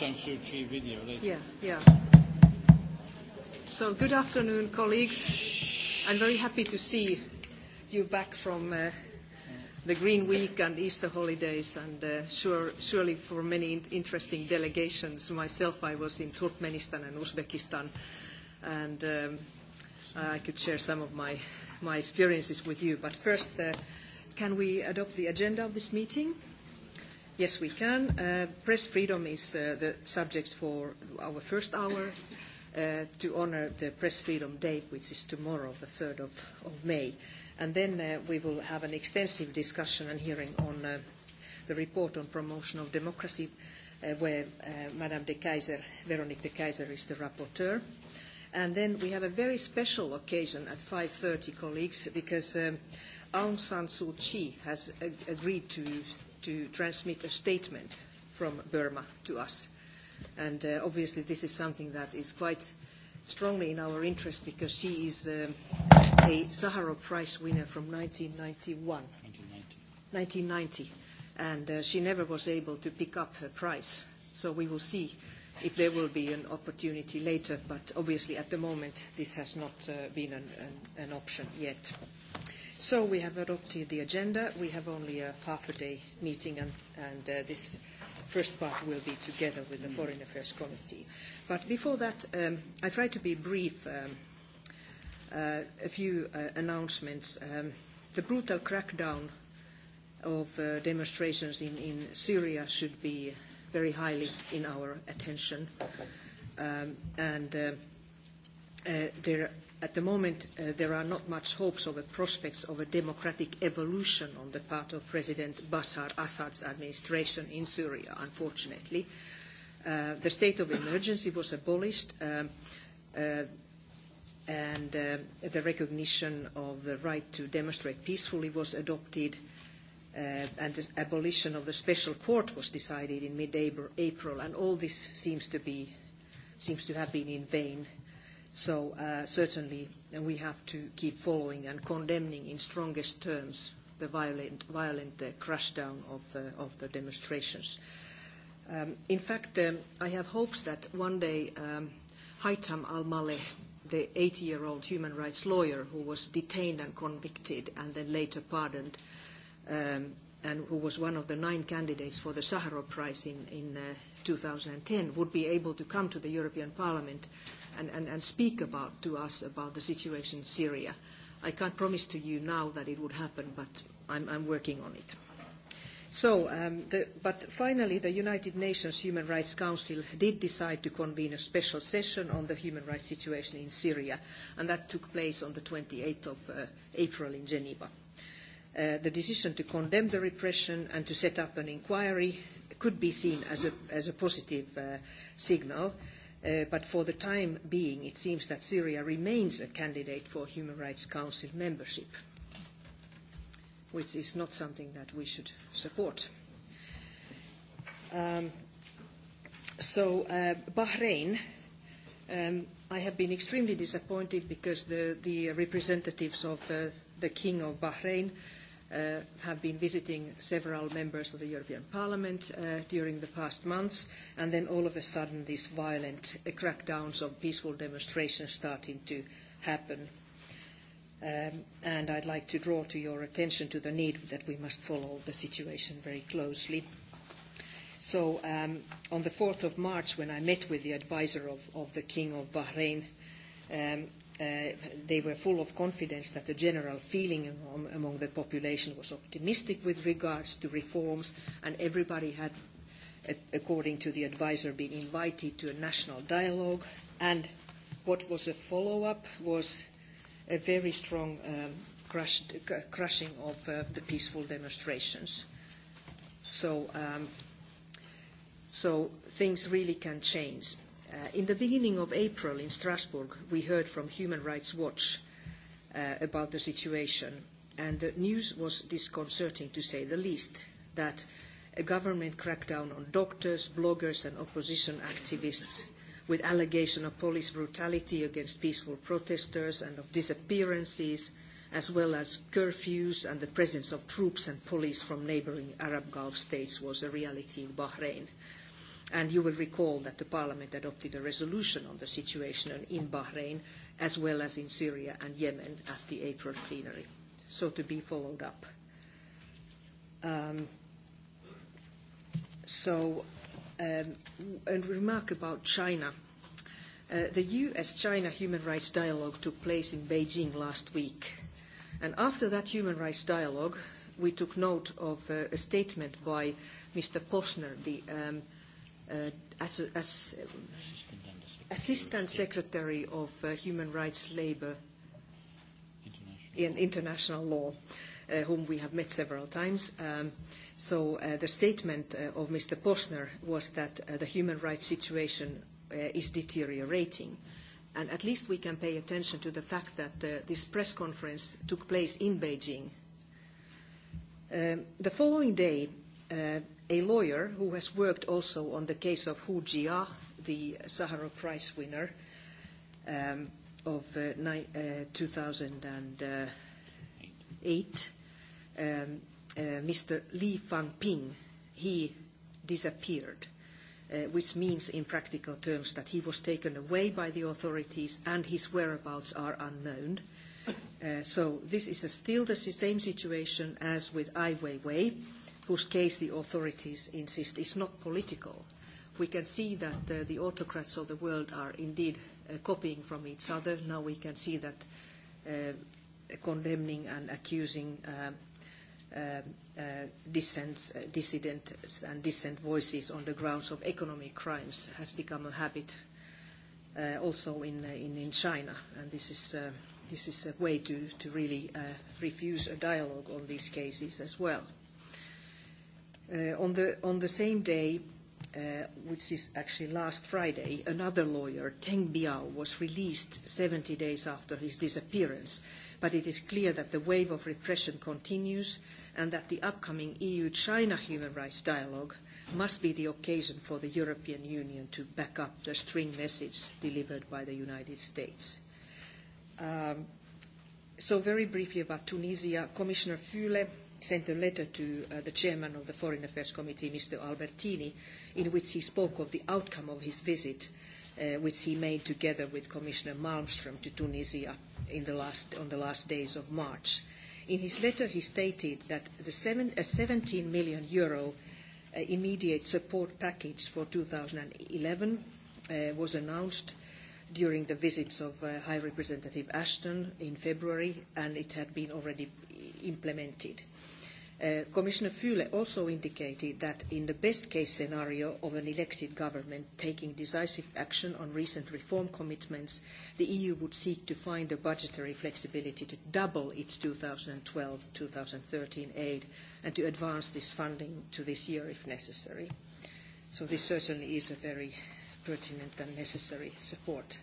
Aung San Suu Kyi video later. Yeah, yeah. So good afternoon, colleagues. I'm very happy to see you back from uh, the Green Week and Easter holidays, and uh, sure, surely for many in- interesting delegations. Myself, I was in Turkmenistan and Uzbekistan, and um, I could share some of my, my experiences with you. But first, uh, can we adopt the agenda of this meeting? Yes, we can. Uh, press freedom is uh, the subject for our first hour uh, to honor the Press Freedom Day, which is tomorrow, the 3rd of, of May. And then uh, we will have an extensive discussion and hearing on uh, the report on promotion of democracy, uh, where uh, Madame de Kaiser, Veronique de Kaiser, is the rapporteur. And then we have a very special occasion at 5.30, colleagues, because um, Aung San Suu Kyi has ag- agreed to to transmit a statement from Burma to us. And uh, obviously this is something that is quite strongly in our interest because she is um, a Sakharov Prize winner from 1991. 1990. 1990. And uh, she never was able to pick up her prize. So we will see if there will be an opportunity later, but obviously at the moment, this has not uh, been an, an, an option yet. So we have adopted the agenda. We have only a half a day meeting, and, and uh, this first part will be together with the mm. Foreign Affairs Committee. But before that, um, I try to be brief. Um, uh, a few uh, announcements. Um, the brutal crackdown of uh, demonstrations in, in Syria should be very highly in our attention. Um, and uh, uh, there at the moment uh, there are not much hopes of a prospects of a democratic evolution on the part of President Bashar Assad's administration in Syria, unfortunately. Uh, the state of emergency was abolished. Um, uh, and uh, the recognition of the right to demonstrate peacefully was adopted, uh, and the abolition of the special court was decided in mid-April, and all this seems to, be, seems to have been in vain. Uh, So uh, certainly we have to keep following and condemning in strongest terms the violent, violent uh, crackdown of, uh, of the demonstrations. Um, in fact, um, I have hopes that one day um, Haitham al-Maleh, the 80-year-old human rights lawyer who was detained and convicted and then later pardoned, um, and who was one of the nine candidates for the Sakharov Prize in, in uh, 2010, would be able to come to the European Parliament uh, and, and, and speak about, to us about the situation in Syria. I can't promise to you now that it would happen, but I'm, I'm working on it. So, um, the, but finally, the United Nations Human Rights Council did decide to convene a special session on the human rights situation in Syria, and that took place on the 28th of uh, April in Geneva. Uh, the decision to condemn the repression and to set up an inquiry could be seen as a, as a positive uh, signal. Uh, Uh, but for the time being, it seems that Syria remains a candidate for Human Rights Council membership, which is not something that we should support. Um, so, uh, Bahrain, um, I have been extremely disappointed because the, the representatives of uh, the King of Bahrain uh, uh, have been visiting several members of the European Parliament uh, during the past months, and then all of a sudden these violent uh, crackdowns on peaceful demonstrations starting to happen. Um, and I'd like to draw to your attention to the need that we must follow the situation very closely. So um, on the 4th of March, when I met with the advisor of, of the King of Bahrain, um, uh, they were full of confidence that the general feeling among, among the population was optimistic with regards to reforms, and everybody had, according to the advisor, been invited to a national dialogue. And what was a follow-up was a very strong um, crushed, uh, crushing of uh, the peaceful demonstrations. So, um, so things really can change. Uh, in the beginning of April in Strasbourg, we heard from Human Rights Watch uh, about the situation, and the news was disconcerting to say the least that a government crackdown on doctors, bloggers, and opposition activists with allegation of police brutality against peaceful protesters and of disappearances, as well as curfews and the presence of troops and police from neighboring Arab Gulf states was a reality in Bahrain. Uh, And you will recall that the Parliament adopted a resolution on the situation in Bahrain as well as in Syria and Yemen at the April plenary. So to be followed up. Um, so um, a remark about China. Uh, the U.S.-China human rights dialogue took place in Beijing last week. And after that human rights dialogue, we took note of uh, a statement by Mr. Posner, the um, – uh, as, a, as uh, Assistant Secretary of uh, Human Rights Labour in international law, uh, whom we have met several times. Um, so uh, the statement uh, of Mr. Posner was that uh, the human rights situation uh, is deteriorating. And at least we can pay attention to the fact that uh, this press conference took place in Beijing. Um, the following day, uh, a lawyer who has worked also on the case of Hu Jia, the Sahara Prize winner um, of uh, ni- uh, 2008, um, uh, Mr. Li Fangping, he disappeared, uh, which means in practical terms that he was taken away by the authorities and his whereabouts are unknown. Uh, so this is a still the same situation as with Ai Weiwei. Uh, whose case the authorities insist is not political. We can see that uh, the autocrats of the world are indeed uh, copying from each other. Now we can see that uh, condemning and accusing uh, um, Uh, uh, dissents, uh, dissidents and dissent voices on the grounds of economic crimes has become a habit uh, also in, uh, in, in China. And this is, uh, this is a way to, to really uh, refuse a dialogue on these cases as well. Uh, on, the, on the same day, uh, which is actually last Friday, another lawyer, Teng Biao, was released 70 days after his disappearance. But it is clear that the wave of repression continues and that the upcoming EU-China human rights dialogue must be the occasion for the European Union to back up the string message delivered by the United States. Um, so very briefly about Tunisia, Commissioner Fule sent a letter to uh, the chairman of the Foreign Affairs Committee, Mr. Albertini, in which he spoke of the outcome of his visit, uh, which he made together with Commissioner Malmström to Tunisia in the last, on the last days of March. In his letter, he stated that the seven, uh, 17 million euro uh, immediate support package for 2011 uh, was announced during the visits of uh, High Representative Ashton in February, and it had been already implemented. Uh, Commissioner Fühle also indicated that in the best case scenario of an elected government taking decisive action on recent reform commitments, the EU would seek to find a budgetary flexibility to double its 2012-2013 aid and to advance this funding to this year if necessary. So this certainly is a very pertinent and necessary support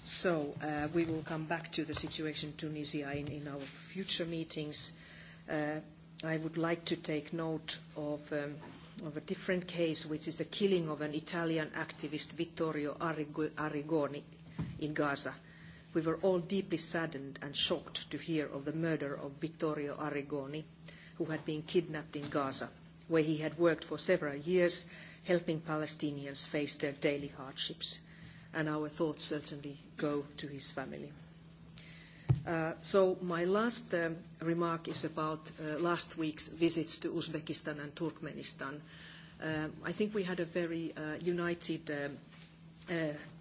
So uh, we will come back to the situation in Tunisia in, in our future meetings. Uh, I would like to take note of, um, of a different case, which is the killing of an Italian activist, Vittorio Arrigoni, in Gaza. We were all deeply saddened and shocked to hear of the murder of Vittorio Arrigoni, who had been kidnapped in Gaza, where he had worked for several years, helping Palestinians face their daily hardships. And our thoughts certainly go to his family. Uh, so my last um, remark is about uh, last week's visits to Uzbekistan and Turkmenistan. Uh, I think we had a very uh, united um, uh,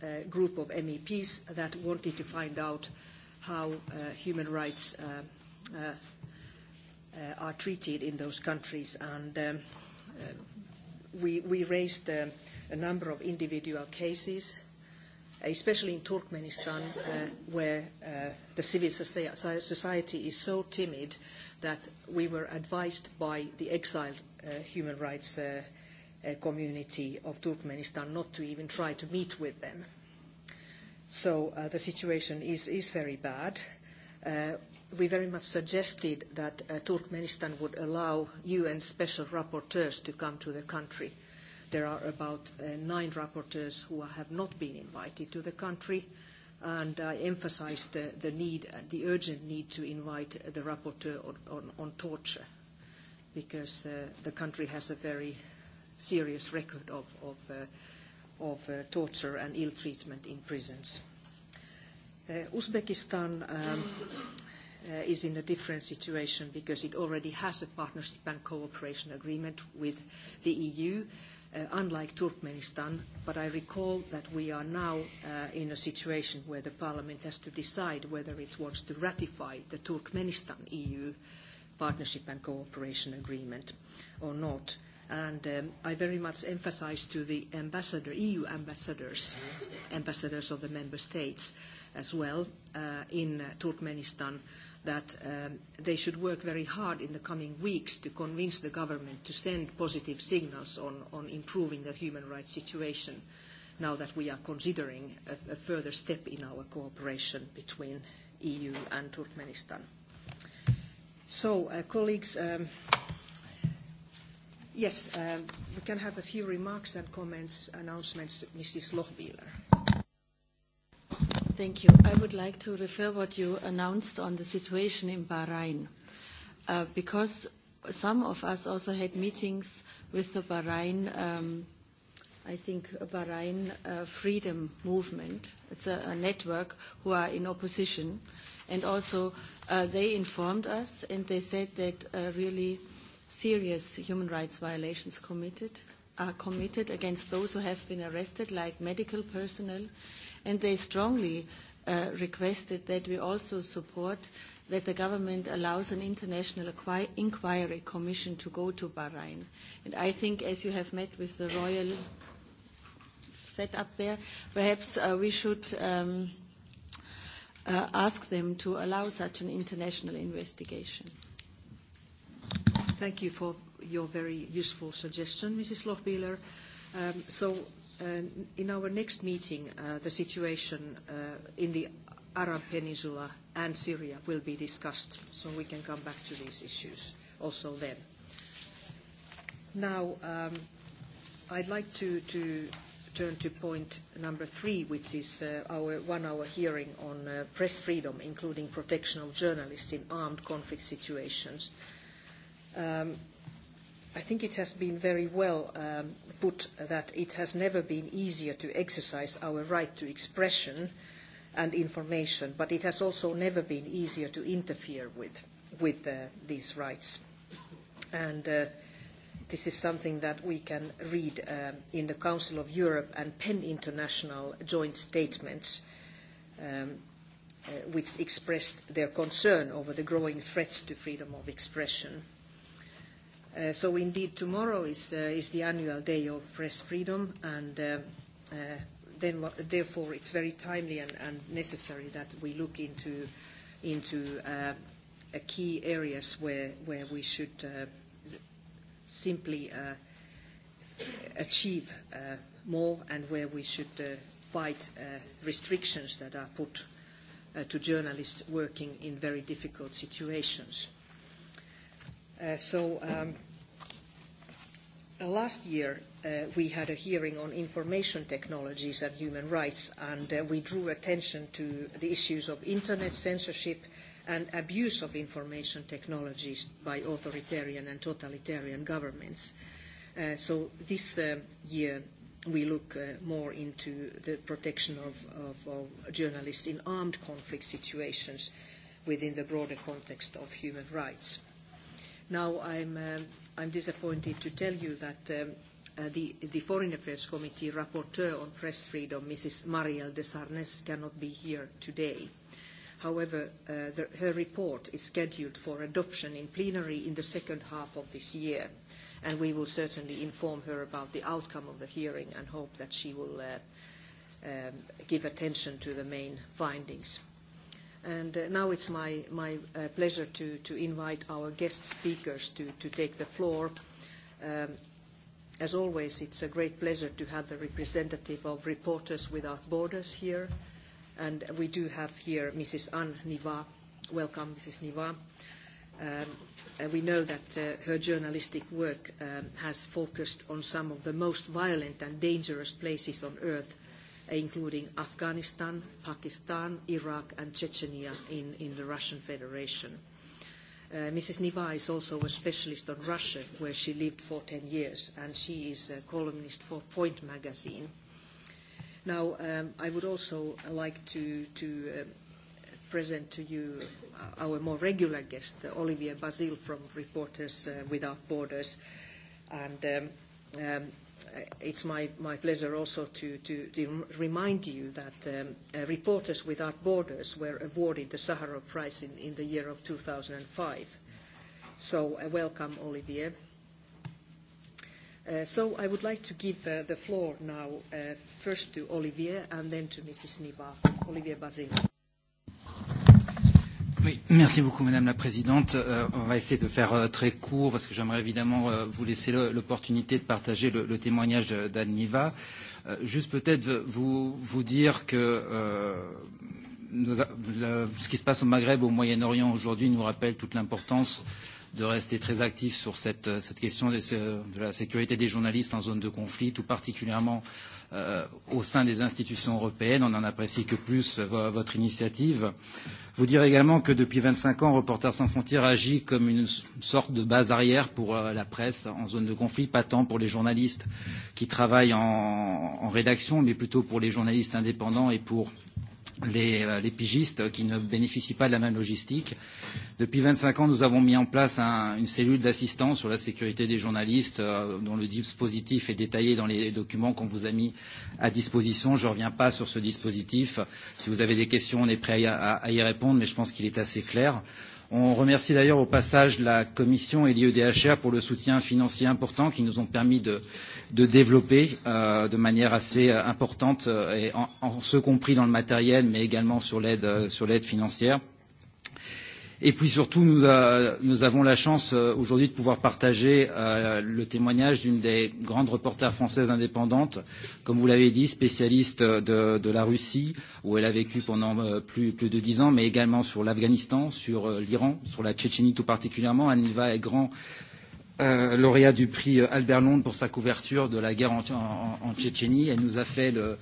uh, group of MEPs that wanted to find out how uh, human rights uh, uh, uh, are treated in those countries. And um, uh, we, we raised uh, a number of individual cases especially in Turkmenistan, uh, where uh, the civil society is so timid that we were advised by the exiled uh, human rights uh, uh, community of Turkmenistan not to even try to meet with them. So uh, the situation is, is very bad. Uh, we very much suggested that uh, Turkmenistan would allow UN special rapporteurs to come to the country uh, There are about uh, nine rapporteurs who have not been invited to the country, and I emphasized the, the need, the urgent need to invite the rapporteur on, on, on torture, because uh, the country has a very serious record of, of, uh, of uh, torture and ill treatment in prisons. Uh, Uzbekistan um, uh, is in a different situation because it already has a partnership and cooperation agreement with the EU. Uh, uh, unlike Turkmenistan, but I recall that we are now uh, in a situation where the parliament has to decide whether it wants to ratify the Turkmenistan-EU partnership and cooperation agreement or not. And um, I very much emphasize to the ambassador, EU ambassadors, ambassadors of the member states as well uh, in uh, Turkmenistan, uh, that um, they should work very hard in the coming weeks to convince the government to send positive signals on, on improving the human rights situation now that we are considering a, a further step in our cooperation between EU and Turkmenistan. So, uh, colleagues, um, yes, uh, we can have a few remarks and comments, announcements, Mrs. Lochbieler. Thank you. I would like to refer what you announced on the situation in Bahrain, uh, because some of us also had meetings with the Bahrain, um, I think Bahrain uh, Freedom Movement. It's a, a network who are in opposition, and also uh, they informed us and they said that uh, really serious human rights violations committed are committed against those who have been arrested, like medical personnel and they strongly uh, requested that we also support that the government allows an international inquiry commission to go to Bahrain. And I think, as you have met with the royal setup there, perhaps uh, we should um, uh, ask them to allow such an international investigation. Thank you for your very useful suggestion, Mrs. Lochbieler. Um, so uh, in our next meeting, uh, the situation uh, in the Arab Peninsula and Syria will be discussed, so we can come back to these issues also then. Now, um, I'd like to, to turn to point number three, which is uh, our one-hour hearing on uh, press freedom, including protection of journalists in armed conflict situations. Um, I think it has been very well um, put that it has never been easier to exercise our right to expression and information, but it has also never been easier to interfere with, with uh, these rights. And uh, this is something that we can read uh, in the Council of Europe and PEN International joint statements, um, uh, which expressed their concern over the growing threats to freedom of expression – Uh, so indeed, tomorrow is, uh, is the annual day of press freedom, and uh, uh, then, therefore it's very timely and, and necessary that we look into, into uh, key areas where, where we should uh, simply uh, achieve uh, more and where we should uh, fight uh, restrictions that are put uh, to journalists working in very difficult situations. Uh, so um, Uh, last year uh, we had a hearing on information technologies and human rights, and uh, we drew attention to the issues of internet censorship and abuse of information technologies by authoritarian and totalitarian governments. Uh, so this uh, year we look uh, more into the protection of, of, of journalists in armed conflict situations within the broader context of human rights. Now I'm uh, I'm disappointed to tell you that um, uh, the, the Foreign Affairs Committee rapporteur on press freedom, Mrs. Marielle de Sarnes, cannot be here today. However, uh, the, her report is scheduled for adoption in plenary in the second half of this year, and we will certainly inform her about the outcome of the hearing and hope that she will uh, um, give attention to the main findings. And uh, now it's my, my uh, pleasure to, to invite our guest speakers to, to take the floor. Um, as always, it's a great pleasure to have the representative of Reporters Without Borders here. And we do have here Mrs. Anne Niva. Welcome, Mrs. Niva. Um, uh, we know that uh, her journalistic work um, has focused on some of the most violent and dangerous places on earth – including Afghanistan, Pakistan, Iraq, and Chechnya in, in the Russian Federation. Uh, Mrs. Niva is also a specialist on Russia, where she lived for 10 years, and she is a columnist for Point magazine. Now, um, I would also like to, to uh, present to you uh, our more regular guest, Olivier Bazil from Reporters uh, Without Borders. And um, um, Uh, it's my, my pleasure also to, to, to remind you that um, uh, Reporters Without Borders were awarded the Sahara Prize in, in the year of 2005. So uh, welcome, Olivier. Uh, so I would like to give uh, the floor now uh, first to Olivier and then to Mrs. Niva. Olivier Bazin. Oui, merci beaucoup Madame la Présidente. Euh, on va essayer de faire euh, très court parce que j'aimerais évidemment euh, vous laisser l'opportunité de partager le, le témoignage d'Anniva. Euh, juste peut-être vous, vous dire que euh, nous, le, ce qui se passe au Maghreb, au Moyen-Orient aujourd'hui nous rappelle toute l'importance de rester très actif sur cette, cette question de, de la sécurité des journalistes en zone de conflit, tout particulièrement euh, euh, au sein des institutions européennes. On n'en apprécie que plus euh, vo votre initiative. Vous dire également que depuis 25 ans, Reporters sans frontières agit comme une sorte de base arrière pour euh, la presse en zone de conflit, pas tant pour les journalistes qui travaillent en, en rédaction, mais plutôt pour les journalistes indépendants et pour les, euh, les pigistes qui ne bénéficient pas de la même logistique. Depuis 25 ans, nous avons mis en place un, une cellule d'assistance sur la sécurité des journalistes, euh, dont le dispositif est détaillé dans les documents qu'on vous a mis à disposition. Je ne reviens pas sur ce dispositif. Si vous avez des questions, on est prêt à, à, à y répondre, mais je pense qu'il est assez clair. Euh, On remercie d'ailleurs au passage la Commission et l'IEDHR pour le soutien financier important qui nous ont permis de, de développer euh, de manière assez euh, importante, euh, et en, en ce compris dans le matériel, mais également sur l'aide euh, financière. Euh, Et puis surtout, nous, euh, nous avons la chance euh, aujourd'hui de pouvoir partager euh, le témoignage d'une des grandes reporters françaises indépendantes, comme vous l'avez dit, spécialiste de, de la Russie, où elle a vécu pendant euh, plus, plus de dix ans, mais également sur l'Afghanistan, sur euh, l'Iran, sur la Tchétchénie tout particulièrement. Aniva est grand euh, lauréat du prix euh, Albert Londres pour sa couverture de la guerre en, en, en Tchétchénie. Elle nous a fait le, euh,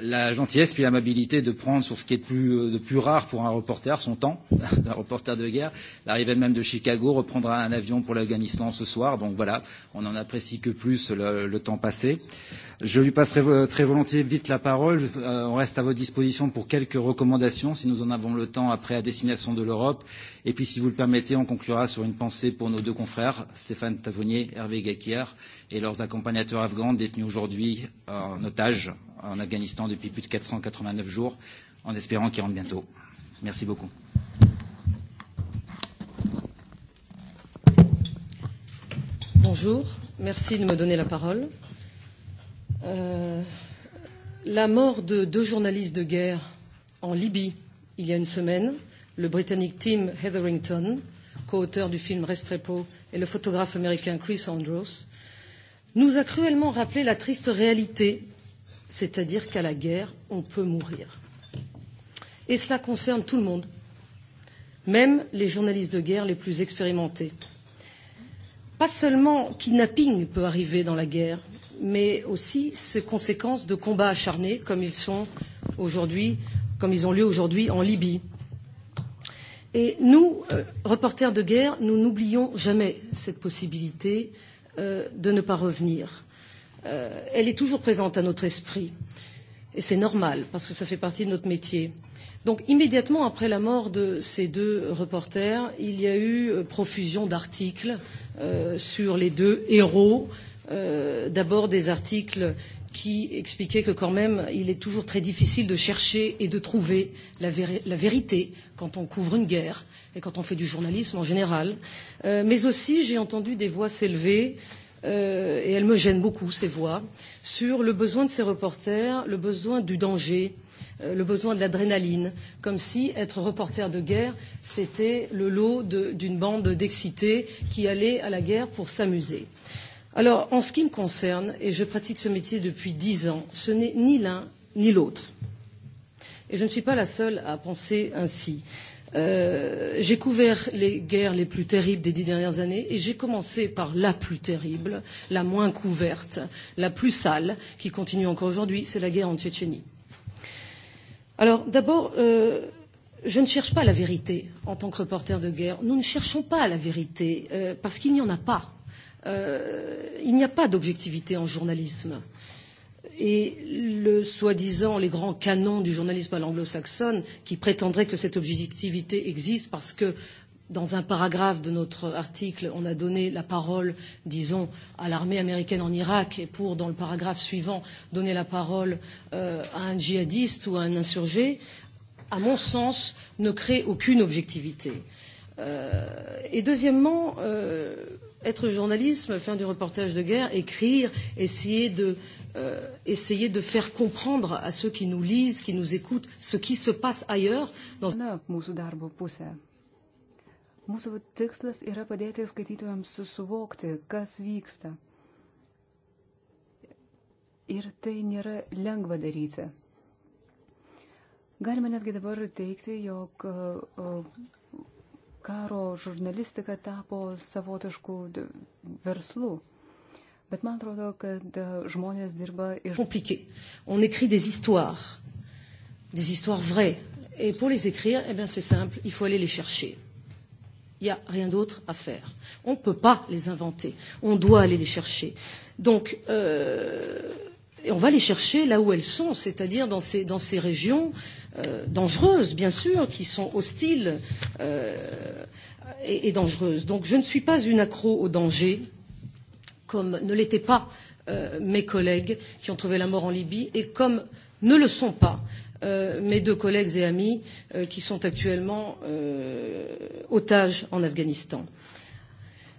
la gentillesse puis l'amabilité de prendre sur ce qui est de plus, euh, de plus rare pour un reporter, son temps, un reporter de guerre. L'arrivée même de Chicago reprendra un avion pour l'Afghanistan ce soir. Donc voilà, on n'en apprécie que plus le, le temps passé. Je lui passerai très volontiers vite la parole. Euh, on reste à votre disposition pour quelques recommandations, si nous en avons le temps, après à destination de l'Europe. Et puis, si vous le permettez, on conclura sur une pensée pour nos deux confrères, Stéphane Tavonnier, Hervé Gakier, et leurs accompagnateurs afghans détenus aujourd'hui en otage en Afghanistan depuis plus de 489 jours, en espérant qu'ils rentrent bientôt. Merci beaucoup. Bonjour, merci de me donner la parole. Euh, la mort de deux journalistes de guerre en Libye il y a une semaine, le Britannique Tim Hetherington, co-auteur du film Restrepo, et le photographe américain Chris Andros, nous a cruellement rappelé la triste réalité c'est-à-dire qu'à la guerre, on peut mourir. Et cela concerne tout le monde, même les journalistes de guerre les plus expérimentés. Pas seulement kidnapping peut arriver dans la guerre, mais aussi ses conséquences de combats acharnés comme ils sont aujourd'hui, comme ils ont lieu aujourd'hui en Libye. Et nous, euh, reporters de guerre, nous n'oublions jamais cette possibilité euh, de ne pas revenir euh, elle est toujours présente à notre esprit. Et c'est normal, parce que ça fait partie de notre métier. Donc immédiatement après la mort de ces deux reporters, il y a eu euh, profusion d'articles euh, sur les deux héros. Euh, D'abord des articles qui expliquait que quand même il est toujours très difficile de chercher et de trouver la, véri la vérité quand on couvre une guerre et quand on fait du journalisme en général. Euh, mais aussi j'ai entendu des voix s'élever euh, euh, et elles me gênent beaucoup, ces voix, sur le besoin de ces reporters, le besoin du danger, euh, le besoin de l'adrénaline, comme si être reporter de guerre, c'était le lot d'une bande d'excités qui allaient à la guerre pour s'amuser. Alors, en ce qui me concerne, et je pratique ce métier depuis dix ans, ce n'est ni l'un ni l'autre. Et je ne suis pas la seule à penser ainsi. Euh, Euh, j'ai couvert les guerres les plus terribles des dix dernières années et j'ai commencé par la plus terrible, la moins couverte, la plus sale, qui continue encore aujourd'hui, c'est la guerre en Tchétchénie. Alors d'abord, euh, je ne cherche pas la vérité en tant que reporter de guerre. Nous ne cherchons pas la vérité euh, parce qu'il n'y en a pas. Euh, il n'y a pas d'objectivité en journalisme. Euh, et le soi-disant les grands canons du journalisme à l'anglo-saxonne qui prétendraient que cette objectivité existe parce que dans un paragraphe de notre article, on a donné la parole, disons, à l'armée américaine en Irak et pour, dans le paragraphe suivant, donner la parole euh, à un djihadiste ou à un insurgé, à mon sens, ne crée aucune objectivité. Euh, et deuxièmement, euh, être journaliste, faire du reportage de guerre, écrire, essayer de, euh, essayer de faire comprendre à ceux qui nous lisent, qui nous écoutent, ce qui se passe ailleurs. Dans... Na, mūsų darbo pusė. Mūsų tikslas yra padėti skaitytojams susivokti, kas vyksta. Ir tai nėra lengva daryti. Galima netgi dabar teikti, jog karo žurnalistika tapo savotiškų verslų. Bet man atrodo, kad e, žmonės dirba iš. Compliqué. On écrit des histoires, des histoires vraies. Et pour les écrire, eh bien, c'est simple, il faut aller les chercher. Il n'y a rien d'autre à faire. On ne peut pas les inventer. On doit aller les chercher. Donc, euh, Et on va les chercher là où elles sont, c'est-à-dire dans ces, dans ces régions euh, dangereuses, bien sûr, qui sont hostiles euh, et, et dangereuses. Donc je ne suis pas une accro au danger, comme ne l'étaient pas euh, mes collègues qui ont trouvé la mort en Libye, et comme ne le sont pas euh, mes deux collègues et amis euh, qui sont actuellement euh, otages en Afghanistan.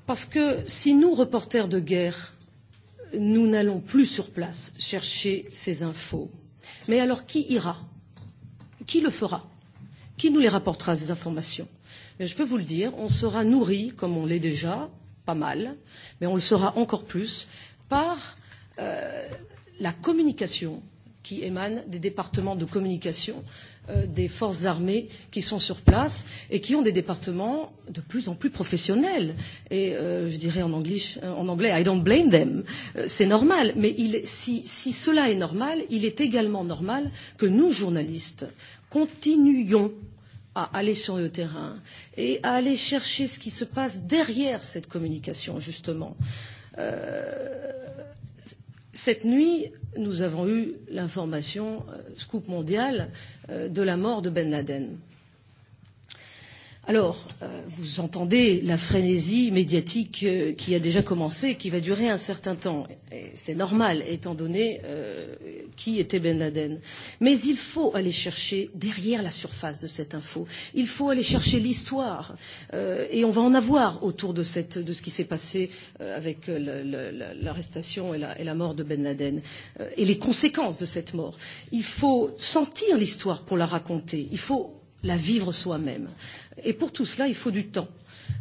Parce que si nous, reporters de guerre, nous n'allons plus sur place chercher ces infos. Mais alors qui ira Qui le fera Qui nous les rapportera ces informations Mais je peux vous le dire, on sera nourri, comme on l'est déjà, pas mal, mais on le sera encore plus par euh, la communication qui émane des départements de communication Euh, des forces armées qui sont sur place et qui ont des départements de plus en plus professionnels. Et euh, je dirais en, anglais, euh, en anglais, I don't blame them. Euh, c'est normal. Mais il, si, si cela est normal, il est également normal que nous, journalistes, continuions à aller sur le terrain et à aller chercher ce qui se passe derrière cette communication, justement. Euh, Cette nuit, nous avons eu l'information, euh, scoop mondial, euh, de la mort de Ben Laden. Euh, Alors, euh, vous entendez la frénésie médiatique euh, qui a déjà commencé, qui va durer un certain temps. Et c'est normal, étant donné euh, qui était Ben Laden. Mais il faut aller chercher derrière la surface de cette info. Il faut aller chercher l'histoire. Euh, et on va en avoir autour de, cette, de ce qui s'est passé euh, avec euh, l'arrestation et, la, et la mort de Ben Laden. Euh, et les conséquences de cette mort. Il faut sentir l'histoire pour la raconter. Il faut la vivre soi-même. Euh, Et pour tout cela, il faut du temps.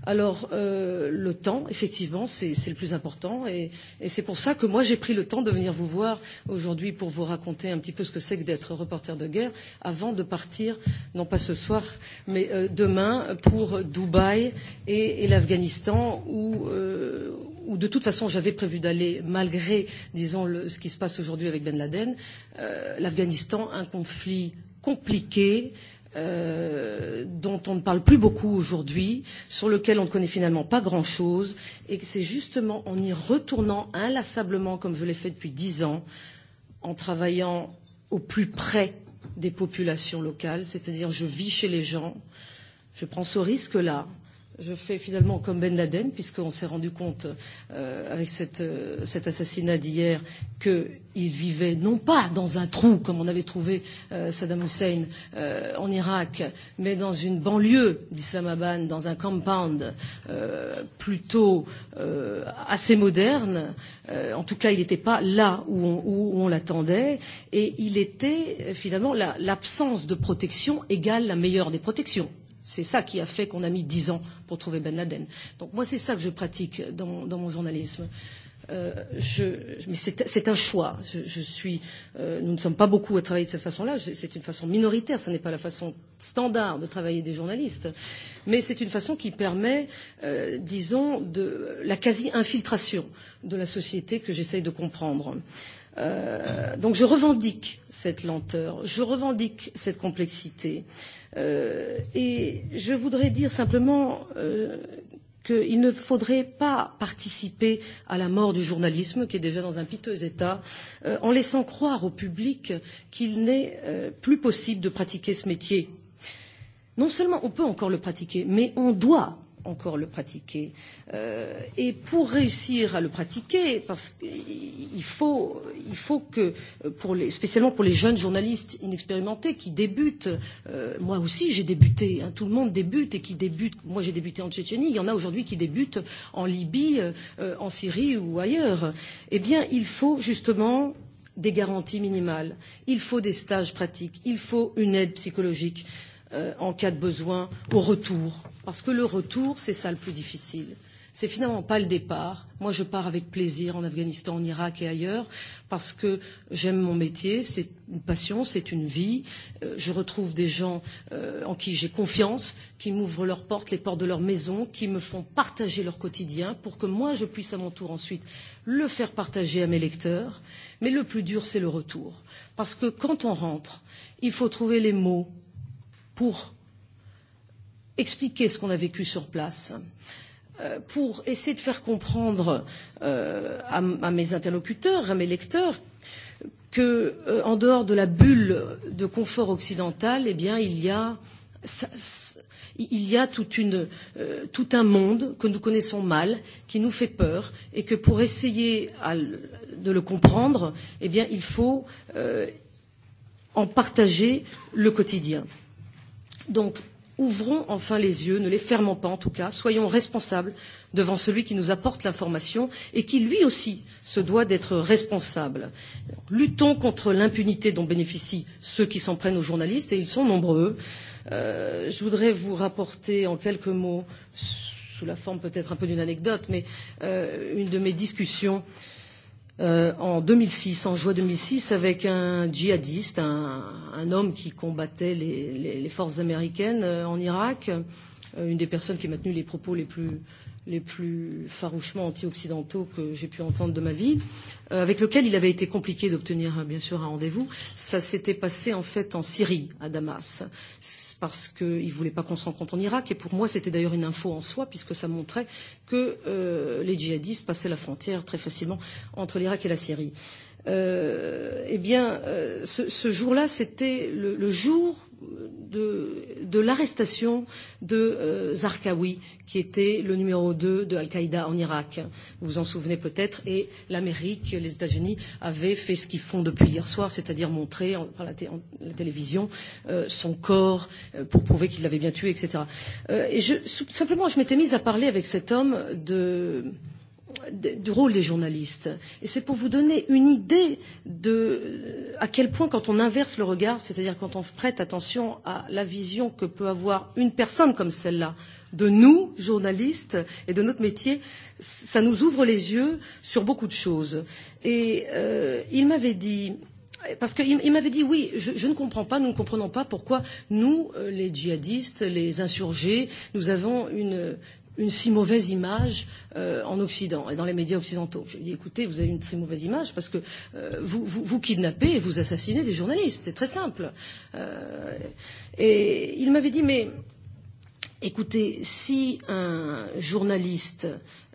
Alors, euh, le temps, effectivement, c'est le plus important. Et, et c'est pour ça que moi, j'ai pris le temps de venir vous voir aujourd'hui pour vous raconter un petit peu ce que c'est que d'être reporter de guerre avant de partir, non pas ce soir, mais euh, demain pour Dubaï et, et l'Afghanistan où. Euh, où de toute façon j'avais prévu d'aller malgré, disons, le, ce qui se passe aujourd'hui avec Ben Laden, euh, l'Afghanistan, un conflit compliqué, euh, dont on ne parle plus beaucoup aujourd'hui, sur lequel on ne connaît finalement pas grand-chose, et que c'est justement en y retournant inlassablement, comme je l'ai fait depuis dix ans, en travaillant au plus près des populations locales, c'est-à-dire je vis chez les gens, je prends ce risque-là, je fais finalement comme Ben Laden, puisqu'on s'est rendu compte euh, avec cette, euh, cet assassinat d'hier qu'il vivait non pas dans un trou, comme on avait trouvé euh, Saddam Hussein euh, en Irak, mais dans une banlieue d'Islamabad, dans un compound euh, plutôt euh, assez moderne. Euh, en tout cas, il n'était pas là où on, où on l'attendait, et il était finalement l'absence la, de protection égale la meilleure des protections C'est ça qui a fait qu'on a mis dix ans pour trouver Ben Laden. Donc moi, c'est ça que je pratique dans mon, dans mon journalisme. Euh, je, mais c'est un choix. Je, je suis, euh, nous ne sommes pas beaucoup à travailler de cette façon-là. C'est une façon minoritaire. Ce n'est pas la façon standard de travailler des journalistes. Mais c'est une façon qui permet, euh, disons, de la quasi-infiltration de la société que j'essaye de comprendre. Euh, Euh, donc je revendique cette lenteur, je revendique cette complexité. Euh, et je voudrais dire simplement euh, qu'il ne faudrait pas participer à la mort du journalisme, qui est déjà dans un piteux état, euh, en laissant croire au public qu'il n'est euh, plus possible de pratiquer ce métier. Non seulement on peut encore le pratiquer, mais on doit encore le pratiquer. Euh, et pour réussir à le pratiquer, parce qu'il faut, il faut que, pour les, spécialement pour les jeunes journalistes inexpérimentés qui débutent, euh, moi aussi j'ai débuté, hein, tout le monde débute et qui débute, moi j'ai débuté en Tchétchénie, il y en a aujourd'hui qui débutent en Libye, euh, en Syrie ou ailleurs. Eh bien, il faut justement des garanties minimales, il faut des stages pratiques, il faut une aide psychologique. Euh, euh, en cas de besoin au retour. Parce que le retour, c'est ça le plus difficile. C'est finalement pas le départ. Moi, je pars avec plaisir en Afghanistan, en Irak et ailleurs, parce que j'aime mon métier, c'est une passion, c'est une vie. Euh, je retrouve des gens euh, en qui j'ai confiance, qui m'ouvrent leurs portes, les portes de leur maison, qui me font partager leur quotidien pour que moi, je puisse à mon tour ensuite le faire partager à mes lecteurs. Mais le plus dur, c'est le retour. Parce que quand on rentre, il faut trouver les mots pour expliquer ce qu'on a vécu sur place, euh, pour essayer de faire comprendre euh, à, à mes interlocuteurs, à mes lecteurs, que euh, en dehors de la bulle de confort occidental, eh bien, il y a ça, il y a toute une, euh, tout un monde que nous connaissons mal, qui nous fait peur, et que pour essayer à, de le comprendre, eh bien, il faut euh, en partager le quotidien. Euh, Donc, ouvrons enfin les yeux, ne les fermons pas en tout cas, soyons responsables devant celui qui nous apporte l'information et qui lui aussi se doit d'être responsable. Luttons contre l'impunité dont bénéficient ceux qui s'en prennent aux journalistes et ils sont nombreux. Euh, je voudrais vous rapporter en quelques mots, sous la forme peut-être un peu d'une anecdote, mais euh, une de mes discussions euh, euh, en 2006, en juin 2006, avec un djihadiste, un, un homme qui combattait les, les, les forces américaines euh, en Irak, euh, une des personnes qui a maintenu les propos les plus, les plus farouchement anti-occidentaux que j'ai pu entendre de ma vie, euh, avec lequel il avait été compliqué d'obtenir euh, bien sûr un rendez-vous. Ça s'était passé en fait en Syrie, à Damas, parce qu'il ne voulait pas qu'on se rencontre en Irak. Et pour moi, c'était d'ailleurs une info en soi, puisque ça montrait que euh, les djihadistes passaient la frontière très facilement entre l'Irak et la Syrie. Euh, eh bien, euh, ce, ce jour-là, c'était le, le jour de, de l'arrestation de euh, Zarqawi, qui était le numéro 2 de Al-Qaïda en Irak. Vous vous en souvenez peut-être. Et l'Amérique, les États-Unis avaient fait ce qu'ils font depuis hier soir, c'est-à-dire montrer en, par la, t- en, la télévision euh, son corps euh, pour prouver qu'il l'avait bien tué, etc. Euh, et je, simplement, je m'étais mise à parler avec cet homme de. Euh, du rôle des journalistes. Et c'est pour vous donner une idée de à quel point quand on inverse le regard, c'est-à-dire quand on prête attention à la vision que peut avoir une personne comme celle-là de nous, journalistes, et de notre métier, ça nous ouvre les yeux sur beaucoup de choses. Et euh, il m'avait dit, parce qu'il m'avait dit oui, je, je ne comprends pas, nous ne comprenons pas pourquoi nous, euh, les djihadistes, les insurgés, nous avons une, une si mauvaise image euh, en Occident et dans les médias occidentaux. Je lui dis écoutez, vous avez une si mauvaise image parce que euh, vous, vous, vous kidnappez et vous assassinez des journalistes. C'est très simple. Euh, et il m'avait dit mais écoutez, si un journaliste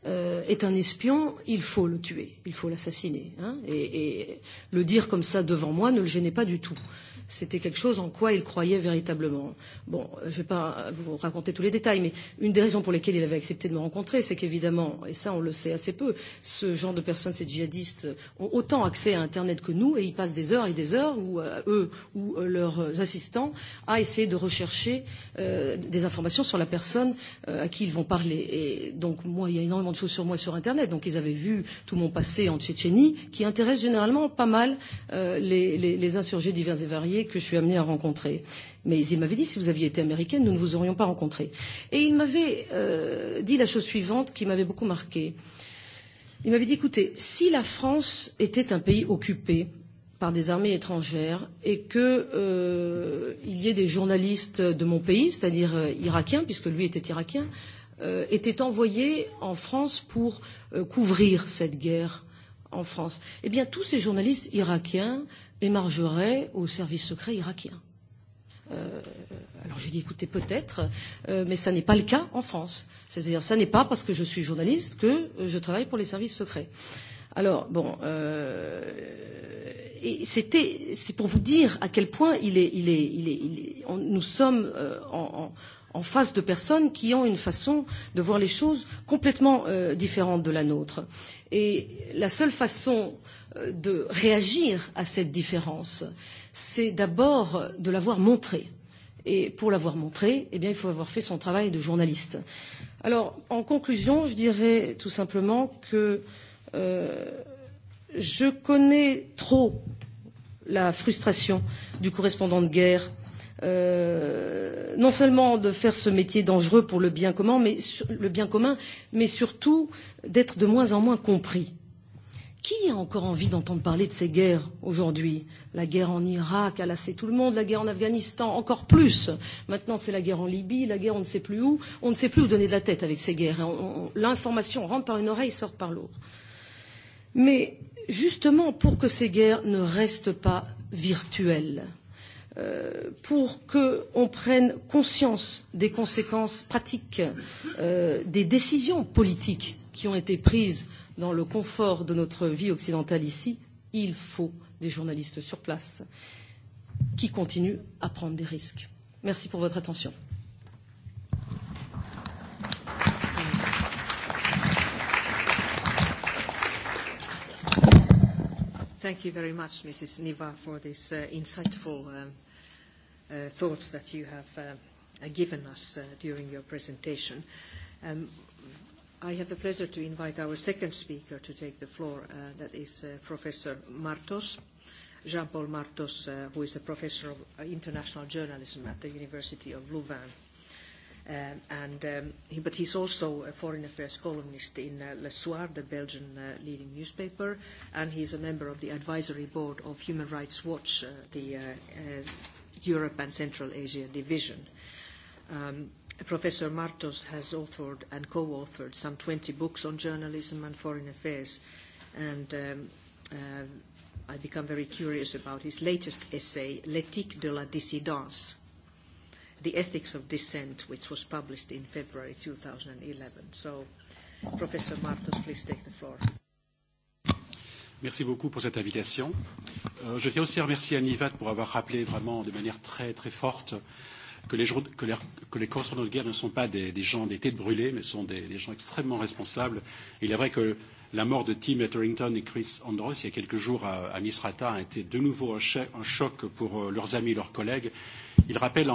euh, est un espion, il faut le tuer, il faut l'assassiner. Hein, et, et le dire comme ça devant moi ne le gênait pas du tout. Euh, c'était quelque chose en quoi il croyait véritablement. Bon, je ne vais pas vous raconter tous les détails, mais une des raisons pour lesquelles il avait accepté de me rencontrer, c'est qu'évidemment, et ça on le sait assez peu, ce genre de personnes, ces djihadistes, ont autant accès à Internet que nous et ils passent des heures et des heures, ou euh, eux ou euh, leurs assistants, à essayer de rechercher euh, des informations sur la personne euh, à qui ils vont parler. Et donc, moi, il y a énormément de choses sur moi sur Internet. Donc, ils avaient vu tout mon passé en Tchétchénie, qui intéresse généralement pas mal euh, les, les, les insurgés divers et variés salariés que je suis amenée à rencontrer. Mais il m'avait dit, si vous aviez été américaine, nous ne vous aurions pas rencontré. Et il m'avait euh, dit la chose suivante qui m'avait beaucoup marquée. Il m'avait dit, écoutez, si la France était un pays occupé, par des armées étrangères et qu'il euh, y ait des journalistes de mon pays, c'est-à-dire euh, irakiens, puisque lui était irakien, euh, étaient envoyés en France pour euh, couvrir cette guerre en France. Eh bien, tous ces journalistes irakiens émargerait aux services secrets irakiens. Euh, alors je lui dis écoutez peut-être, euh, mais ça n'est pas le cas en France. C'est-à-dire ça n'est pas parce que je suis journaliste que je travaille pour les services secrets. Alors bon, euh, et c'était c'est pour vous dire à quel point il est il est il est, il est on, nous sommes euh, en, en en face de personnes qui ont une façon de voir les choses complètement euh, différente de la nôtre. Et la seule façon euh, de réagir à cette différence, c'est d'abord de l'avoir montrée. Et pour l'avoir montré, eh bien, il faut avoir fait son travail de journaliste. Alors, en conclusion, je dirais tout simplement que euh, je connais trop la frustration du correspondant de guerre euh, euh, non seulement de faire ce métier dangereux pour le bien commun, mais, le bien commun, mais surtout d'être de moins en moins compris. Qui a encore envie d'entendre parler de ces guerres aujourd'hui La guerre en Irak a lassé tout le monde, la guerre en Afghanistan encore plus. Maintenant, c'est la guerre en Libye, la guerre on ne sait plus où. On ne sait plus où donner de la tête avec ces guerres. L'information rentre par une oreille, sort par l'autre. Mais justement, pour que ces guerres ne restent pas virtuelles, euh, Euh, pour qu'on prenne conscience des conséquences pratiques euh, des décisions politiques qui ont été prises dans le confort de notre vie occidentale ici, il faut des journalistes sur place qui continuent à prendre des risques. Merci pour votre attention. Thank you very much, Mrs. Niva, for this uh, insightful um, uh, thoughts that you have uh, given us uh, during your presentation. Um, I have the pleasure to invite our second speaker to take the floor. Uh, that is uh, Professor Martos, Jean-Paul Martos, uh, who is a professor of uh, international journalism at the University of Louvain. Um, and, um, he, but he's also a foreign affairs columnist in uh, Le Soir, the Belgian uh, leading newspaper, and he's a member of the advisory board of Human Rights Watch, uh, the uh, uh, Europe and Central Asia division. Um, Professor Martos has authored and co-authored some 20 books on journalism and foreign affairs, and um, uh, I become very curious about his latest essay, L'éthique de la dissidence, The Ethics of Dissent, which was published in February 2011. So, Professor Martos, please take the floor. Merci beaucoup pour cette invitation. Euh, je tiens aussi à remercier Annie Vatt pour avoir rappelé vraiment de manière très très forte que les, que les, que les correspondants de guerre ne sont pas des, des gens des têtes brûlées, mais sont des, des gens extrêmement responsables. Et il est vrai que la mort de Tim Etherington et Chris Andros il y a quelques jours à, à Misrata a été de nouveau un, ch un choc pour euh, leurs amis et leurs collègues. Il rappelle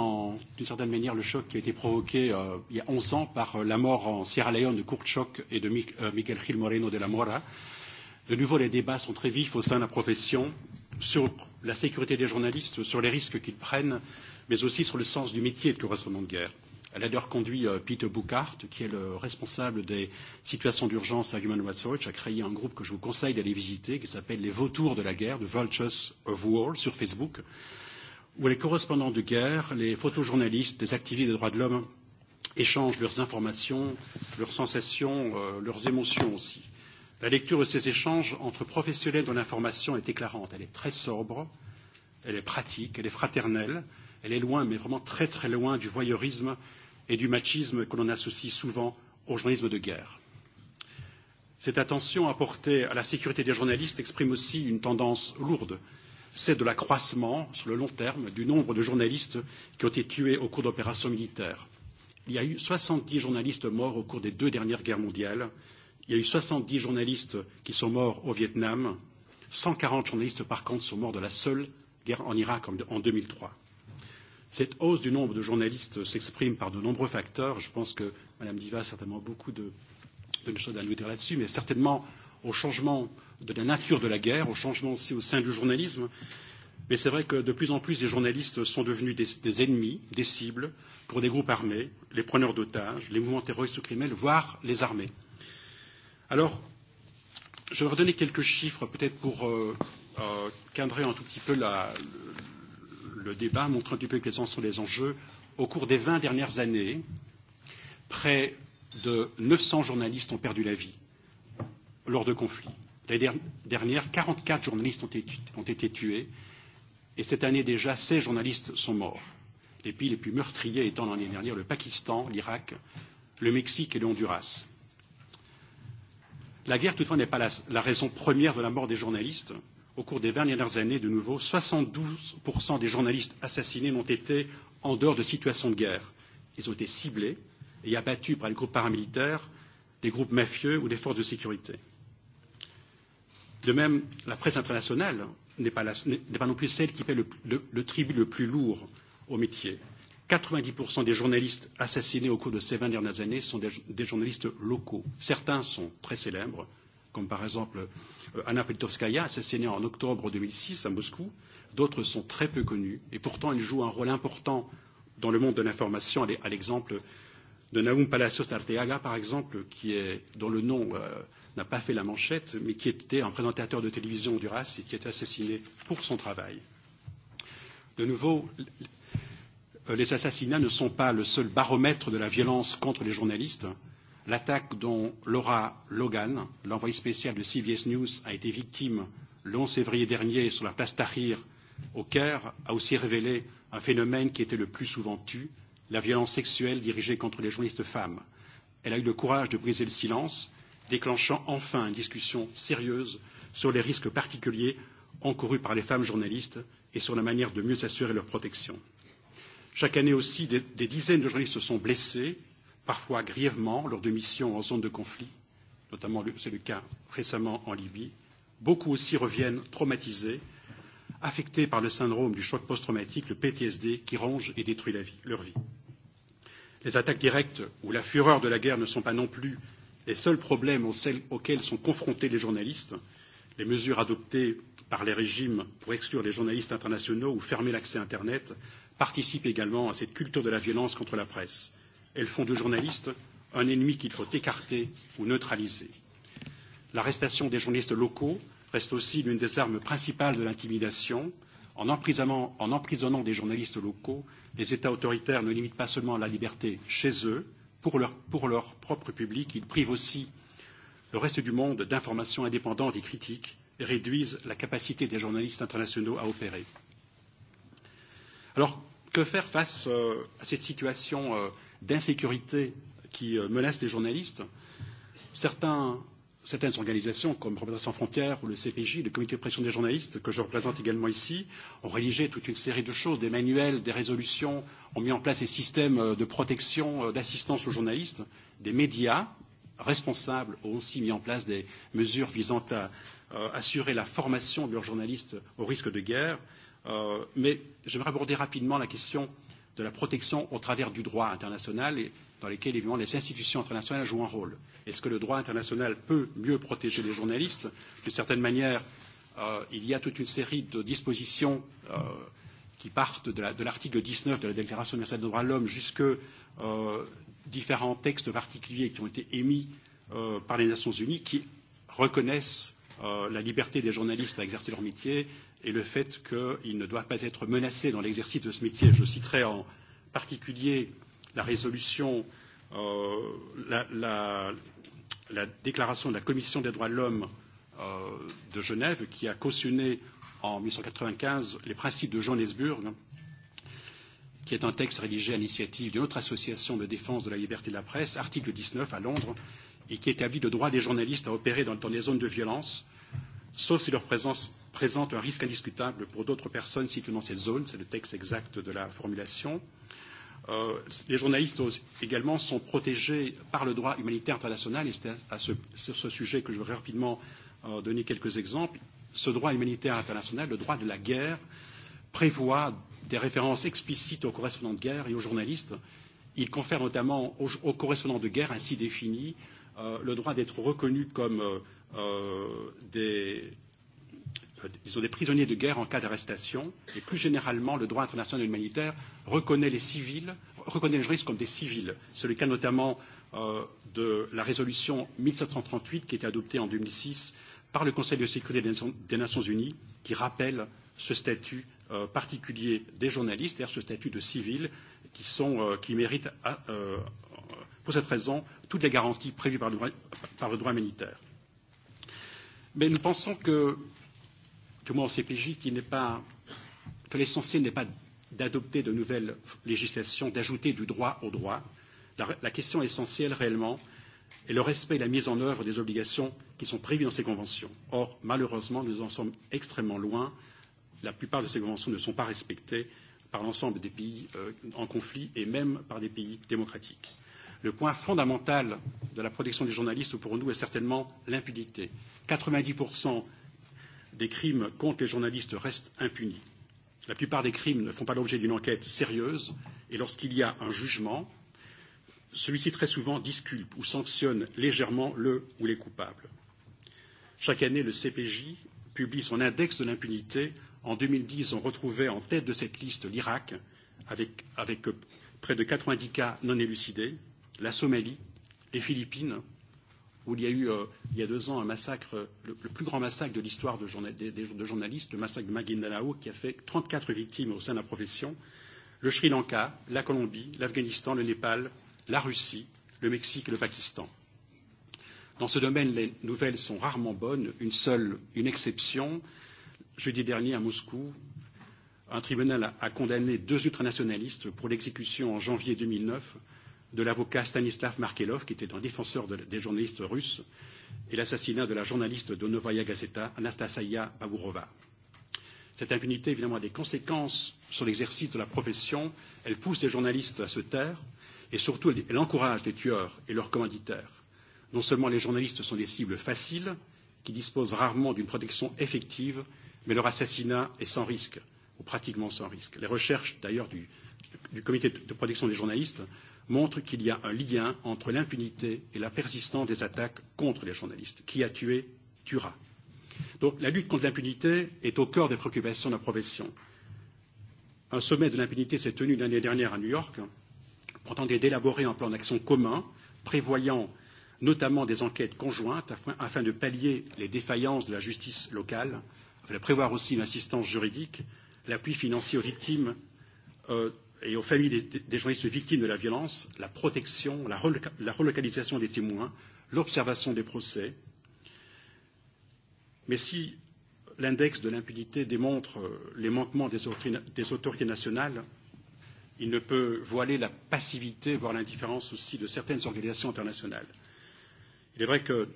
d'une certaine manière le choc qui a été provoqué euh, il y a 11 ans par euh, la mort en Sierra Leone de Kurt Choc et de Mi euh, Miguel Gil Moreno de la Mora. Euh, De nouveau, les débats sont très vifs au sein de la profession sur la sécurité des journalistes, sur les risques qu'ils prennent, mais aussi sur le sens du métier de correspondant de guerre. Elle a d'ailleurs conduit euh, Peter Buchart, qui est le responsable des situations d'urgence à Human Rights Watch, à créer un groupe que je vous conseille d'aller visiter, qui s'appelle Les Vautours de la guerre, The Vultures of War, sur Facebook, où les correspondants de guerre, les photojournalistes, les activistes des droits de l'homme échangent leurs informations, leurs sensations, euh, leurs émotions aussi. La lecture de ces échanges entre professionnels de l'information est éclairante. Elle est très sobre, elle est pratique, elle est fraternelle, elle est loin, mais vraiment très très loin du voyeurisme et du machisme que l'on associe souvent au journalisme de guerre. Cette attention apportée à la sécurité des journalistes exprime aussi une tendance lourde, celle de l'accroissement sur le long terme du nombre de journalistes qui ont été tués au cours d'opérations militaires. Il y a eu 70 journalistes morts au cours des deux dernières guerres mondiales, il y a eu 70 journalistes qui sont morts au Vietnam. 140 journalistes, par contre, sont morts de la seule guerre en Irak en 2003. Cette hausse du nombre de journalistes s'exprime par de nombreux facteurs. Je pense que Mme Diva a certainement beaucoup de, de choses à nous dire là-dessus, mais certainement au changement de la nature de la guerre, au changement aussi au sein du journalisme. Mais c'est vrai que de plus en plus, les journalistes sont devenus des, des ennemis, des cibles pour des groupes armés, les preneurs d'otages, les mouvements terroristes ou criminels, voire les armées. Alors, je vais redonner quelques chiffres, peut-être pour euh, euh, cadrer un tout petit peu la, le, le débat, montrer un petit peu quels en sont les enjeux. Au cours des 20 dernières années, près de 900 journalistes ont perdu la vie lors de conflits. L'année dernière, 44 journalistes ont été, ont été tués et cette année déjà, 16 journalistes sont morts. Les pays les plus meurtriers étant l'année dernière le Pakistan, l'Irak, le Mexique et le Honduras. La guerre, toutefois, n'est pas la, la raison première de la mort des journalistes. Au cours des 20 dernières années, de nouveau, 72% des journalistes assassinés n'ont été en dehors de situations de guerre. Ils ont été ciblés et abattus par des groupes paramilitaires, des groupes mafieux ou des forces de sécurité. De même, la presse internationale n'est pas, la, pas non plus celle qui paie le, le, le tribut le plus lourd au métier. 90% des journalistes assassinés au cours de ces 20 dernières années sont des, des journalistes locaux. Certains sont très célèbres, comme par exemple euh, Anna Politkovskaya, assassinée en octobre 2006 à Moscou. D'autres sont très peu connus et pourtant ils jouent un rôle important dans le monde de l'information, à l'exemple de Naum Palacios Arteaga, par exemple, qui est, dont le nom euh, n'a pas fait la manchette, mais qui était un présentateur de télévision du RAS et qui est assassiné pour son travail. De nouveau, Euh, les assassinats ne sont pas le seul baromètre de la violence contre les journalistes. L'attaque dont Laura Logan, l'envoyée spéciale de CBS News, a été victime le 11 février dernier sur la place Tahrir au Caire a aussi révélé un phénomène qui était le plus souvent tu, la violence sexuelle dirigée contre les journalistes femmes. Elle a eu le courage de briser le silence, déclenchant enfin une discussion sérieuse sur les risques particuliers encourus par les femmes journalistes et sur la manière de mieux assurer leur protection. Chaque année aussi, des, des dizaines de journalistes sont blessés, parfois grièvement, lors de missions en zone de conflit, notamment c'est le cas récemment en Libye. Beaucoup aussi reviennent traumatisés, affectés par le syndrome du choc post-traumatique, le PTSD, qui ronge et détruit la vie, leur vie. Les attaques directes ou la fureur de la guerre ne sont pas non plus les seuls problèmes auxquels sont confrontés les journalistes. Les mesures adoptées par les régimes pour exclure les journalistes internationaux ou fermer l'accès à Internet participent également à cette culture de la violence contre la presse. Elles font de journalistes un ennemi qu'il faut écarter ou neutraliser. L'arrestation des journalistes locaux reste aussi l'une des armes principales de l'intimidation. En emprisonnant, en emprisonnant des journalistes locaux, les États autoritaires ne limitent pas seulement la liberté chez eux, pour leur, pour leur propre public, ils privent aussi le reste du monde d'informations indépendantes et critiques et réduisent la capacité des journalistes internationaux à opérer. Alors, que faire face euh, à cette situation euh, d'insécurité qui euh, menace les journalistes Certains, Certaines organisations, comme Représentants sans frontières ou le CPJ, le Comité de pression des journalistes, que je représente également ici, ont rédigé toute une série de choses, des manuels, des résolutions, ont mis en place des systèmes euh, de protection, euh, d'assistance aux journalistes. Des médias responsables ont aussi mis en place des mesures visant à euh, assurer la formation de leurs journalistes au risque de guerre. Euh, Euh, mais j'aimerais aborder rapidement la question de la protection au travers du droit international, et dans lesquels évidemment les institutions internationales jouent un rôle. Est-ce que le droit international peut mieux protéger les journalistes D'une certaine manière, euh, il y a toute une série de dispositions euh, qui partent de l'article la, de 19 de la Déclaration universelle des droits de l'homme jusque euh, différents textes particuliers qui ont été émis euh, par les Nations unies qui reconnaissent euh, la liberté des journalistes à exercer leur métier, et le fait qu'il ne doit pas être menacé dans l'exercice de ce métier. Je citerai en particulier la résolution, euh, la, la, la déclaration de la Commission des droits de l'homme euh, de Genève qui a cautionné en 1995 les principes de Johannesburg, qui est un texte rédigé à l'initiative d'une autre association de défense de la liberté de la presse, article 19 à Londres, et qui établit le droit des journalistes à opérer dans, dans les zones de violence, sauf si leur présence présente un risque indiscutable pour d'autres personnes situées dans cette zone. C'est le texte exact de la formulation. Euh, les journalistes aussi, également sont protégés par le droit humanitaire international et c'est à, à ce, sur ce sujet que je voudrais rapidement euh, donner quelques exemples. Ce droit humanitaire international, le droit de la guerre, prévoit des références explicites aux correspondants de guerre et aux journalistes. Il confère notamment aux, aux correspondants de guerre ainsi définis euh, le droit d'être reconnus comme euh, euh des ils sont des prisonniers de guerre en cas d'arrestation, et plus généralement, le droit international humanitaire reconnaît les civils, reconnaît les juristes comme des civils. C'est le cas notamment euh, de la résolution 1738 qui a été adoptée en 2006 par le Conseil de sécurité des Nations, des Nations Unies, qui rappelle ce statut euh, particulier des journalistes, c'est-à-dire ce statut de civils, qui, sont, euh, qui méritent, à, euh, euh, pour cette raison, toutes les garanties prévues par le droit, par le droit humanitaire. Mais nous pensons que du moins en CPJ, qu'il n'est pas, que l'essentiel n'est pas d'adopter de nouvelles législations, d'ajouter du droit au droit. La, la question essentielle réellement est le respect et la mise en œuvre des obligations qui sont prévues dans ces conventions. Or, malheureusement, nous en sommes extrêmement loin. La plupart de ces conventions ne sont pas respectées par l'ensemble des pays euh, en conflit et même par des pays démocratiques. Le point fondamental de la protection des journalistes pour nous est certainement l'impunité. 90 des crimes contre les journalistes restent impunis. La plupart des crimes ne font pas l'objet d'une enquête sérieuse et lorsqu'il y a un jugement, celui-ci très souvent disculpe ou sanctionne légèrement le ou les coupables. Chaque année, le CPJ publie son index de l'impunité. En 2010, on retrouvait en tête de cette liste l'Irak, avec, avec euh, près de 90 cas non élucidés, la Somalie, les Philippines, où il y a eu, euh, il y a deux ans, un massacre, le, le plus grand massacre de l'histoire de, journa de, de, de journalistes, le massacre de Maguindanao, qui a fait 34 victimes au sein de la profession, le Sri Lanka, la Colombie, l'Afghanistan, le Népal, la Russie, le Mexique et le Pakistan. Dans ce domaine, les nouvelles sont rarement bonnes. Une seule, une exception. Jeudi dernier, à Moscou, un tribunal a, a condamné deux ultranationalistes pour l'exécution en janvier 2009 de l'avocat Stanislav Markelov, qui était un défenseur de, des journalistes russes, et l'assassinat de la journaliste de Novaya Gazeta, Anastasia Baburova. Cette impunité, évidemment, a des conséquences sur l'exercice de la profession. Elle pousse les journalistes à se taire et surtout, elle, elle encourage les tueurs et leurs commanditaires. Non seulement les journalistes sont des cibles faciles, qui disposent rarement d'une protection effective, mais leur assassinat est sans risque, ou pratiquement sans risque. Les recherches, d'ailleurs, du, du comité de protection des journalistes montre qu'il y a un lien entre l'impunité et la persistance des attaques contre les journalistes. Qui a tué, tuera. Donc la lutte contre l'impunité est au cœur des préoccupations de la profession. Un sommet de l'impunité s'est tenu l'année dernière à New York pour tenter d'élaborer un plan d'action commun prévoyant notamment des enquêtes conjointes afin, afin de pallier les défaillances de la justice locale, afin de prévoir aussi une assistance juridique, l'appui financier aux victimes euh, et aux familles des, des journalistes victimes de la violence la protection, la, reloca la relocalisation des témoins, l'observation des procès. Mais si l'index de l'impunité démontre euh, les manquements des, des autorités nationales, il ne peut voiler la passivité, voire l'indifférence aussi de certaines organisations internationales. Il est vrai que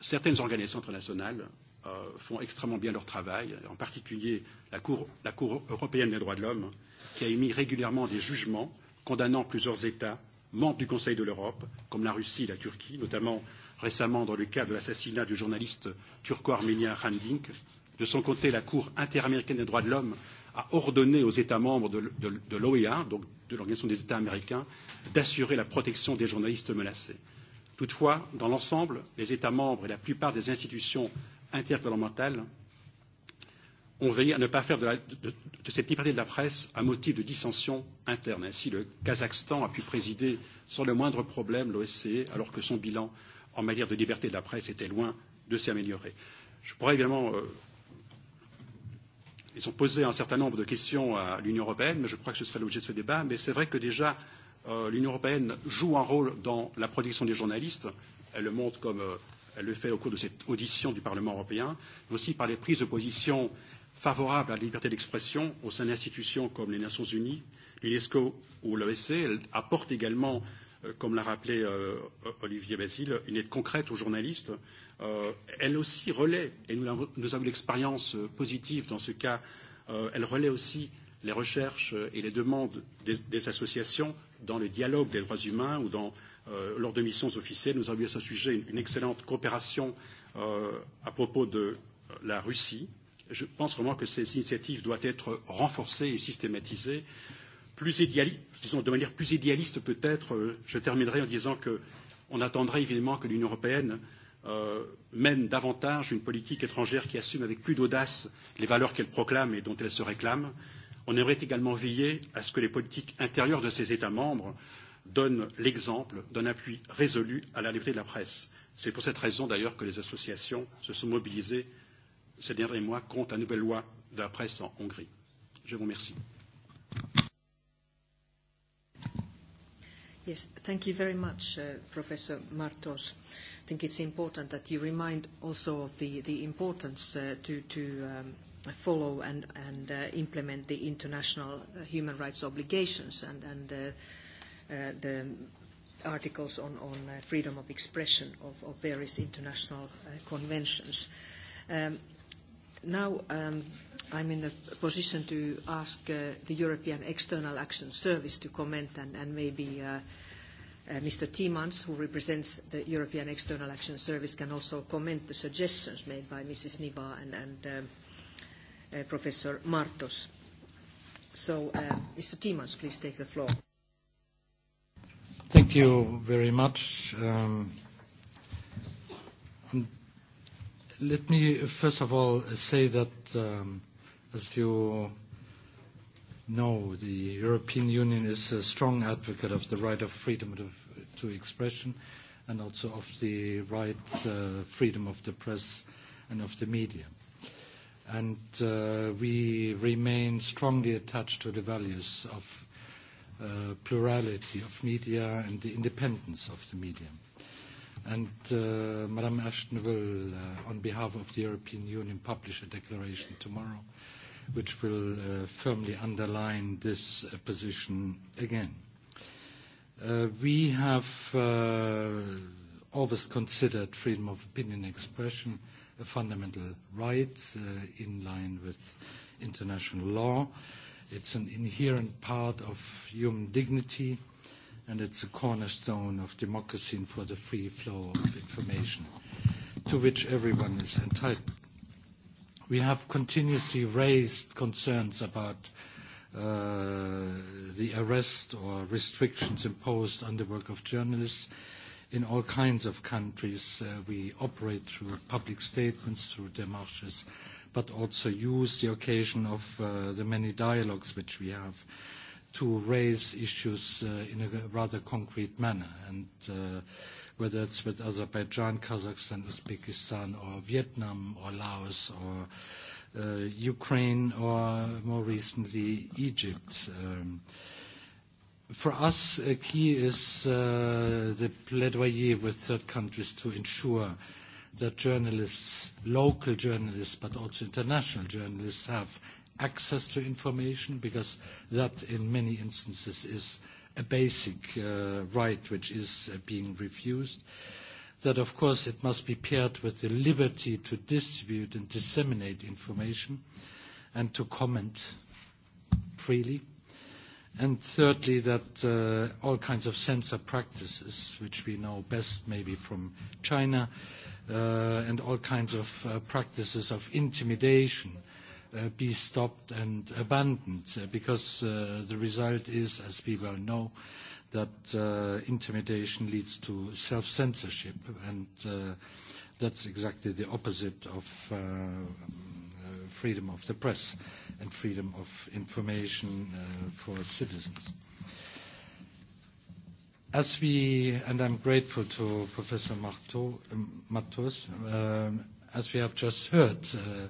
certaines organisations internationales euh, font extrêmement bien leur travail, en particulier la Cour, la Cour européenne des droits de l'homme, qui a émis régulièrement des jugements condamnant plusieurs États membres du Conseil de l'Europe, comme la Russie et la Turquie, notamment récemment dans le cas de l'assassinat du journaliste turco-arménien Randink. De son côté, la Cour interaméricaine des droits de l'homme a ordonné aux États membres de, de, de l'OEA, donc de l'Organisation des États américains, d'assurer la protection des journalistes menacés. Toutefois, dans l'ensemble, les États membres et la plupart des institutions intergouvernementales ont veillé à ne pas faire de, la, de, de cette liberté de la presse un motif de dissension interne. Ainsi, le Kazakhstan a pu présider sans le moindre problème l'OSCE, alors que son bilan en matière de liberté de la presse était loin de s'améliorer. Je pourrais également. Euh, ils ont posé un certain nombre de questions à l'Union européenne, mais je crois que ce serait l'objet de ce débat. Mais c'est vrai que déjà, euh, l'Union européenne joue un rôle dans la protection des journalistes. Elle le montre comme. Euh, le fait au cours de cette audition du Parlement européen, mais aussi par les prises de position favorables à la liberté d'expression au sein d'institutions comme les Nations Unies, l'UNESCO ou l'OSCE. Elle apporte également, euh, comme l'a rappelé euh, Olivier Basile, une aide concrète aux journalistes. Euh, elle aussi relaie, et nous avons, nous avons l'expérience euh, positive dans ce cas, euh, elle relaie aussi les recherches euh, et les demandes des, des associations dans le dialogue des droits humains ou dans euh, euh, lors de missions officielles. Nous avons eu à ce sujet une, une excellente coopération euh, à propos de la Russie. Je pense vraiment que ces initiatives doivent être renforcées et systématisées. Plus idéaliste, disons, de manière plus idéaliste peut-être, euh, je terminerai en disant qu'on attendrait évidemment que l'Union européenne euh, mène davantage une politique étrangère qui assume avec plus d'audace les valeurs qu'elle proclame et dont elle se réclame. On aimerait également veiller à ce que les politiques intérieures de ces États membres donne l'exemple d'un appui résolu à la liberté de la presse. C'est pour cette raison d'ailleurs que les associations se sont mobilisées ces derniers mois contre la nouvelle loi de la presse en Hongrie. Je vous remercie. Yes, thank you very much, uh, Professor Martos. I think it's important that you remind also of the, the importance uh, to, to um, follow and, and uh, implement the international uh, human rights obligations and, and uh, uh, the articles on, on uh, freedom of expression of, of various international uh, conventions. Um, now um, I'm in a position to ask uh, the European External Action Service to comment and, and maybe uh, uh, Mr. Tiemans, who represents the European External Action Service, can also comment the suggestions made by Mrs. Niva and, and um, uh, Professor Martos. So, uh, Mr. Tiemans, please take the floor. Thank you very much. Um, let me first of all say that, um, as you know, the European Union is a strong advocate of the right of freedom to, to expression and also of the right uh, freedom of the press and of the media. And uh, we remain strongly attached to the values of uh, plurality of media and the independence of the media. And uh, Madame Ashton will, uh, on behalf of the European Union, publish a declaration tomorrow which will uh, firmly underline this uh, position again. Uh, we have uh, always considered freedom of opinion and expression a fundamental right uh, in line with international law. Uh, It's an inherent part of human dignity, and it's a cornerstone of democracy and for the free flow of information to which everyone is entitled. We have continuously raised concerns about uh, the arrest or restrictions imposed on the work of journalists in all kinds of countries. Uh, we operate through public statements, through demarches, uh, but also use the occasion of uh, the many dialogues which we have to raise issues uh, in a rather concrete manner. And uh, whether it's with Azerbaijan, Kazakhstan, Uzbekistan, or Vietnam, or Laos, or uh, Ukraine, or more recently, Egypt. Um, for us, a key is uh, the plaidoyer with third countries to ensure that journalists, local journalists, but also international journalists have access to information because that in many instances is a basic uh, right which is uh, being refused. That of course it must be paired with the liberty to distribute and disseminate information and to comment freely. And thirdly, that uh, all kinds of censor practices, which we know best maybe from China, uh, uh, and all kinds of uh, practices of intimidation uh, be stopped and abandoned uh, because uh, the result is, as we well know, that uh, intimidation leads to self-censorship and uh, that's exactly the opposite of uh, freedom of the press and freedom of information uh, for citizens. Uh, As we, and I'm grateful to Professor Matos, uh, um, uh, as we have just heard, uh,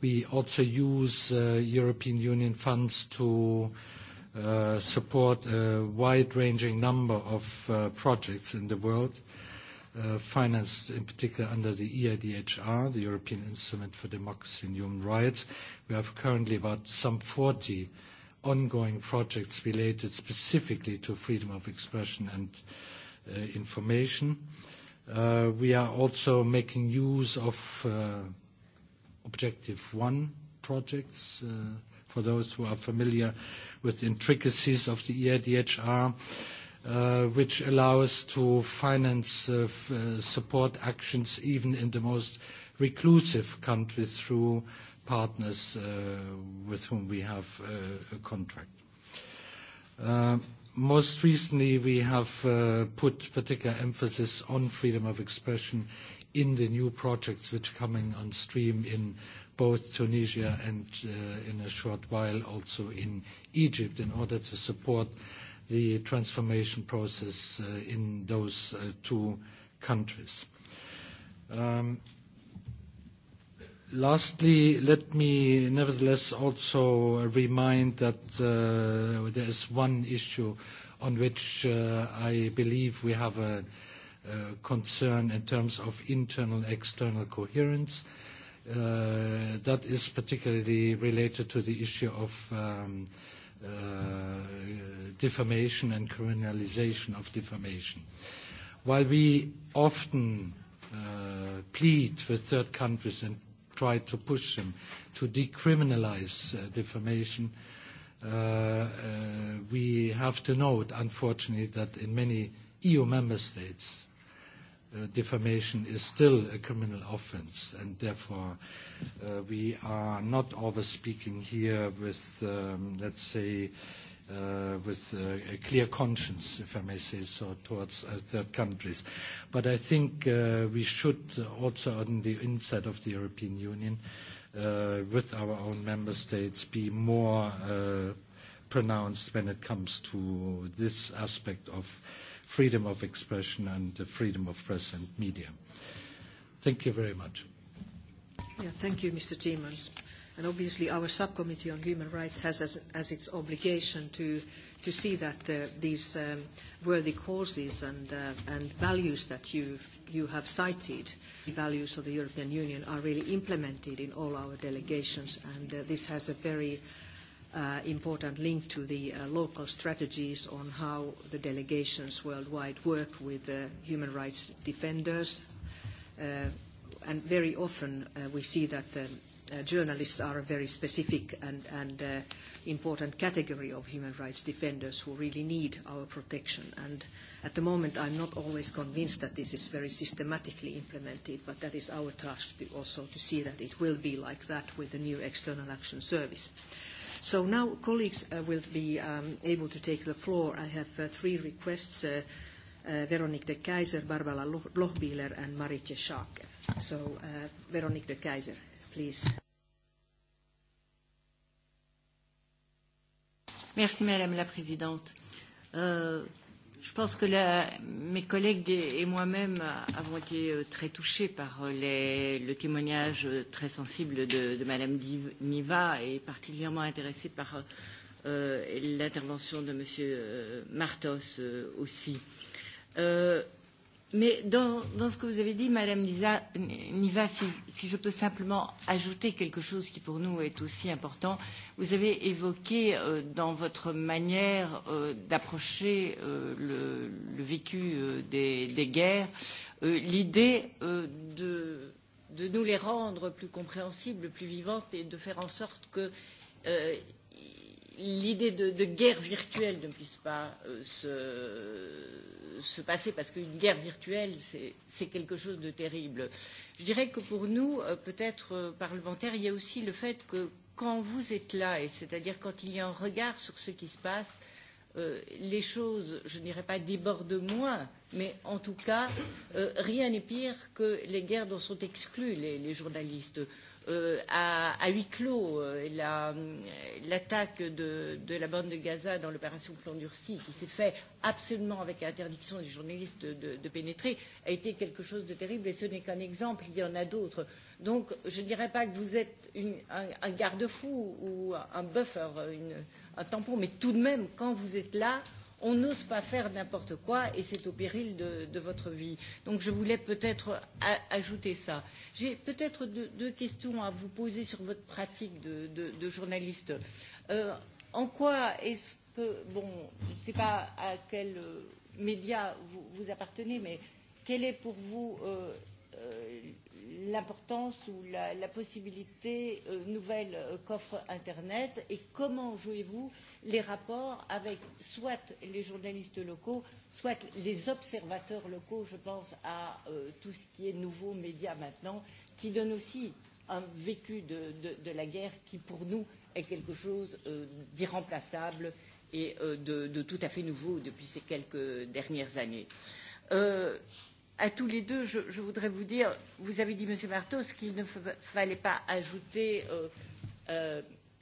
we also use uh, European Union funds to uh, support a wide-ranging number of uh, projects in the world, financed in particular under the EIDHR, the European Instrument for Democracy and Human Rights. We have currently about some 40 ongoing projects related specifically to freedom of expression and uh, information. Uh, we are also making use of uh, Objective One projects. Uh, for those who are familiar with the intricacies of the EIDHR, uh, which allows to finance uh, f- uh, support actions even in the most reclusive countries through partners uh, with whom we have uh, a contract. Uh, most recently, we have put particular emphasis on freedom of expression in the new projects which coming on stream in both Tunisia and, uh, in a short while, also in Egypt, in order to support the transformation process uh, in those uh, two countries. Um, Lastly, let me nevertheless also remind that uh, there is one issue on which uh, I believe we have a, a concern in terms of internal-external coherence. Uh, that is particularly related to the issue of um, uh, defamation and criminalization of defamation. While we often uh, plead with third countries and tried to push him to decriminalize uh, defamation. Uh, uh, we have to note, unfortunately, that in many EU member states, uh, defamation is still a criminal offense, and therefore uh, we are not always speaking here with, um, let's say, uh, uh, with uh, a clear conscience, if I may say so, towards uh, third countries. But I think uh, we should also, on the inside of the European Union, uh, with our own member states, be more uh, pronounced when it comes to this aspect of freedom of expression and the freedom of press and media. Thank you very much. Yeah, thank you, Mr. Timmermans. And obviously our subcommittee on human rights has as, as its obligation to, to see that uh, these um, worthy causes and, uh, and values that you've, you have cited, the values of the European Union, are really implemented in all our delegations. And uh, this has a very uh, important link to the uh, local strategies on how the delegations worldwide work with uh, human rights defenders. Uh, and very often uh, we see that um, uh, journalists are a very specific and, and uh, important category of human rights defenders who really need our protection. And at the moment, I'm not always convinced that this is very systematically implemented, but that is our task to also to see that it will be like that with the new External Action Service. So now colleagues uh, will be um, able to take the floor. I have uh, three requests, uh, uh, Veronique de Keizer, Barbara Lochbieler, and Marietje Schaake. So uh, Veronique de Keizer, please. Merci, Madame la Présidente. Euh, je pense que la, mes collègues et moi-même avons été euh, très touchés par euh, les, le témoignage euh, très sensible de, de Madame Niva et particulièrement intéressés par euh, l'intervention de Monsieur Martos euh, aussi. Euh, Mais dans, dans ce que vous avez dit, Madame Lisa Niva, si, si je peux simplement ajouter quelque chose qui pour nous est aussi important, vous avez évoqué euh, dans votre manière euh, d'approcher euh, le, le vécu euh, des, des guerres euh, l'idée euh, de, de nous les rendre plus compréhensibles, plus vivantes et de faire en sorte que euh, l'idée de, de guerre virtuelle ne puisse pas euh, se, se passer, parce qu'une guerre virtuelle, c'est quelque chose de terrible. Je dirais que pour nous, euh, peut-être euh, parlementaires, il y a aussi le fait que quand vous êtes là, et c'est-à-dire quand il y a un regard sur ce qui se passe, euh, les choses, je ne dirais pas débordent moins, mais en tout cas, euh, rien n'est pire que les guerres dont sont exclus les, les journalistes. Euh, euh, à, à huis clos euh, l'attaque la, de, de la bande de Gaza dans l'opération Plan Durci, qui s'est faite absolument avec l'interdiction des journalistes de, de, de pénétrer, a été quelque chose de terrible et ce n'est qu'un exemple, il y en a d'autres. Donc je ne dirais pas que vous êtes une, un, un garde-fou ou un buffer, une, un tampon, mais tout de même, quand vous êtes là, euh, on n'ose pas faire n'importe quoi et c'est au péril de, de votre vie. Donc je voulais peut-être ajouter ça. J'ai peut-être deux, deux questions à vous poser sur votre pratique de, de, de journaliste. Euh, en quoi est-ce que, bon, je ne sais pas à quel euh, média vous, vous appartenez, mais quelle est pour vous euh, euh, l'importance ou la, la possibilité euh, nouvelle euh, qu'offre Internet et comment jouez-vous les rapports avec soit les journalistes locaux, soit les observateurs locaux, je pense à euh, tout ce qui est nouveaux médias maintenant, qui donne aussi un vécu de, de, de la guerre qui pour nous est quelque chose euh, d'irremplaçable et euh, de, de tout à fait nouveau depuis ces quelques dernières années. Euh, à tous les deux, je, je voudrais vous dire, vous avez dit, Monsieur Martos, qu'il ne fallait pas ajouter euh, euh,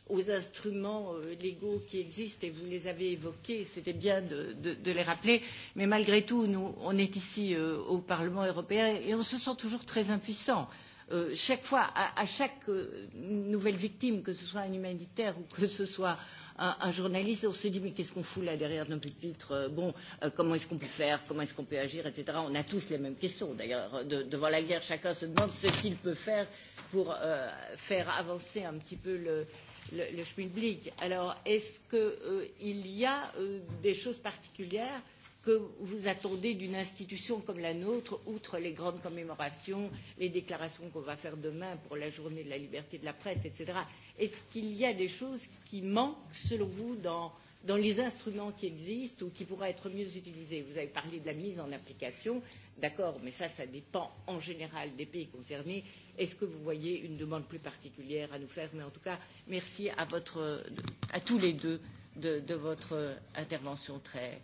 aux instruments euh, légaux qui existent, et vous les avez évoqués, c'était bien de, de, de les rappeler, mais malgré tout, nous, on est ici euh, au Parlement européen et on se sent toujours très impuissant. Euh, chaque fois, à, à chaque euh, nouvelle victime, que ce soit un humanitaire ou que ce soit euh, un, un journaliste, on se dit mais qu'est-ce qu'on fout là derrière nos pupitres euh, Bon, euh, comment est-ce qu'on peut faire Comment est-ce qu'on peut agir etc. On a tous les mêmes questions d'ailleurs. De, devant la guerre, chacun se demande ce qu'il peut faire pour euh, faire avancer un petit peu le, le, le schmilblick. Alors, est-ce qu'il euh, y a euh, des choses particulières euh, que vous attendez d'une institution comme la nôtre, outre les grandes commémorations, les déclarations qu'on va faire demain pour la journée de la liberté de la presse, etc. Est-ce qu'il y a des choses qui manquent, selon vous, dans, dans les instruments qui existent ou qui pourraient être mieux utilisés Vous avez parlé de la mise en application, d'accord, mais ça, ça dépend en général des pays concernés. Est-ce que vous voyez une demande plus particulière à nous faire Mais en tout cas, merci à, votre, à tous les deux de, de votre intervention très,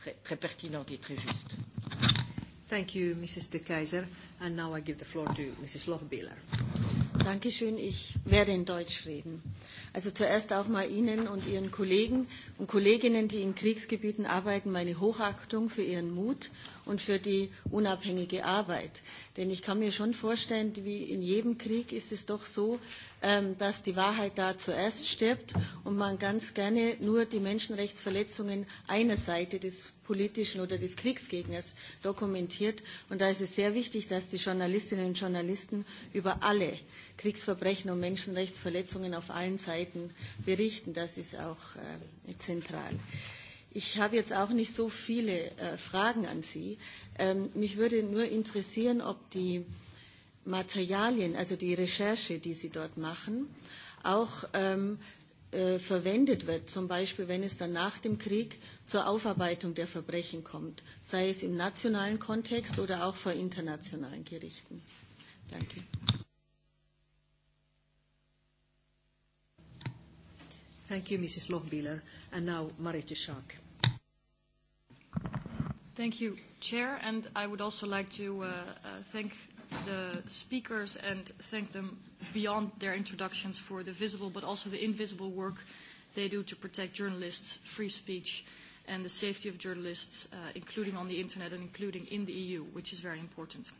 très, très pertinente et très juste. Thank you, Mrs. de Kaiser. And now I give the floor to Mrs. Lochbieler. Dankeschön. Ich werde in Deutsch reden. Also zuerst auch mal Ihnen und Ihren Kollegen und Kolleginnen, die in Kriegsgebieten arbeiten, meine Hochachtung für Ihren Mut und für die unabhängige Arbeit. Denn ich kann mir schon vorstellen, wie in jedem Krieg ist es doch so, ähm, dass die Wahrheit da zuerst stirbt und man ganz gerne nur die Menschenrechtsverletzungen einer Seite des politischen oder des Kriegsgegners dokumentiert. Und da ist es sehr wichtig, dass die Journalistinnen und Journalisten über alle Kriegsverbrechen und Menschenrechtsverletzungen auf allen Seiten berichten. Das ist auch äh, zentral. Äh, Ich habe jetzt auch nicht so viele äh, Fragen an Sie. Ähm, mich würde nur interessieren, ob die Materialien, also die Recherche, die Sie dort machen, auch ähm, äh, verwendet wird, zum Beispiel wenn es dann nach dem Krieg zur Aufarbeitung der Verbrechen kommt, sei es im nationalen Kontext oder auch vor internationalen Gerichten. Danke. Thank you, Mrs. Lochbieler. And now, Marietje Schaak. Thank you, Chair. And I would also like to uh, uh, thank the speakers and thank them beyond their introductions for the visible but also the invisible work they do to protect journalists, free speech, and the safety of journalists, uh, including on the internet and including in the EU, which is very important.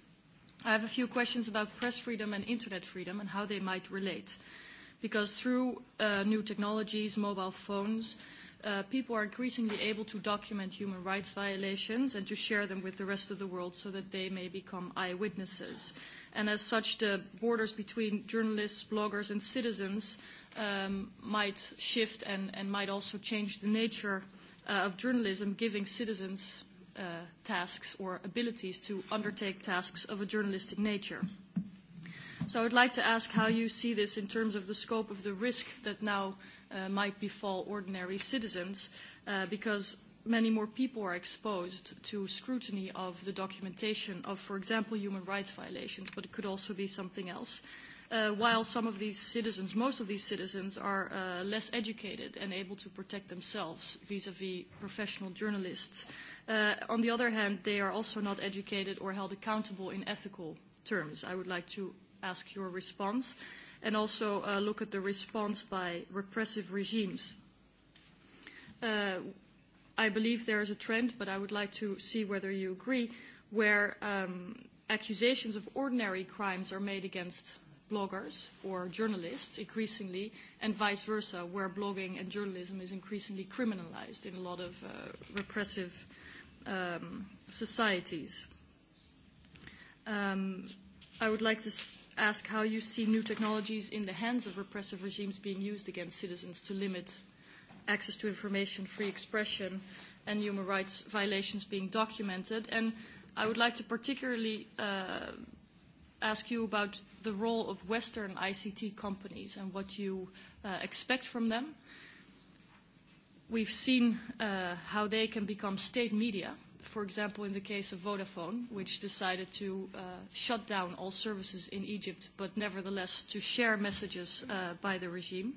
I have a few questions about press freedom and internet freedom and how they might relate. Uh, because through uh, new technologies, mobile phones, uh, people are increasingly able to document human rights violations and to share them with the rest of the world so that they may become eyewitnesses. And as such, the borders between journalists, bloggers, and citizens um, might shift and, and might also change the nature uh, of journalism, giving citizens uh, tasks or abilities to undertake tasks of a journalistic nature. Mm-hmm. So I would like to ask how you see this in terms of the scope of the risk that now uh, might befall ordinary citizens, uh, because many more people are exposed to scrutiny of the documentation of, for example, human rights violations, but it could also be something else. Uh, while some of these citizens, most of these citizens, are uh, less educated and able to protect themselves vis-à-vis -vis professional journalists. Uh, on the other hand, they are also not educated or held accountable in ethical terms. I would like to ask your response, and also uh, look at the response by repressive regimes. Uh, I believe there is a trend, but I would like to see whether you agree, where um, accusations of ordinary crimes are made against bloggers or journalists increasingly, and vice versa, where blogging and journalism is increasingly criminalized in a lot of uh, repressive um, societies. Um, I would like to ask how you see new technologies in the hands of repressive regimes being used against citizens to limit access to information, free expression, and human rights violations being documented. And I would like to particularly uh, ask you about the role of Western ICT companies and what you uh, expect from them. We've seen uh, how they can become state media for example, in the case of Vodafone, which decided to uh, shut down all services in Egypt, but nevertheless to share messages uh, by the regime.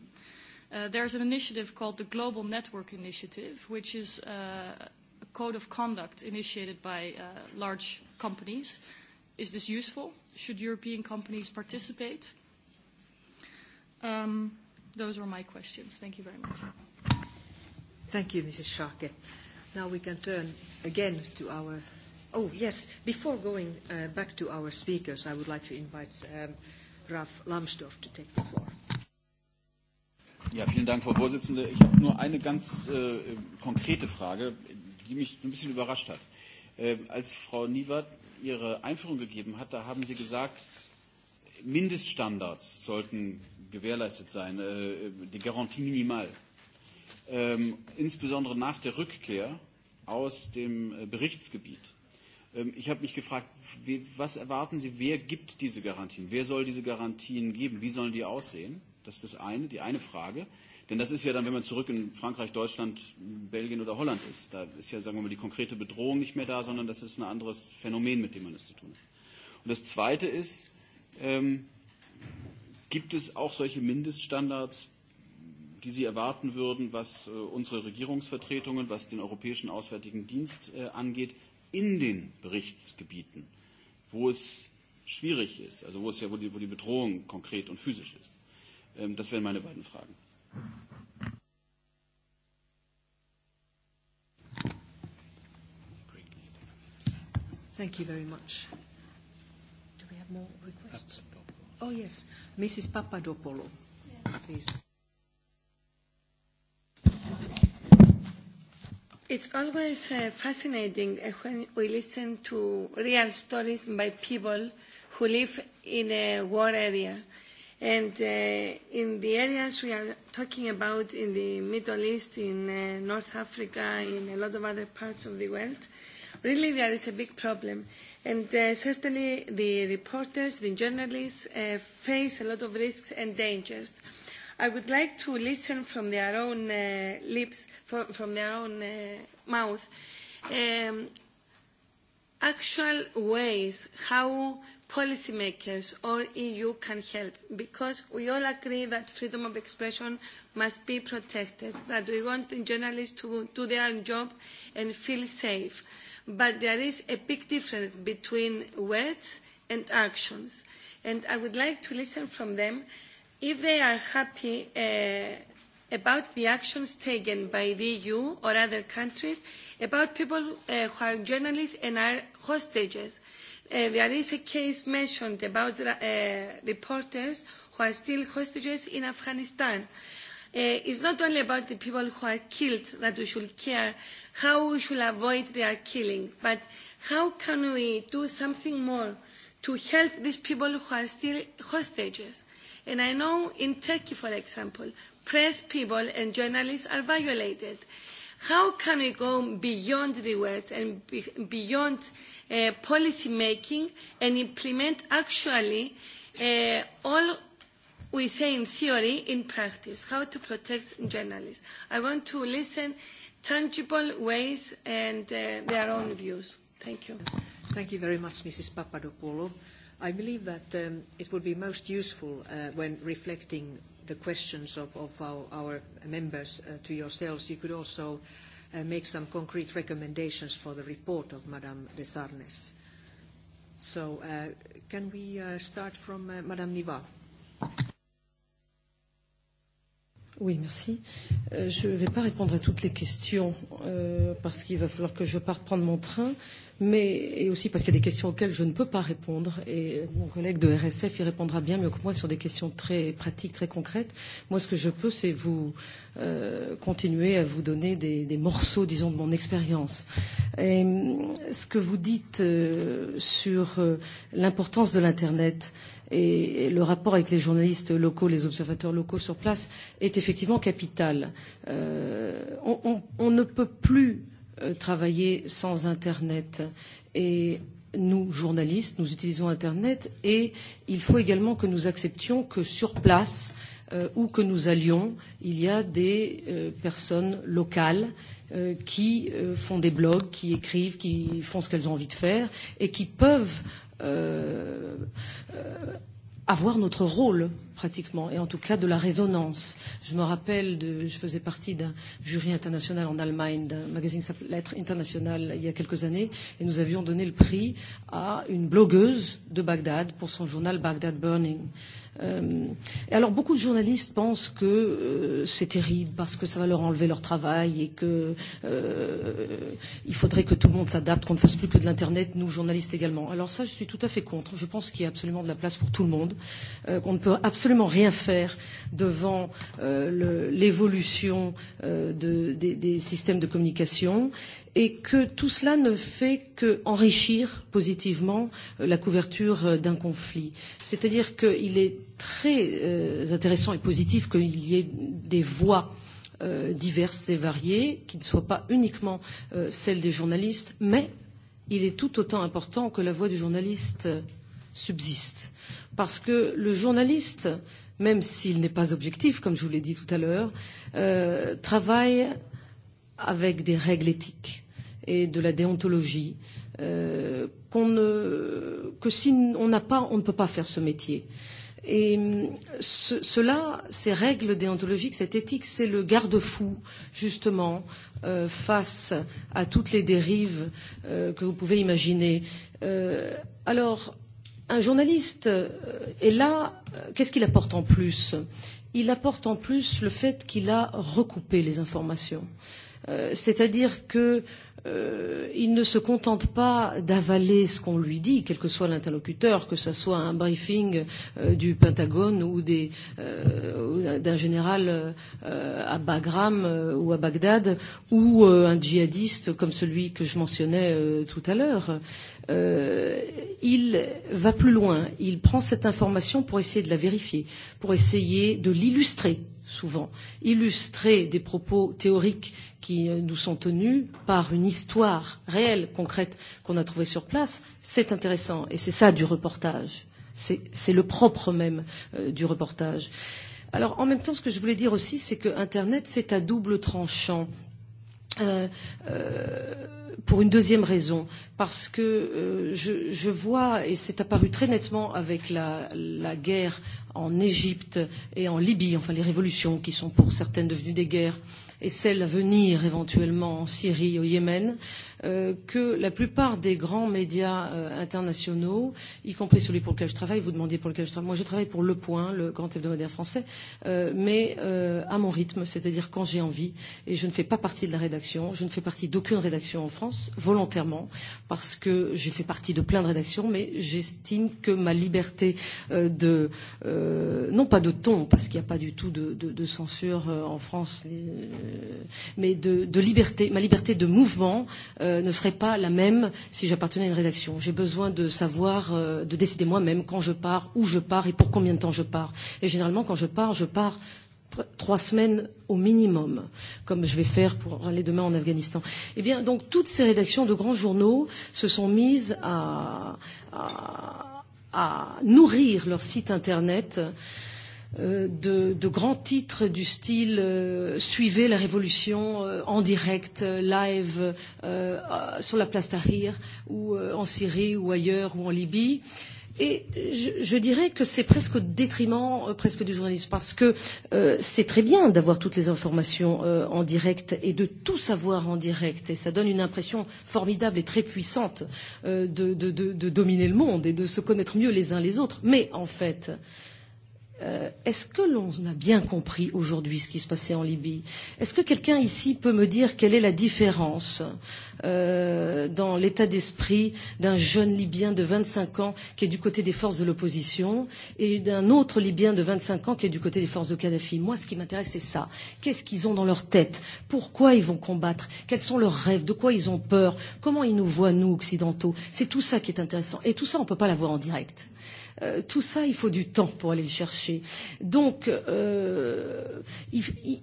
Uh, there's an initiative called the Global Network Initiative, which is uh, a code of conduct initiated by uh, large companies. Is this useful? Should European companies participate? Um, those are my questions. Thank you very much. Thank you, Mrs. Sharkey. Now we can turn again to our... Oh, yes. Before going uh, back to our speakers, I would like to invite um, Ralf Lambsdorff to take the floor. Ja, vielen Dank, Frau Vorsitzende. Ich habe nur eine ganz äh, konkrete Frage, die mich ein bisschen überrascht hat. Äh, als Frau Niewert ihre Einführung gegeben hat, da haben Sie gesagt, Mindeststandards sollten gewährleistet sein, äh, die Garantie minimal. Äh, ähm, insbesondere nach der Rückkehr aus dem äh, Berichtsgebiet. Ähm, ich habe mich gefragt, was erwarten Sie, wer gibt diese Garantien? Wer soll diese Garantien geben? Wie sollen die aussehen? Das ist das eine, die eine Frage. Denn das ist ja dann, wenn man zurück in Frankreich, Deutschland, Belgien oder Holland ist, da ist ja, sagen wir mal, die konkrete Bedrohung nicht mehr da, sondern das ist ein anderes Phänomen, mit dem man es zu tun hat. Und das Zweite ist, ähm, gibt es auch solche Mindeststandards die Sie erwarten würden, was äh, unsere Regierungsvertretungen, was den Europäischen Auswärtigen Dienst äh, angeht, in den Berichtsgebieten, wo es schwierig ist, also wo es ja, wo die, wo die Bedrohung konkret und physisch ist. Ähm, das wären meine beiden Fragen. Thank you very much. Do we have more requests? Oh yes, Mrs. Papadopoulou, please. It's always uh, fascinating uh, when we listen to real stories by people who live in a war area. And uh, in the areas we are talking about in the Middle East, in uh, North Africa, in a lot of other parts of the world, really there is a big problem. And uh, certainly the reporters, the journalists uh, face a lot of risks and dangers. Uh, I would like to listen from their own uh, lips, from, from their own uh, mouth, um, actual ways how policymakers or EU can help, because we all agree that freedom of expression must be protected, that we want the journalists to do their job and feel safe. But there is a big difference between words and actions. And I would like to listen from them if they are happy uh, about the actions taken by the EU or other countries about people uh, who are journalists and are hostages. Uh, there is a case mentioned about uh, reporters who are still hostages in Afghanistan. Uh, it's not only about the people who are killed that we should care how we should avoid their killing, but how can we do something more to help these people who are still hostages? And I know in Turkey, for example, press people and journalists are violated. How can we go beyond the words and be, beyond uh, policy making and implement actually uh, all we say in theory in practice, how to protect journalists? I want to listen tangible ways and uh, their own views. Thank you. Thank you very much, Mrs. Papadopoulou. I believe that um, it would be most useful uh, when reflecting the questions of, of our, our members uh, to yourselves. You could also uh, make some concrete recommendations for the report of Madame de Sarnes. So uh, can we uh, start from uh, Madame Niva? Oui, merci. Euh, je ne vais pas répondre à toutes les questions euh, parce qu'il va falloir que je parte prendre mon train mais et aussi parce qu'il y a des questions auxquelles je ne peux pas répondre et mon collègue de RSF y répondra bien mieux que moi sur des questions très pratiques, très concrètes. Moi, ce que je peux, c'est vous euh, continuer à vous donner des, des morceaux, disons, de mon expérience. Et euh, ce que vous dites euh, sur euh, l'importance de l'Internet, et le rapport avec les journalistes locaux, les observateurs locaux sur place est effectivement capital. Euh, on, on, on ne peut plus euh, travailler sans Internet. Et nous, journalistes, nous utilisons Internet et il faut également que nous acceptions que sur place, euh, où que nous allions, il y a des euh, personnes locales euh, qui euh, font des blogs, qui écrivent, qui font ce qu'elles ont envie de faire et qui peuvent euh, euh, avoir notre rôle pratiquement, et en tout cas de la résonance. Je me rappelle, de, je faisais partie d'un jury international en Allemagne, d'un magazine Lettres International il y a quelques années, et nous avions donné le prix à une blogueuse de Bagdad pour son journal Bagdad Burning. Euh, et alors beaucoup de journalistes pensent que euh, c'est terrible parce que ça va leur enlever leur travail et que euh, il faudrait que tout le monde s'adapte, qu'on ne fasse plus que de l'internet, nous journalistes également. Alors ça, je suis tout à fait contre. Je pense qu'il y a absolument de la place pour tout le monde, euh, qu'on ne peut absolument absolument rien faire devant euh, l'évolution euh, de, des, des systèmes de communication et que tout cela ne fait qu'enrichir positivement euh, la couverture euh, d'un conflit. C'est-à-dire qu'il est très euh, intéressant et positif qu'il y ait des voix euh, diverses et variées, qui ne soient pas uniquement euh, celles des journalistes, mais il est tout autant important que la voix du journaliste euh, subsiste parce que le journaliste, même s'il n'est pas objectif, comme je vous l'ai dit tout à l'heure, euh, travaille avec des règles éthiques et de la déontologie euh, qu'on ne, que si on n'a pas, on ne peut pas faire ce métier. Et ce, cela, ces règles déontologiques, cette éthique, c'est le garde-fou, justement, euh, face à toutes les dérives euh, que vous pouvez imaginer. Euh, alors, un journaliste euh, est là, euh, qu'est-ce qu'il apporte en plus Il apporte en plus le fait qu'il a recoupé les informations. Euh, C'est-à-dire que euh, il ne se contente pas d'avaler ce qu'on lui dit, quel que soit l'interlocuteur, que ce soit un briefing euh, du Pentagone ou des, euh, d'un général euh, à Bagram euh, ou à Bagdad, ou euh, un djihadiste comme celui que je mentionnais euh, tout à l'heure. Euh, il va plus loin, il prend cette information pour essayer de la vérifier, pour essayer de l'illustrer souvent illustrer des propos théoriques qui euh, nous sont tenus par une histoire réelle, concrète qu'on a trouvée sur place, c'est intéressant et c'est ça du reportage. C'est le propre même euh, du reportage. Alors en même temps, ce que je voulais dire aussi, c'est que Internet, c'est à double tranchant. Euh, euh, euh, pour une deuxième raison, parce que euh, je, je vois, et c'est apparu très nettement avec la, la guerre en Égypte et en Libye, enfin les révolutions qui sont pour certaines devenues des guerres, et celles à venir éventuellement en Syrie, au Yémen, euh, Euh, que la plupart des grands médias euh, internationaux, y compris celui pour lequel je travaille, vous demandez pour lequel je travaille, moi je travaille pour Le Point, le grand hebdomadaire français, euh, mais euh, à mon rythme, c'est-à-dire quand j'ai envie, et je ne fais pas partie de la rédaction, je ne fais partie d'aucune rédaction en France, volontairement, parce que j'ai fait partie de plein de rédactions, mais j'estime que ma liberté euh, de, euh, non pas de ton, parce qu'il n'y a pas du tout de, de, de censure euh, en France, euh, mais de, de liberté, ma liberté de mouvement, euh, euh, ne serait pas la même si j'appartenais à une rédaction. J'ai besoin de savoir, euh, de décider moi-même quand je pars, où je pars et pour combien de temps je pars. Et généralement, quand je pars, je pars trois semaines au minimum, comme je vais faire pour aller demain en Afghanistan. Eh bien, donc, toutes ces rédactions de grands journaux se sont mises à, à, à nourrir leur site Internet euh, Euh, de, de grands titres du style euh, Suivez la révolution euh, en direct, euh, live, euh, euh, sur la place Tahrir, ou euh, en Syrie, ou ailleurs, ou en Libye. Et je, je dirais que c'est presque au détriment euh, presque du journalisme, parce que euh, c'est très bien d'avoir toutes les informations euh, en direct et de tout savoir en direct, et ça donne une impression formidable et très puissante euh, de, de, de, de dominer le monde et de se connaître mieux les uns les autres. Mais en fait, euh, Euh, Est-ce que l'on a bien compris aujourd'hui ce qui se passait en Libye Est-ce que quelqu'un ici peut me dire quelle est la différence euh, dans l'état d'esprit d'un jeune Libyen de 25 ans qui est du côté des forces de l'opposition et d'un autre Libyen de 25 ans qui est du côté des forces de Kadhafi Moi, ce qui m'intéresse, c'est ça. Qu'est-ce qu'ils ont dans leur tête Pourquoi ils vont combattre Quels sont leurs rêves De quoi ils ont peur Comment ils nous voient, nous, occidentaux C'est tout ça qui est intéressant. Et tout ça, on ne peut pas l'avoir en direct. Euh, tout ça, il faut du temps pour aller le chercher. Donc, euh, il, il,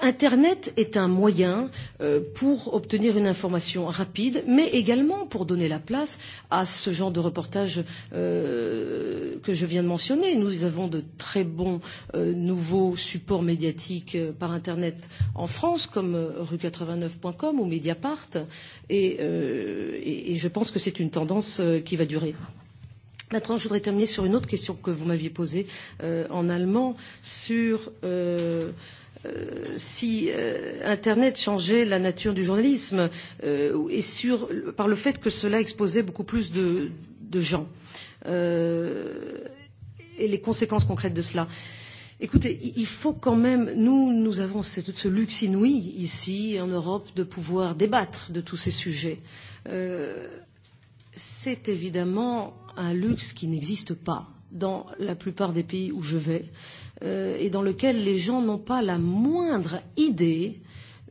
Internet est un moyen euh, pour obtenir une information rapide, mais également pour donner la place à ce genre de reportage euh, que je viens de mentionner. Nous avons de très bons euh, nouveaux supports médiatiques euh, par Internet en France, comme euh, rue89.com ou Mediapart, et, euh, et, et je pense que c'est une tendance euh, qui va durer. Euh, Maintenant, je voudrais terminer sur une autre question que vous m'aviez posée euh, en allemand sur euh, euh, si euh, Internet changeait la nature du journalisme euh, et sur, par le fait que cela exposait beaucoup plus de, de gens euh, et les conséquences concrètes de cela. Écoutez, il faut quand même, nous, nous avons ce, ce luxe inouï ici en Europe de pouvoir débattre de tous ces sujets. Euh, C'est évidemment un luxe qui n'existe pas dans la plupart des pays où je vais euh, et dans lequel les gens n'ont pas la moindre idée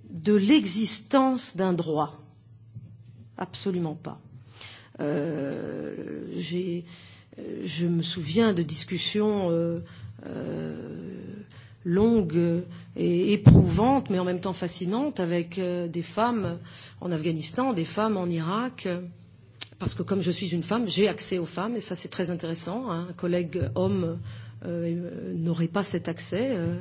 de l'existence d'un droit. Absolument pas. Euh, je me souviens de discussions euh, euh, longue et éprouvante, mais en même temps fascinante, avec euh, des femmes en Afghanistan, des femmes en Irak, parce que comme je suis une femme, j'ai accès aux femmes, et ça c'est très intéressant. Hein. Un collègue homme euh, euh, n'aurait pas cet accès. Euh,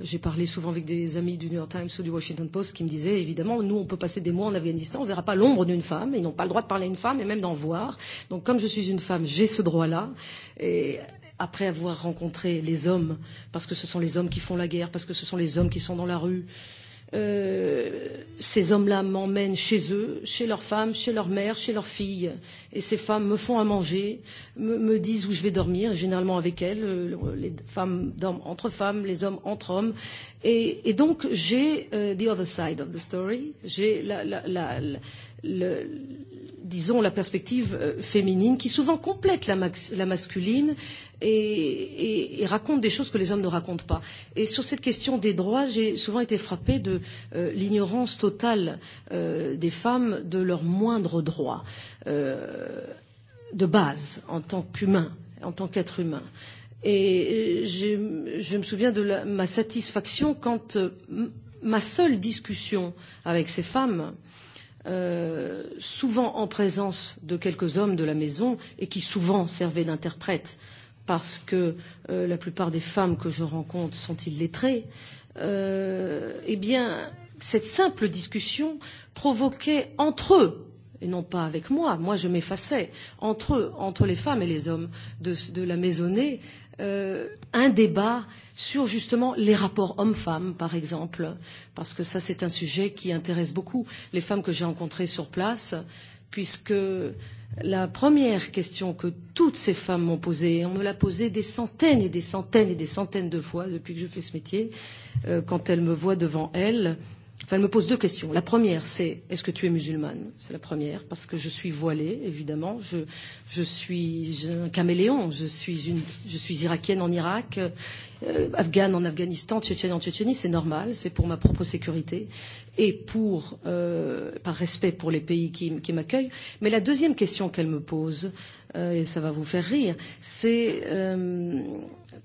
j'ai parlé souvent avec des amis du New York Times ou du Washington Post qui me disaient, évidemment, nous, on peut passer des mois en Afghanistan, on ne verra pas l'ombre d'une femme, ils n'ont pas le droit de parler à une femme et même d'en voir. Donc comme je suis une femme, j'ai ce droit-là. Et après avoir rencontré les hommes, parce que ce sont les hommes qui font la guerre, parce que ce sont les hommes qui sont dans la rue, euh, euh, ces hommes-là m'emmènent chez eux, chez leurs femmes, chez leurs mères, chez leurs filles. Et ces femmes me font à manger, me, me disent où je vais dormir, généralement avec elles. Euh, les femmes dorment entre femmes, les hommes entre hommes. Et, et donc j'ai uh, the other side of the story. J'ai la, la, la, la, le, disons, la perspective euh, féminine, qui souvent complète la, max, la masculine et, et, et raconte des choses que les hommes ne racontent pas. Et sur cette question des droits, j'ai souvent été frappée de euh, l'ignorance totale euh, des femmes de leurs moindres droits euh, de base en tant qu'humain, en tant qu'être humain. Et euh, je, je me souviens de la, ma satisfaction quand euh, ma seule discussion avec ces femmes euh, souvent en présence de quelques hommes de la maison et qui souvent servaient d'interprète parce que euh, la plupart des femmes que je rencontre sont illettrées, euh, eh bien, cette simple discussion provoquait entre eux, et non pas avec moi, moi je m'effaçais, entre eux, entre les femmes et les hommes de, de la maisonnée, euh, un débat sur justement les rapports hommes-femmes, par exemple, parce que ça c'est un sujet qui intéresse beaucoup les femmes que j'ai rencontrées sur place, puisque la première question que toutes ces femmes m'ont posée, et on me l'a posée des centaines et des centaines et des centaines de fois depuis que je fais ce métier, euh, quand elles me voient devant elles, euh, Enfin, elle me pose deux questions. La première, c'est est-ce que tu es musulmane C'est la première, parce que je suis voilée, évidemment. Je, je suis un caméléon. Je suis, une, je suis irakienne en Irak, euh, afghane en Afghanistan, tchétchène en Tchétchénie. C'est normal, c'est pour ma propre sécurité et pour, euh, par respect pour les pays qui, qui m'accueillent. Mais la deuxième question qu'elle me pose, euh, et ça va vous faire rire, c'est euh,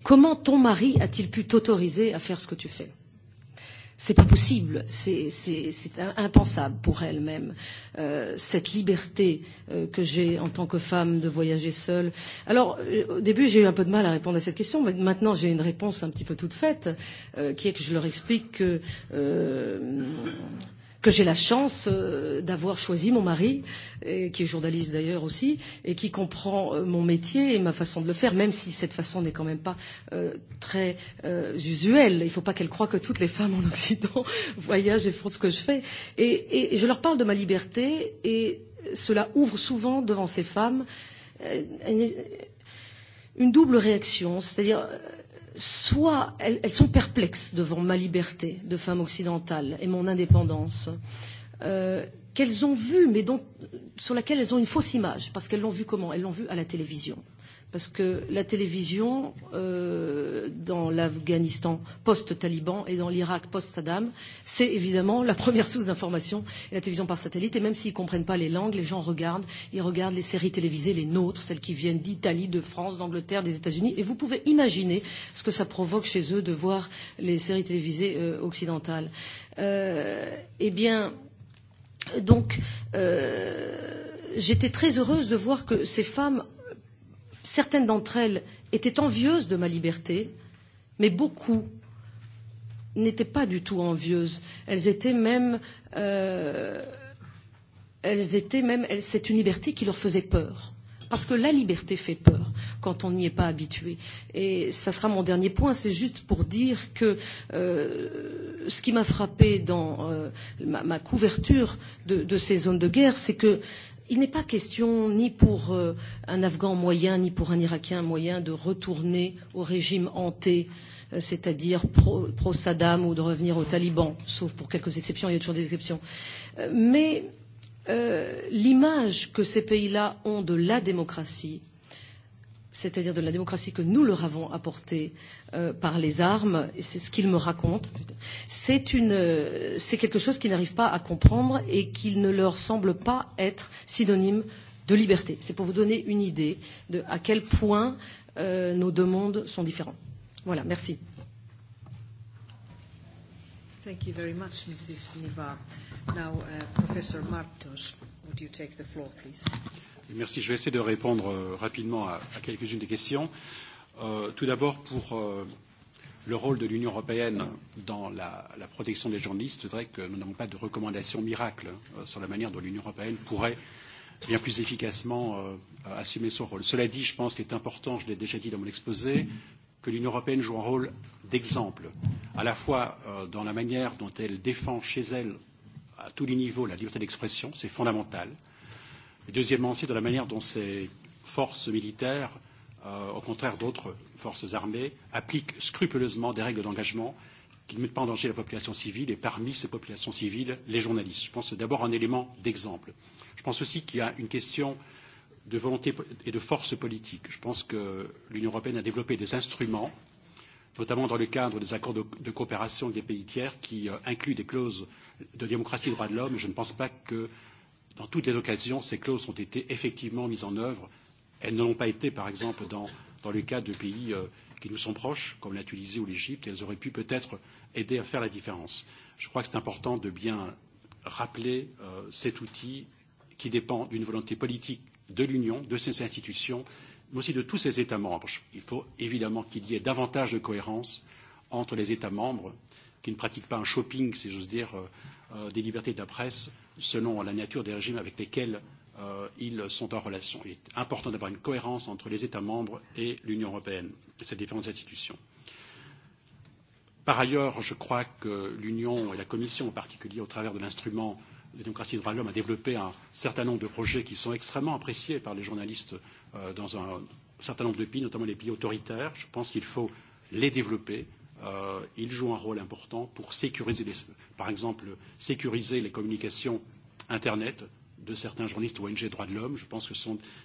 comment ton mari a-t-il pu t'autoriser à faire ce que tu fais C'est pas possible, c'est impensable pour elle-même euh, cette liberté euh, que j'ai en tant que femme de voyager seule. Alors euh, au début j'ai eu un peu de mal à répondre à cette question, mais maintenant j'ai une réponse un petit peu toute faite, euh, qui est que je leur explique que euh, que j'ai la chance euh, d'avoir choisi mon mari, et, qui est journaliste d'ailleurs aussi, et qui comprend euh, mon métier et ma façon de le faire, même si cette façon n'est quand même pas euh, très euh, usuelle. Il ne faut pas qu'elle croie que toutes les femmes en Occident voyagent et font ce que je fais. Et, et, et je leur parle de ma liberté, et cela ouvre souvent devant ces femmes euh, une double réaction, c'est-à-dire soit elles, elles sont perplexes devant ma liberté de femme occidentale et mon indépendance, euh, qu'elles ont vue, mais dont, sur laquelle elles ont une fausse image, parce qu'elles l'ont vue comment Elles l'ont vue à la télévision. Euh, parce que la télévision euh, dans l'Afghanistan post-Taliban et dans l'Irak post-Saddam, c'est évidemment la première source d'information, la télévision par satellite. Et même s'ils ne comprennent pas les langues, les gens regardent, ils regardent les séries télévisées, les nôtres, celles qui viennent d'Italie, de France, d'Angleterre, des États-Unis. Et vous pouvez imaginer ce que ça provoque chez eux de voir les séries télévisées euh, occidentales. Euh, eh bien, donc. Euh, J'étais très heureuse de voir que ces femmes certaines d'entre elles étaient envieuses de ma liberté, mais beaucoup n'étaient pas du tout envieuses. Elles étaient même, euh, elles étaient même, elles, c'est une liberté qui leur faisait peur. Parce que la liberté fait peur quand on n'y est pas habitué. Et ça sera mon dernier point, c'est juste pour dire que euh, ce qui m'a frappé dans euh, ma, ma couverture de, de ces zones de guerre, c'est que euh, Il n'est pas question, ni pour euh, un Afghan moyen, ni pour un Irakien moyen, de retourner au régime hanté, euh, c'est-à-dire pro-Saddam pro ou de revenir aux talibans, sauf pour quelques exceptions, il y a toujours des exceptions. Euh, mais euh, l'image que ces pays-là ont de la démocratie, c'est-à-dire de la démocratie que nous leur avons apportée euh, par les armes, et c'est ce qu'ils me racontent, c'est, une, euh, c'est quelque chose qu'ils n'arrivent pas à comprendre et qu'il ne leur semble pas être synonyme de liberté. C'est pour vous donner une idée de à quel point euh, nos deux mondes sont différents. Voilà, merci. Thank you very much, Mrs. Niva. Now, uh, Professor Martos, would you take the floor, please? Uh, Merci. Je vais essayer de répondre euh, rapidement à, à quelques-unes des questions. Euh, tout d'abord, pour euh, le rôle de l'Union européenne dans la, la protection des journalistes, je dirais que nous n'avons pas de recommandations miracles euh, sur la manière dont l'Union européenne pourrait bien plus efficacement euh, assumer son rôle. Cela dit, je pense qu'il est important, je l'ai déjà dit dans mon exposé, que l'Union européenne joue un rôle d'exemple, à la fois euh, dans la manière dont elle défend chez elle, à tous les niveaux, la liberté d'expression, c'est fondamental, euh, Et deuxièmement aussi de la manière dont ces forces militaires, euh, au contraire d'autres forces armées, appliquent scrupuleusement des règles d'engagement qui ne mettent pas en danger la population civile et parmi ces populations civiles, les journalistes. Je pense d'abord à un élément d'exemple. Je pense aussi qu'il y a une question de volonté et de force politique. Je pense que l'Union européenne a développé des instruments, notamment dans le cadre des accords de, de coopération avec des pays tiers, qui euh, incluent des clauses de démocratie et de droits de l'homme. Je ne pense pas que Dans toutes les occasions, ces clauses ont été effectivement mises en œuvre. Elles ne l'ont pas été, par exemple, dans, dans le cas de pays euh, qui nous sont proches, comme la Tunisie ou l'Égypte, et elles auraient pu peut-être aider à faire la différence. Je crois que c'est important de bien rappeler euh, cet outil qui dépend d'une volonté politique de l'Union, de ses institutions, mais aussi de tous ses États membres. Il faut évidemment qu'il y ait davantage de cohérence entre les États membres qui ne pratiquent pas un shopping, si j'ose dire, euh, euh des libertés de la presse selon la nature des régimes avec lesquels euh, ils sont en relation. Il est important d'avoir une cohérence entre les États membres et l'Union européenne, ces différentes institutions. Par ailleurs, je crois que l'Union et la Commission en particulier, au travers de l'instrument de démocratie et des droits de l'homme, a développé un certain nombre de projets qui sont extrêmement appréciés par les journalistes euh, dans un certain nombre de pays, notamment les pays autoritaires. Je pense qu'il faut les développer, euh, ils jouent un rôle important pour sécuriser, les, par exemple, sécuriser les communications Internet de certains journalistes ONG droits de l'homme. Je pense que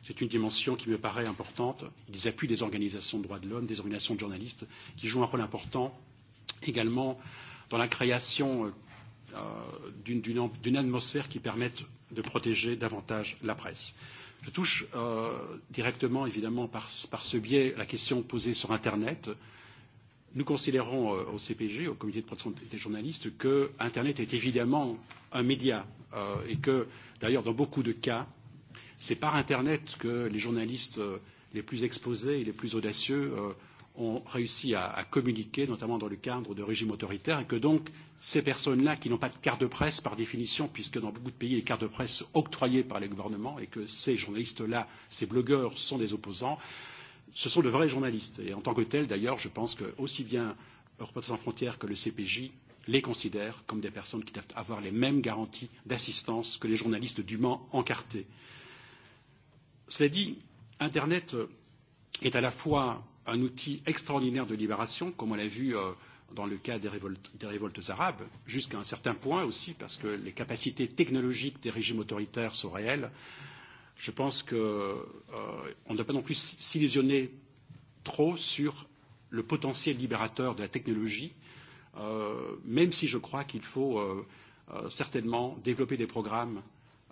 c'est une dimension qui me paraît importante. Ils appuient des organisations de droits de l'homme, des organisations de journalistes, qui jouent un rôle important également dans la création euh, euh d'une atmosphère qui permette de protéger davantage la presse. Je touche euh, directement, évidemment, par, par ce biais, la question posée sur Internet. Euh, nous considérons euh, au CPG, au Comité de protection des journalistes, que Internet est évidemment un média euh, et que, d'ailleurs, dans beaucoup de cas, c'est par Internet que les journalistes euh, les plus exposés et les plus audacieux euh, ont réussi à, à communiquer, notamment dans le cadre de régimes autoritaires, et que donc ces personnes-là qui n'ont pas de carte de presse par définition, puisque dans beaucoup de pays, les cartes de presse octroyées par les gouvernements, et que ces journalistes-là, ces blogueurs sont des opposants, euh, ce sont de vrais journalistes. Et en tant que tels, d'ailleurs, je pense que aussi bien Reporters sans frontières que le CPJ les considèrent comme des personnes qui doivent avoir les mêmes garanties d'assistance que les journalistes dûment encartés. Cela dit, Internet euh, est à la fois un outil extraordinaire de libération, comme on l'a vu euh, dans le cas des révoltes, des révoltes arabes, jusqu'à un certain point aussi, parce que les capacités technologiques des régimes autoritaires sont réelles. Euh, Je pense qu'on euh, ne doit pas non plus s'illusionner trop sur le potentiel libérateur de la technologie, euh, même si je crois qu'il faut euh, euh, certainement développer des programmes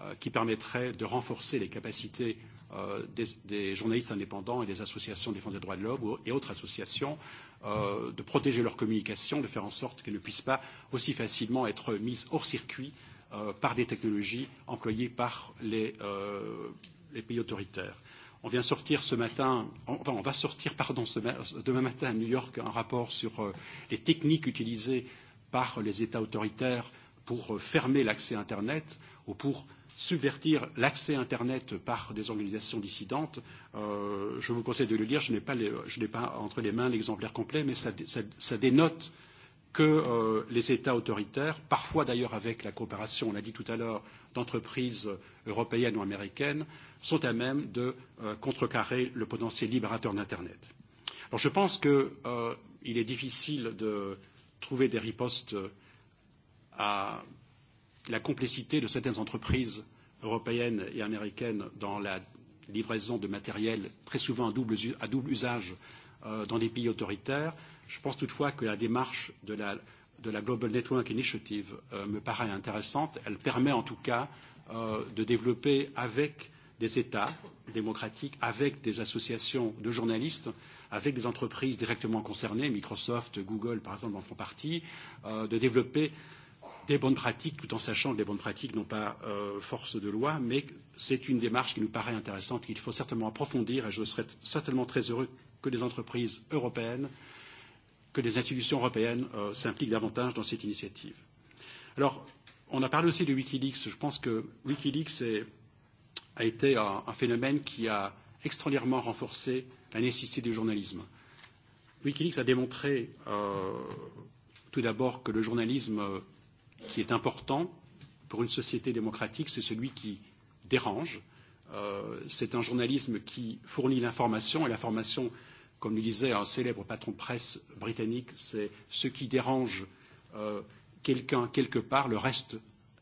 euh, qui permettraient de renforcer les capacités euh, des, des journalistes indépendants et des associations de défense des droits de l'homme et autres associations euh, de protéger leur communication, de faire en sorte qu'elle ne puisse pas aussi facilement être mise hors circuit euh, euh, par des technologies employées par les, euh, les pays autoritaires. On vient sortir ce matin, on, enfin on va sortir, pardon, ce, demain matin à New York un rapport sur euh, les techniques utilisées par les États autoritaires pour euh, fermer l'accès Internet ou pour subvertir l'accès Internet par des organisations dissidentes. Euh, je vous conseille de le lire, je n'ai pas, les, je pas entre les mains l'exemplaire complet, mais ça, ça, ça dénote euh, que euh, les États autoritaires, parfois d'ailleurs avec la coopération, on l'a dit tout à l'heure, d'entreprises euh, européennes ou américaines, sont à même de euh, contrecarrer le potentiel libérateur d'Internet. Alors je pense qu'il euh, est difficile de trouver des ripostes euh, à la complicité de certaines entreprises européennes et américaines dans la livraison de matériel très souvent à double, à double usage euh, dans des pays autoritaires. Euh, Je pense toutefois que la démarche de la, de la Global Network Initiative euh, me paraît intéressante. Elle permet en tout cas euh, de développer avec des États démocratiques, avec des associations de journalistes, avec des entreprises directement concernées, Microsoft, Google par exemple en font partie, euh, de développer des bonnes pratiques, tout en sachant que les bonnes pratiques n'ont pas euh, force de loi, mais c'est une démarche qui nous paraît intéressante, qu'il faut certainement approfondir, et je serais certainement très heureux que les entreprises européennes euh, que les institutions européennes euh, s'impliquent davantage dans cette initiative. Alors, on a parlé aussi de Wikileaks. Je pense que Wikileaks est, a été un, un phénomène qui a extraordinairement renforcé la nécessité du journalisme. Wikileaks a démontré euh, tout d'abord que le journalisme euh, qui est important pour une société démocratique, c'est celui qui dérange. Euh, c'est un journalisme qui fournit l'information et l'information euh, Comme le disait un célèbre patron de presse britannique, c'est ce qui dérange euh, quelqu'un quelque part, le reste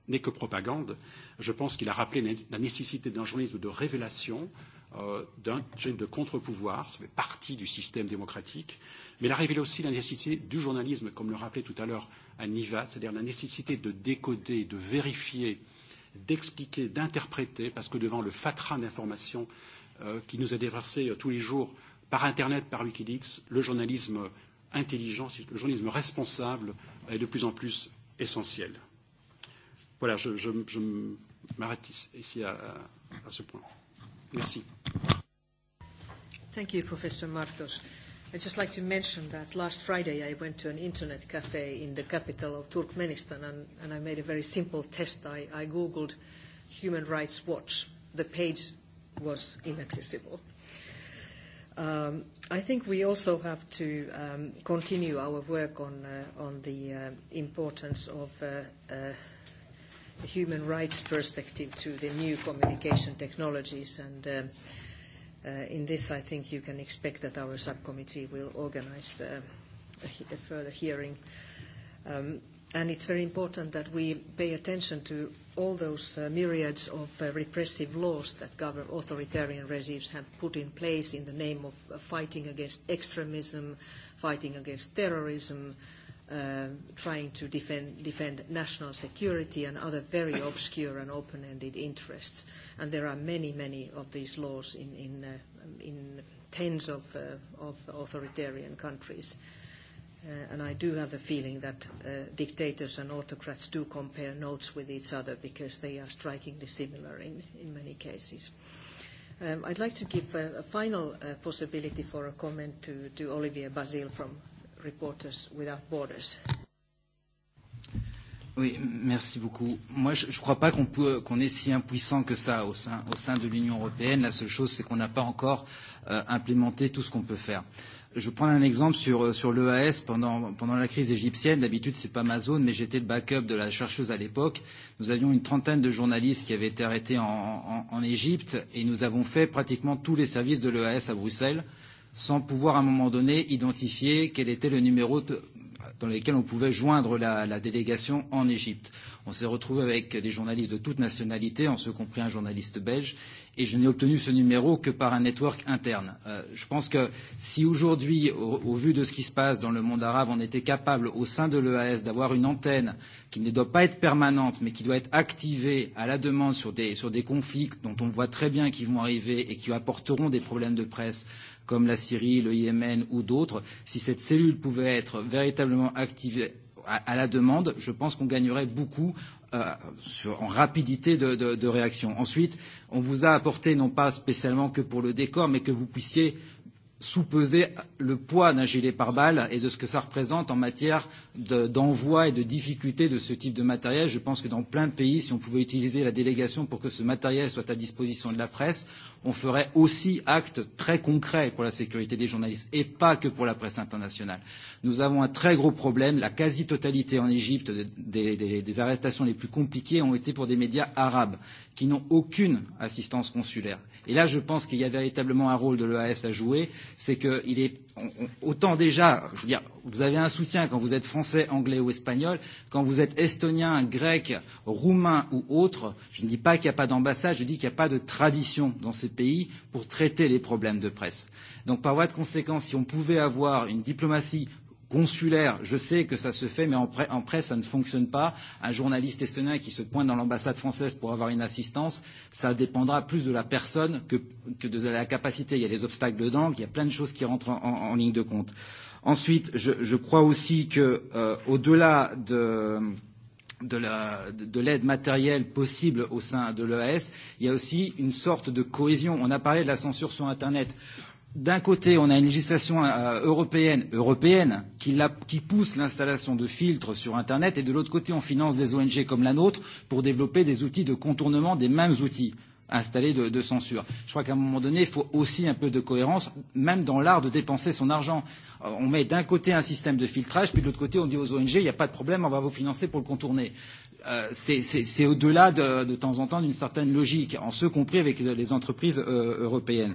n'est que propagande. Je pense qu'il a rappelé la nécessité d'un journalisme de révélation, euh, d'un journalisme de contre-pouvoir, ça fait partie du système démocratique, mais il a révélé aussi la nécessité du journalisme, comme le rappelait tout à l'heure Anne Niva, c'est-à-dire la nécessité de décoder, de vérifier, d'expliquer, d'interpréter, parce que devant le fatras d'informations euh, qui nous est déversé euh, tous les jours euh, par Internet, par Wikileaks, le journalisme intelligent, le journalisme responsable est de plus en plus essentiel. Voilà, je, je, je m'arrête ici à, à ce point. Merci. Thank you, Professor Martos. I'd just like to mention that last Friday I went to an internet cafe in the capital of Turkmenistan and, and I made a very simple test. I, I Googled Human Rights Watch. The page was inaccessible. Um, I think we also have to um, continue our work on, uh, on the uh, importance of uh, uh, human rights perspective to the new communication technologies. And uh, uh, in this, I think you can expect that our subcommittee will organize uh, a, a further hearing. Um, And it's very important that we pay attention to all those uh, myriads of uh, repressive laws that govern authoritarian regimes have put in place in the name of uh, fighting against extremism, fighting against terrorism, uh, trying to defend, defend national security and other very obscure and open-ended interests. And there are many, many of these laws in, in, uh, in tens of, uh, of authoritarian countries. Uh, Uh, and I do have a feeling that uh, dictators and autocrats do compare notes with each other because they are strikingly similar in, in many cases. Um, I'd like to give a, a final uh, possibility for a comment to, to Olivier Bazil from Reporters Without Borders. Oui, merci beaucoup. Moi, je ne crois pas qu'on peut qu'on est si impuissant que ça au sein, au sein de l'Union européenne. La seule chose, c'est qu'on n'a pas encore euh, implémenté tout ce qu'on peut faire. Euh, Je prends un exemple sur, euh, sur l'EAS pendant, pendant la crise égyptienne. D'habitude, c'est pas ma zone, mais j'étais le backup de la chercheuse à l'époque. Nous avions une trentaine de journalistes qui avaient été arrêtés en, en, en Égypte et nous avons fait pratiquement tous les services de l'EAS à Bruxelles sans pouvoir à un moment donné identifier quel était le numéro de, dans lesquels on pouvait joindre la, la délégation en Égypte. On s'est retrouvé avec des journalistes de toute nationalité, en ce compris un journaliste belge, et je n'ai obtenu ce numéro que par un network interne. Euh, je pense que si aujourd'hui, au, au vu de ce qui se passe dans le monde arabe, on était capable au sein de l'EAS d'avoir une antenne qui ne doit pas être permanente, mais qui doit être activée à la demande sur des, sur des conflits dont on voit très bien qu'ils vont arriver et qui apporteront des problèmes de presse comme la Syrie, le Yémen ou d'autres, si cette cellule pouvait être véritablement activée à, à la demande, je pense qu'on gagnerait beaucoup euh, sur, en rapidité de, de, de réaction. Ensuite, on vous a apporté, non pas spécialement que pour le décor, mais que vous puissiez sous-peser le poids d'un gilet pare-balles et de ce que ça représente en matière d'envoi de, et de difficulté de ce type de matériel. Je pense que dans plein de pays, si on pouvait utiliser la délégation pour que ce matériel soit à disposition de la presse, on ferait aussi acte très concret pour la sécurité des journalistes et pas que pour la presse internationale. Nous avons un très gros problème. La quasi-totalité en Égypte des, des, des arrestations les plus compliquées ont été pour des médias arabes qui n'ont aucune assistance consulaire. Et là, je pense qu'il y a véritablement un rôle de l'EAS à jouer. C'est qu'il est autant déjà, je veux dire, vous avez un soutien quand vous êtes français, anglais ou espagnol, quand vous êtes estonien, grec, roumain ou autre, je ne dis pas qu'il n'y a pas d'ambassade, je dis qu'il n'y a pas de tradition dans ces pays pour traiter les problèmes de presse. Donc par voie de conséquence, si on pouvait avoir une diplomatie consulaire. Je sais que ça se fait, mais en, pré, en presse, ça ne fonctionne pas. Un journaliste estonien qui se pointe dans l'ambassade française pour avoir une assistance, ça dépendra plus de la personne que, que de la capacité. Il y a des obstacles dedans, il y a plein de choses qui rentrent en, en, en ligne de compte. Ensuite, je, je crois aussi que euh, au-delà de de l'aide la, de matérielle possible au sein de l'EAS, il y a aussi une sorte de cohésion. On a parlé de la censure sur Internet d'un côté, on a une législation euh, européenne, européenne qui, la, qui pousse l'installation de filtres sur Internet, et de l'autre côté, on finance des ONG comme la nôtre pour développer des outils de contournement des mêmes outils installés de, de censure. Je crois qu'à un moment donné, il faut aussi un peu de cohérence, même dans l'art de dépenser son argent. Euh, on met d'un côté un système de filtrage, puis de l'autre côté, on dit aux ONG, il n'y a pas de problème, on va vous financer pour le contourner euh, c'est au-delà de, de temps en temps d'une certaine logique, en ce compris avec les entreprises euh, européennes.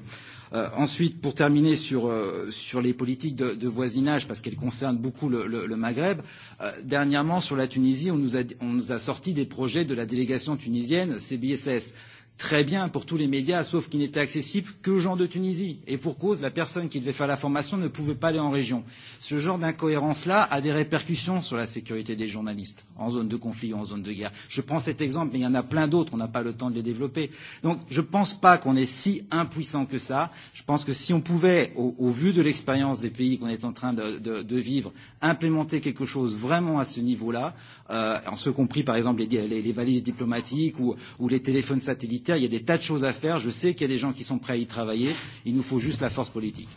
Euh, ensuite, pour terminer sur, euh, sur les politiques de, de voisinage, parce qu'elles concernent beaucoup le, le, le Maghreb, euh, dernièrement sur la Tunisie, on nous, a, on nous a sorti des projets de la délégation tunisienne CBSS très bien pour tous les médias, sauf qu'il n'était accessible qu'aux gens de Tunisie. Et pour cause, la personne qui devait faire la formation ne pouvait pas aller en région. Ce genre d'incohérence-là a des répercussions sur la sécurité des journalistes en zone de conflit ou en zone de guerre. Je prends cet exemple, mais il y en a plein d'autres, on n'a pas le temps de les développer. Donc je ne pense pas qu'on est si impuissant que ça. Je pense que si on pouvait, au, au vu de l'expérience des pays qu'on est en train de, de, de vivre, implémenter quelque chose vraiment à ce niveau-là, euh, en ce compris par exemple les, les, les valises diplomatiques ou, ou les téléphones satellites, militaire. Il y a des tas de choses à faire. Je sais qu'il y a des gens qui sont prêts à y travailler. Il nous faut juste la force politique.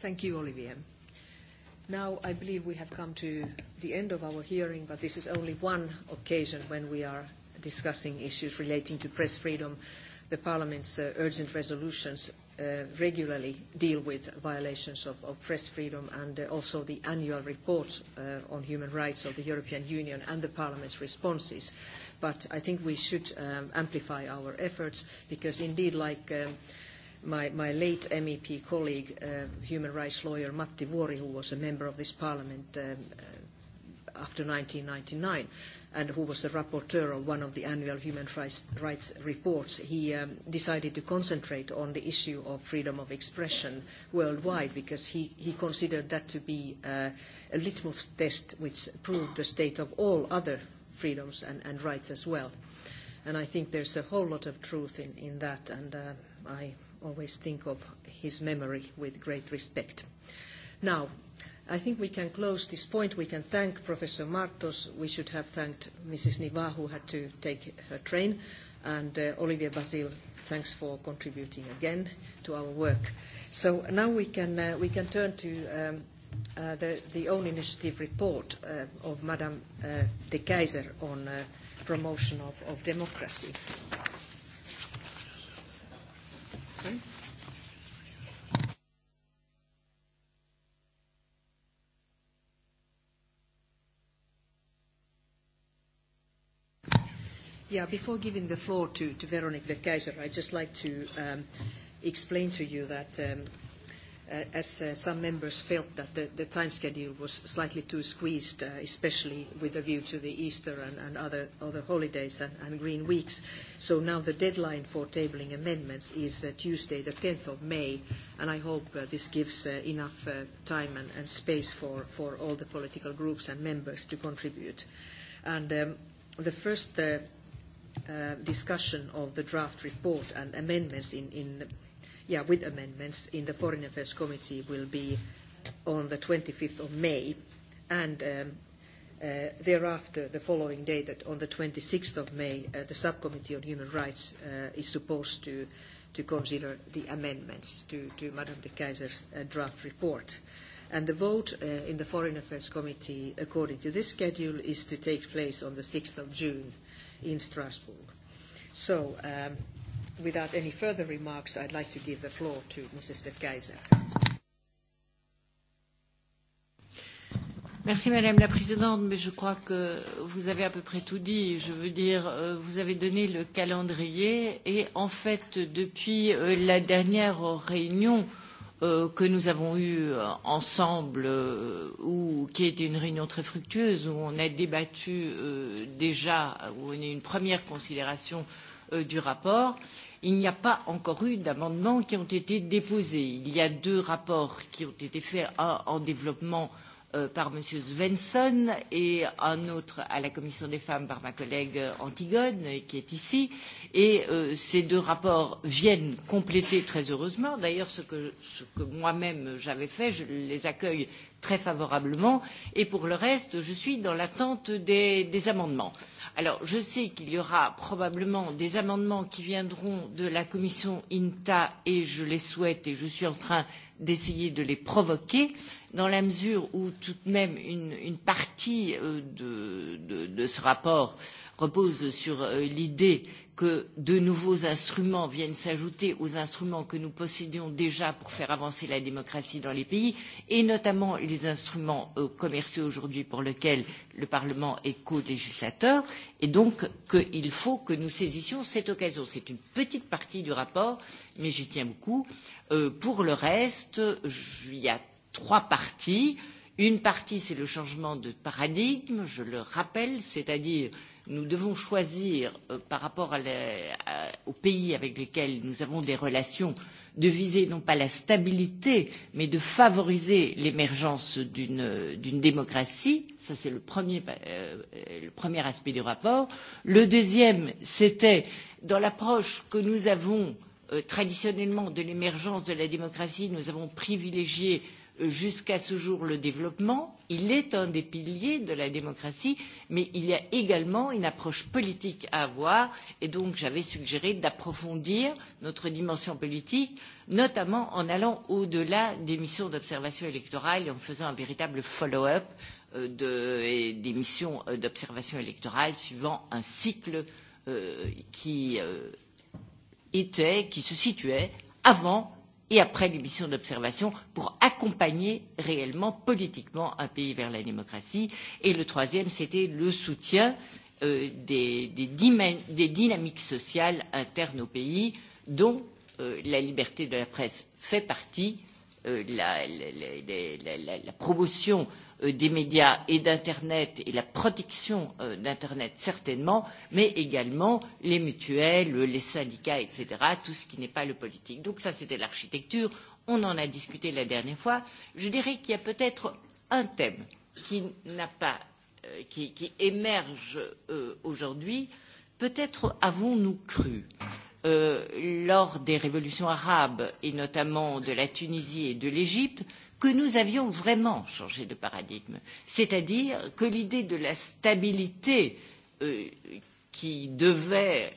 Thank you, Olivier. Now, I believe we have come to the end of our hearing, but this is only one occasion when we are discussing issues relating to press freedom, the Parliament's uh, urgent resolutions uh, regularly deal with violations of, of press freedom and uh, also the annual report uh, on human rights of the European Union and the Parliament's responses. But I think we should um, amplify our efforts because indeed like um, my, my late MEP colleague, uh, human rights lawyer Matti Vuori, who was a member of this parliament um, uh, after 1999, and who was a rapporteur on one of the annual human rights reports, he um, decided to concentrate on the issue of freedom of expression worldwide because he, he considered that to be uh, a litmus test which proved the state of all other freedoms and, and rights as well. And I think there's a whole lot of truth in, in that, and uh, I always think of his memory with great respect. Now, I think we can close this point. We can thank Professor Martos. We should have thanked Mrs. Niva, who had to take her train, and uh, Olivier Basile. Thanks for contributing again to our work. So now we can, uh, we can turn to um, uh, the, the own initiative report uh, of Madame uh, de Keyser on uh, promotion of, of democracy. Sorry? Yeah, before giving the floor to, to Veronique de Keyser, I'd just like to um, explain to you that um, uh, as uh, some members felt that the, the time schedule was slightly too squeezed, uh, especially with a view to the Easter and, and other, other holidays and, and green weeks. So now the deadline for tabling amendments is uh, Tuesday, the 10th of May, and I hope uh, this gives uh, enough uh, time and, and space for, for all the political groups and members to contribute. And um, the first uh, uh, discussion of the draft report and amendments in, in yeah, with amendments in the Foreign Affairs Committee will be on the 25th of May, and um, uh, thereafter, the following day, that on the 26th of May, uh, the Subcommittee on Human Rights uh, is supposed to, to consider the amendments to, to Madame de Kaiser's uh, draft report. And the vote uh, in the Foreign Affairs Committee, according to this schedule, is to take place on the 6th of June in Strasbourg. So, um, without any further remarks, I'd like to give the floor to Mrs. De Keyser. Merci Madame la Présidente, mais je crois que vous avez à peu près tout dit. Je veux dire, euh, vous avez donné le calendrier et en fait, depuis euh, la dernière réunion, euh, euh, que nous avons eue euh, ensemble, euh, ou qui était une réunion très fructueuse, où on a débattu euh, déjà, où on a eu une première considération euh, du rapport, il n'y a pas encore eu d'amendements qui ont été déposés. Il y a deux rapports qui ont été faits, un en développement euh, euh, par M. Svensson et un autre à la Commission des femmes par ma collègue euh, Antigone euh, qui est ici. Et euh, ces deux rapports viennent compléter très heureusement. D'ailleurs, ce que, ce que moi-même j'avais fait, je les accueille très favorablement. Et pour le reste, je suis dans l'attente des, des amendements. Alors, je sais qu'il y aura probablement des amendements qui viendront de la commission INTA et je les souhaite et je suis en train d'essayer de les provoquer dans la mesure où tout de même une, une partie euh, de, de, de ce rapport repose sur euh, l'idée que de nouveaux instruments viennent s'ajouter aux instruments que nous possédions déjà pour faire avancer la démocratie dans les pays, et notamment les instruments euh, commerciaux aujourd'hui pour lesquels le Parlement est co-législateur, et donc qu'il faut que nous saisissions cette occasion. C'est une petite partie du rapport, mais j'y tiens beaucoup. Euh, pour le reste, il y a trois parties. Une partie, c'est le changement de paradigme, je le rappelle, c'est-à-dire nous devons choisir euh, par rapport à les, à, aux pays avec lesquels nous avons des relations de viser non pas la stabilité mais de favoriser l'émergence d'une démocratie ça c'est le, premier, euh, le premier aspect du rapport. Le deuxième c'était dans l'approche que nous avons euh, traditionnellement de l'émergence de la démocratie nous avons privilégié euh, jusqu'à ce jour le développement. Il est un des piliers de la démocratie, mais il y a également une approche politique à avoir. Et donc, j'avais suggéré d'approfondir notre dimension politique, notamment en allant au-delà des missions d'observation électorale et en faisant un véritable follow-up euh, de, et des missions euh, d'observation électorale suivant un cycle euh, qui euh, était, qui se situait avant et après les missions d'observation pour accompagner réellement politiquement un pays vers la démocratie. Et le troisième, c'était le soutien euh, des, des, des dynamiques sociales internes au pays, dont euh, la liberté de la presse fait partie, euh, la, la, la, la, la, la promotion Euh, des médias et d'internet et la protection euh, d'internet certainement mais également les mutuelles les syndicats etc. tout ce qui n'est pas le politique. donc ça c'était l'architecture on en a discuté la dernière fois. je dirais qu'il y a peut être un thème qui n'a pas euh, qui, qui émerge euh, aujourd'hui peut être avons nous cru euh, lors des révolutions arabes et notamment de la Tunisie et de l'Égypte euh, que nous avions vraiment changé de paradigme, c'est-à-dire que l'idée de la stabilité euh, qui devait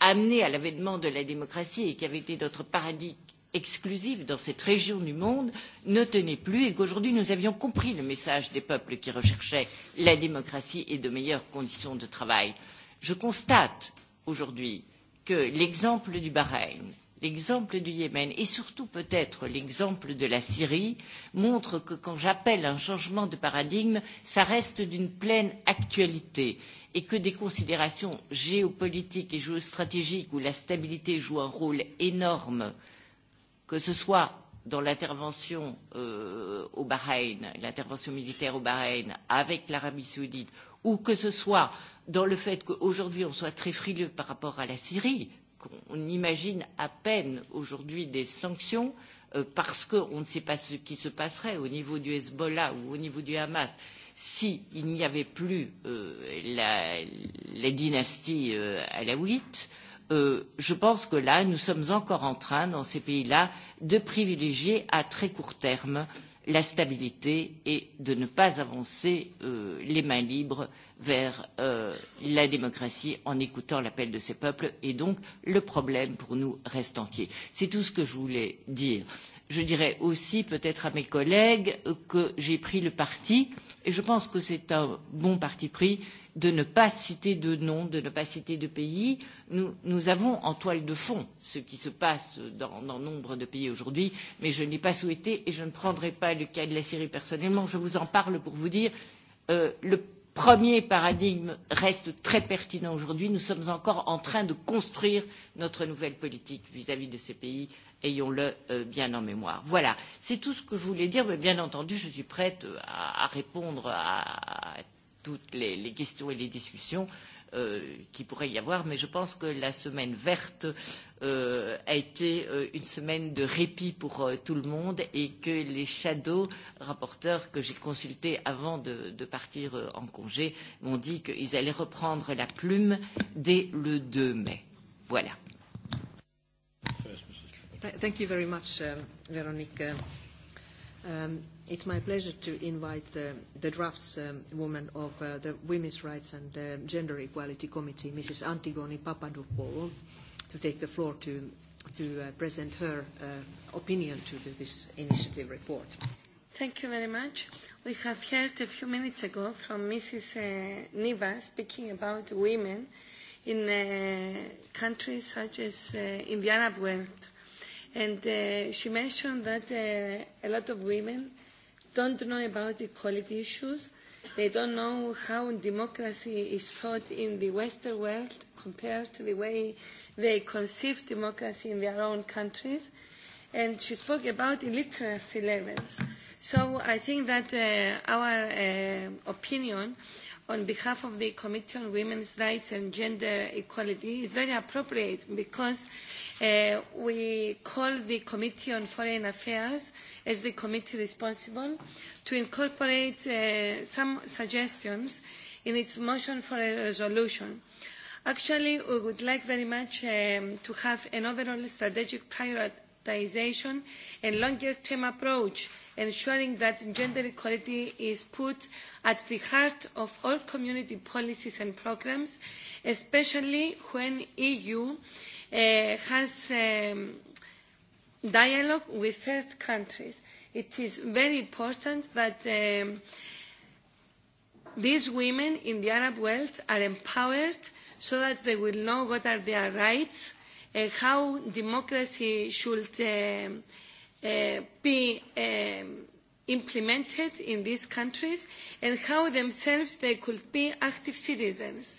amener à l'avènement de la démocratie et qui avait été notre paradigme exclusive dans cette région du monde ne tenait plus et qu'aujourd'hui nous avions compris le message des peuples qui recherchaient la démocratie et de meilleures conditions de travail. Je constate aujourd'hui que l'exemple du Bahreïn, l'exemple du Yémen et surtout peut-être l'exemple de la Syrie montrent que quand j'appelle un changement de paradigme, ça reste d'une pleine actualité et que des considérations géopolitiques et géostratégiques où la stabilité joue un rôle énorme, que ce soit dans l'intervention euh, au Bahreïn, l'intervention militaire au Bahreïn avec l'Arabie saoudite, ou que ce soit dans le fait qu'aujourd'hui on soit très frileux par rapport à la Syrie, qu'on imagine à peine aujourd'hui des sanctions euh, parce qu'on ne sait pas ce qui se passerait au niveau du Hezbollah ou au niveau du Hamas s'il si n'y avait plus euh, la, la dynastie euh, alaouite. Euh, je pense que là, nous sommes encore en train, dans ces pays-là, de privilégier à très court terme euh, la stabilité et de ne pas avancer euh, les mains libres vers euh, la démocratie en écoutant l'appel de ces peuples et donc le problème pour nous reste entier. C'est tout ce que je voulais dire. Je dirais aussi peut-être à mes collègues que j'ai pris le parti et je pense que c'est un bon parti pris de ne pas citer de nom, de ne pas citer de pays. Nous, nous avons en toile de fond ce qui se passe dans, dans nombre de pays aujourd'hui, mais je n'ai pas souhaité et je ne prendrai pas le cas de la Syrie personnellement. Je vous en parle pour vous dire euh, le premier paradigme reste très pertinent aujourd'hui. Nous sommes encore en train de construire notre nouvelle politique vis-à-vis -vis de ces pays. Ayons-le euh, bien en mémoire. Voilà, c'est tout ce que je voulais dire, mais bien entendu, je suis prête euh, à, à répondre à, à toutes les, les questions et les discussions euh, qui pourrait y avoir, mais je pense que la semaine verte euh, a été euh, une semaine de répit pour euh, tout le monde et que les shadow rapporteurs que j'ai consultés avant de, de partir euh, en congé m'ont dit qu'ils allaient reprendre la plume dès le 2 mai. Voilà. Th thank you very much, um, Véronique. Um, um It's my pleasure to invite uh, the draftswoman um, of uh, the Women's Rights and uh, Gender Equality Committee, Mrs. Antigoni Papadopoulou, to take the floor to, to uh, present her uh, opinion to the, this initiative report. Thank you very much. We have heard a few minutes ago from Mrs. Uh, Niva speaking about women in uh, countries such as uh, in the Arab world. And uh, she mentioned that uh, a lot of women uh, don't know about equality issues. They don't know how democracy is taught in the Western world compared to the way they conceive democracy in their own countries. And she spoke about illiteracy levels. So I think that uh, our uh, opinion on behalf of the Committee on Women's Rights and Gender Equality is very appropriate because uh, we call the Committee on Foreign Affairs as the committee responsible to incorporate uh, some suggestions in its motion for a resolution. Actually, we would like very much um, to have an overall strategic priority prioritization and longer-term approach, ensuring that gender equality is put at the heart of all community policies and programs, especially when EU uh, eh, has um, dialogue with third countries. It is very important that um, these women in the Arab world are empowered so that they will know what are their rights uh, how democracy should uh, uh, be um, implemented in these countries and how themselves they could be active citizens.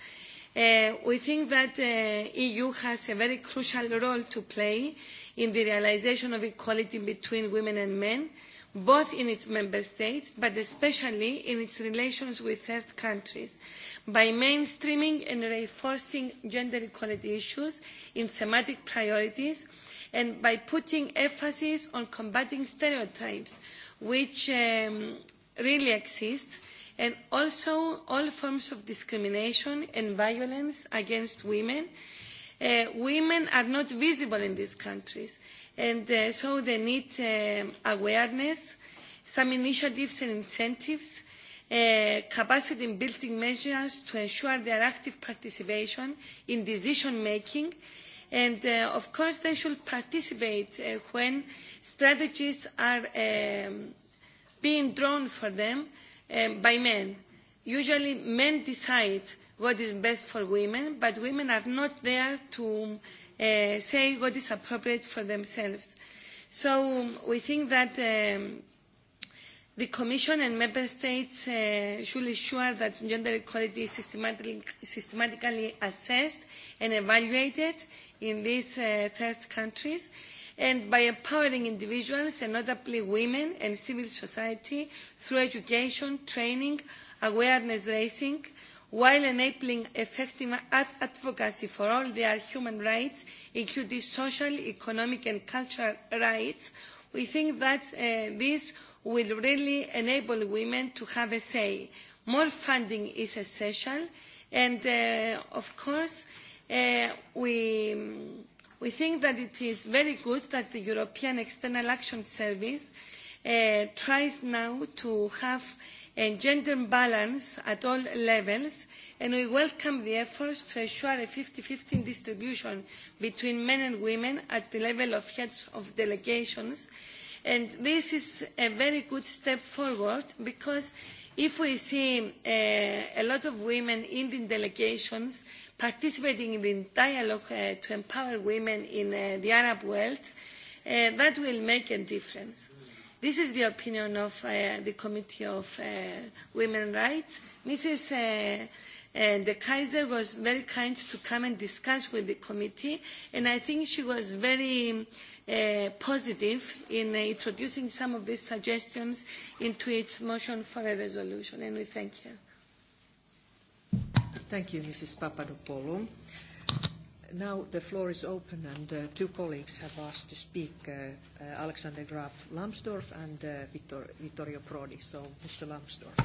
Uh, we think that the uh, EU has a very crucial role to play in the realization of equality between women and men. Uh, both in its member states but especially in its relations with third countries by mainstreaming and reinforcing gender equality issues in thematic priorities and by putting emphasis on combating stereotypes which um, really exist and also all forms of discrimination and violence against women. Uh, women are not visible in these countries and uh, so they need um, awareness, some initiatives and incentives, uh, capacity building measures to ensure their active participation in decision making, and uh, of course they should participate uh, when strategies are um, being drawn for them um, by men. Usually men decide what is best for women, but women are not there to uh, say what is appropriate for themselves. So um, we think that um, the Commission and Member States uh, should ensure that gender equality is systematically, systematically assessed and evaluated in these uh, third countries and by empowering individuals and notably women and civil society through education, training, awareness raising, uh, while enabling effective advocacy for all their human rights, including social, economic and cultural rights, we think that uh, this will really enable women to have a say. More funding is essential, and uh, of course, uh, we, we think that it is very good that the European External Action Service uh, tries now to have and gender balance at all levels, and we welcome the efforts to ensure a 50-50 distribution between men and women at the level of heads of delegations. And this is a very good step forward because if we see uh, a lot of women in the delegations participating in the dialogue uh, to empower women in uh, the Arab world, uh, that will make a difference. Mm-hmm. This is the opinion of uh, the Committee of uh, Women's Rights. Mrs. Uh, and uh, the Kaiser was very kind to come and discuss with the committee, and I think she was very uh, positive in uh, introducing some of these suggestions into its motion for a resolution, and we thank her. Thank you, Mrs. Papadopoulou. Now the floor is open, and uh, two colleagues have asked to speak, uh, uh, Alexander Graf Lambsdorff and uh, Vittor, Vittorio Prodi. So, Mr. Lambsdorff.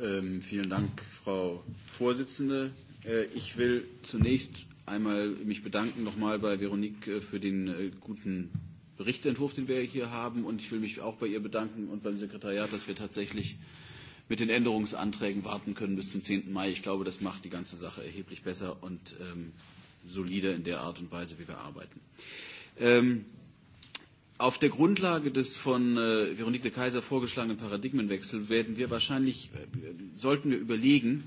Ähm, vielen Dank, Frau Vorsitzende. Äh, ich will zunächst einmal mich bedanken nochmal bei Veronique äh, für den äh, guten Berichtsentwurf, den wir hier haben. Und ich will mich auch bei ihr bedanken und beim Sekretariat, dass wir tatsächlich mit den Änderungsanträgen warten können bis zum 10. Mai. Ich glaube, das macht die ganze Sache erheblich besser und ähm, solider in der Art und Weise, wie wir arbeiten. Ähm, auf der Grundlage des von äh, Veronique de Kaiser vorgeschlagenen Paradigmenwechsel werden wir wahrscheinlich, äh, sollten wir überlegen,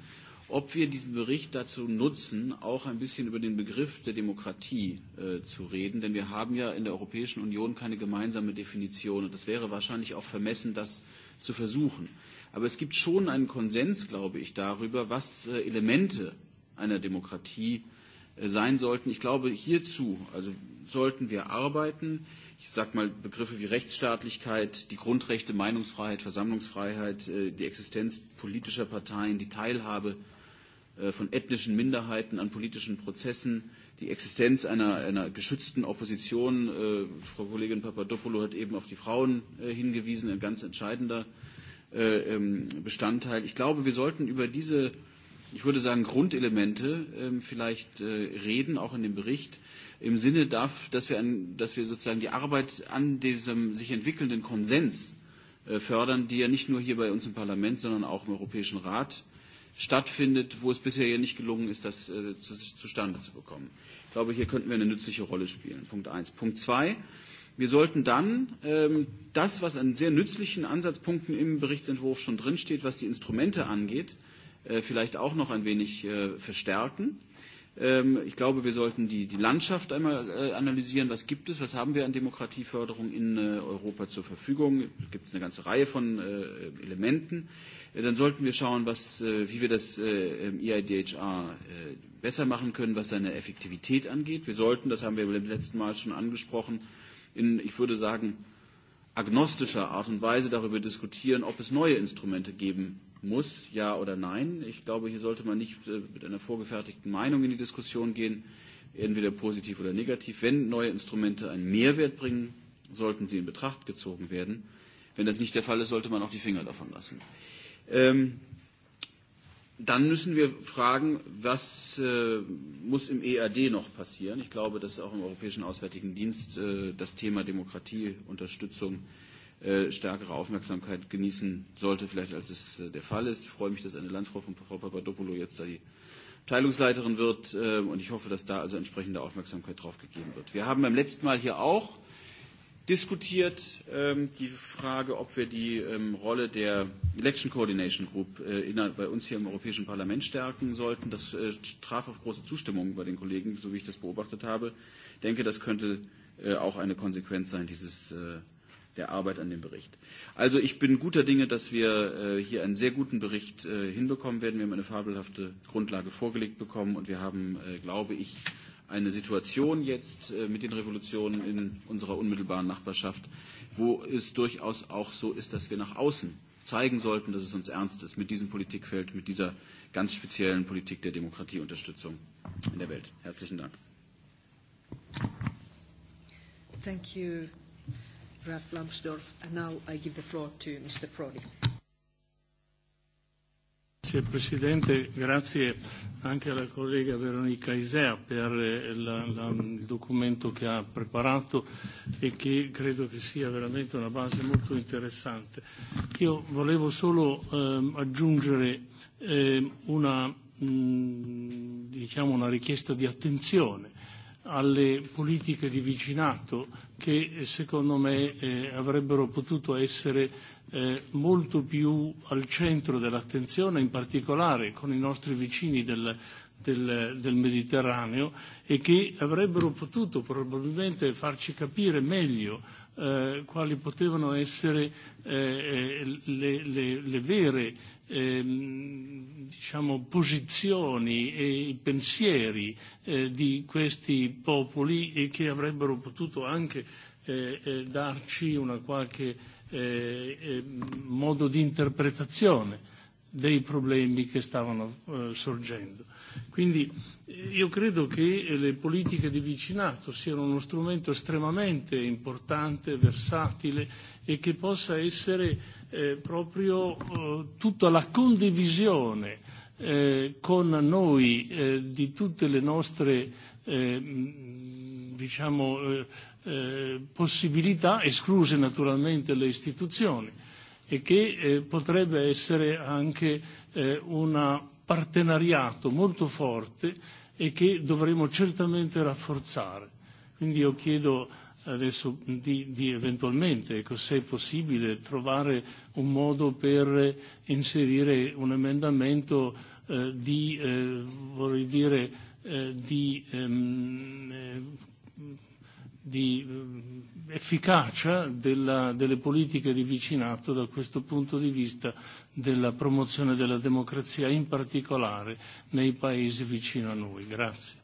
ob wir diesen Bericht dazu nutzen, auch ein bisschen über den Begriff der Demokratie äh, zu reden. Denn wir haben ja in der Europäischen Union keine gemeinsame Definition. Und es wäre wahrscheinlich auch vermessen, das zu versuchen. Aber es gibt schon einen Konsens, glaube ich, darüber, was äh, Elemente einer Demokratie äh, Äh, sein sollten. Ich glaube, hierzu also sollten wir arbeiten. Ich sage mal Begriffe wie Rechtsstaatlichkeit, die Grundrechte, Meinungsfreiheit, Versammlungsfreiheit, äh, die Existenz politischer Parteien, die Teilhabe äh, von ethnischen Minderheiten an politischen Prozessen, die Existenz einer, einer geschützten Opposition. Äh, Frau Kollegin Papadopoulou hat eben auf die Frauen äh, hingewiesen, ein ganz entscheidender äh, ähm, Bestandteil. Ich glaube, wir sollten über diese äh, ich würde sagen, Grundelemente ähm, vielleicht äh, reden, auch in dem Bericht, im Sinne darf, dass wir, ein, dass wir sozusagen die Arbeit an diesem sich entwickelnden Konsens äh, fördern, die ja nicht nur hier bei uns im Parlament, sondern auch im Europäischen Rat stattfindet, wo es bisher ja nicht gelungen ist, das äh, zu, zustande zu bekommen. Ich glaube, hier könnten wir eine nützliche Rolle spielen. Punkt eins. Punkt zwei. Wir sollten dann ähm, das, was an sehr nützlichen Ansatzpunkten im Berichtsentwurf schon drinsteht, was die Instrumente angeht, äh, äh, vielleicht auch noch ein wenig äh, verstärken. Ähm, ich glaube, wir sollten die, die Landschaft einmal äh, analysieren. Was gibt es? Was haben wir an Demokratieförderung in äh, Europa zur Verfügung? Da gibt es eine ganze Reihe von äh, Elementen. Äh, dann sollten wir schauen, was, äh, wie wir das äh, im EIDHR äh, besser machen können, was seine Effektivität angeht. Wir sollten, das haben wir beim letzten Mal schon angesprochen, in, ich würde sagen, agnostischer Art und Weise darüber diskutieren, ob es neue Instrumente geben muss, ja oder nein. Ich glaube, hier sollte man nicht äh, mit einer vorgefertigten Meinung in die Diskussion gehen, entweder positiv oder negativ. Wenn neue Instrumente einen Mehrwert bringen, sollten sie in Betracht gezogen werden. Wenn das nicht der Fall ist, sollte man auch die Finger davon lassen. Ähm, dann müssen wir fragen, was äh, muss im EAD noch passieren? Ich glaube, dass auch im Europäischen Auswärtigen Dienst äh, das Thema Demokratieunterstützung äh, äh, stärkere Aufmerksamkeit genießen sollte, vielleicht als es äh, der Fall ist. Ich freue mich, dass eine Landfrau von Frau Papadopoulou jetzt da die Teilungsleiterin wird äh, und ich hoffe, dass da also entsprechende Aufmerksamkeit drauf gegeben wird. Wir haben beim letzten Mal hier auch diskutiert ähm, die Frage, ob wir die ähm, Rolle der Election Coordination Group äh, in, bei uns hier im Europäischen Parlament stärken sollten. Das äh, traf auf große Zustimmung bei den Kollegen, so wie ich das beobachtet habe. Ich denke, das könnte äh, auch eine Konsequenz sein dieses, äh, der Arbeit an dem Bericht. Also ich bin guter Dinge, dass wir äh, hier einen sehr guten Bericht äh, hinbekommen werden. Wir haben eine fabelhafte Grundlage vorgelegt bekommen und wir haben, äh, glaube ich, eine Situation jetzt äh, mit den Revolutionen in unserer unmittelbaren Nachbarschaft, wo es durchaus auch so ist, dass wir nach außen zeigen sollten, dass es uns ernst ist mit diesem Politikfeld, mit dieser ganz speziellen Politik der Demokratieunterstützung in der Welt. Herzlichen Dank. Thank you. Ralph Lambsdorff. And now I give the floor to Mr. Prodi. Grazie Presidente, grazie anche alla collega Veronica Isea per eh, la, la, il documento che ha preparato e che credo che sia veramente una base molto interessante. Io volevo solo eh, aggiungere eh, una, mh, diciamo una richiesta di attenzione alle politiche di vicinato che secondo me eh, avrebbero potuto essere eh, molto più al centro dell'attenzione, in particolare con i nostri vicini del, del, del Mediterraneo e che avrebbero potuto probabilmente farci capire meglio eh, quali potevano essere eh, eh le, le, le vere eh, diciamo, posizioni e pensieri eh, di questi popoli e che avrebbero potuto anche eh, eh, darci una qualche eh, eh, modo di interpretazione dei problemi che stavano eh, sorgendo. Quindi eh, Io credo che le politiche di vicinato siano uno strumento estremamente importante, versatile e che possa essere eh, proprio eh, tutta la condivisione eh, con noi eh, di tutte le nostre eh, diciamo, eh, eh, possibilità, escluse naturalmente le istituzioni, e che eh, potrebbe essere anche eh, una partenariato molto forte e che dovremo certamente rafforzare. Quindi io chiedo adesso di, di eventualmente, ecco, se è possibile, trovare un modo per inserire un emendamento eh, di, eh, vorrei dire, eh, di, ehm, eh, di ehm, efficacia della, delle politiche di vicinato da questo punto di vista della promozione della democrazia, in particolare nei paesi vicino a noi. Grazie.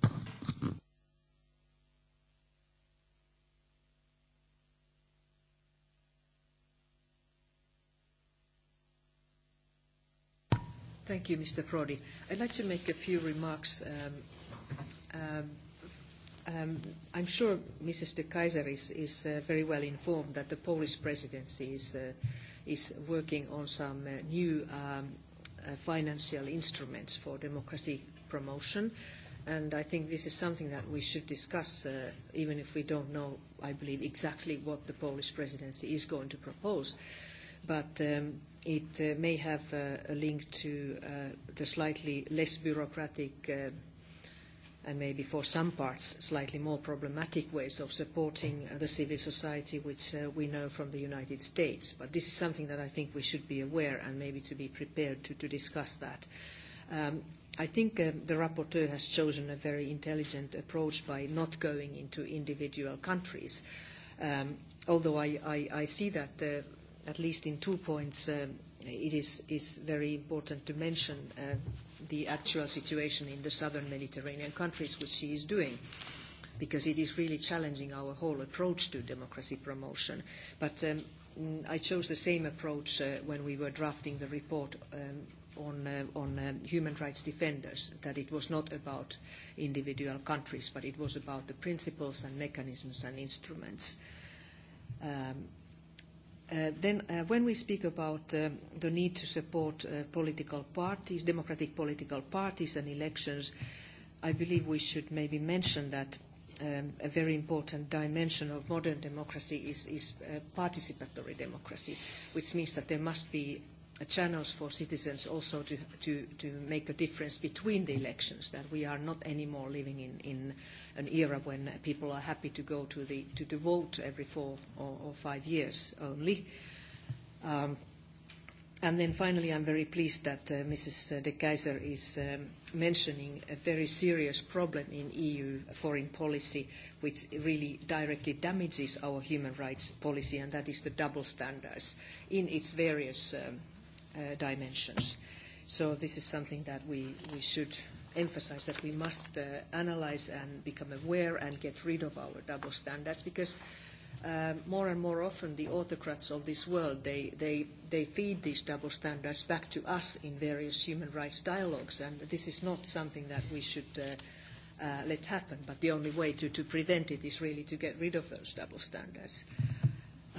Thank you, Mr. Prodi. I'd like to make a few remarks um, um, Um, I'm sure Mrs. de Kaiser is, is uh, very well informed that the Polish presidency is, uh, is working on some uh, new um, uh, financial instruments for democracy promotion. And I think this is something that we should discuss, uh, even if we don't know, I believe, exactly what the Polish presidency is going to propose. But um, it uh, may have uh, a link to uh, the slightly less bureaucratic uh, and maybe for some parts slightly more problematic ways of supporting the civil society, which uh, we know from the United States. But this is something that I think we should be aware and maybe to be prepared to, to discuss that. Um, I think uh, the rapporteur has chosen a very intelligent approach by not going into individual countries, um, although I, I, I see that uh, at least in two points um, it is, is very important to mention uh, the actual situation in the southern Mediterranean countries, which she is doing, because it is really challenging our whole approach to democracy promotion. But um, I chose the same approach uh, when we were drafting the report um, on, uh, on um, human rights defenders, that it was not about individual countries, but it was about the principles and mechanisms and instruments. Um, Uh, then uh, when we speak about um, the need to support uh, political parties, democratic political parties and elections, I believe we should maybe mention that um, a very important dimension of modern democracy is, is uh, participatory democracy, which means that there must be uh, channels for citizens also to, to, to make a difference between the elections, that we are not anymore living in, in uh, an era when people are happy to go to the, to the vote every four or, or five years only. Um, and then finally, I'm very pleased that uh, Mrs. De Keyser is um, mentioning a very serious problem in EU foreign policy, which really directly damages our human rights policy, and that is the double standards in its various um, uh, dimensions. So this is something that we, we should emphasize that we must uh, analyze and become aware and get rid of our double standards because uh, more and more often the autocrats of this world, they, they, they feed these double standards back to us in various human rights dialogues. And this is not something that we should uh, uh, let happen. But the only way to, to prevent it is really to get rid of those double standards.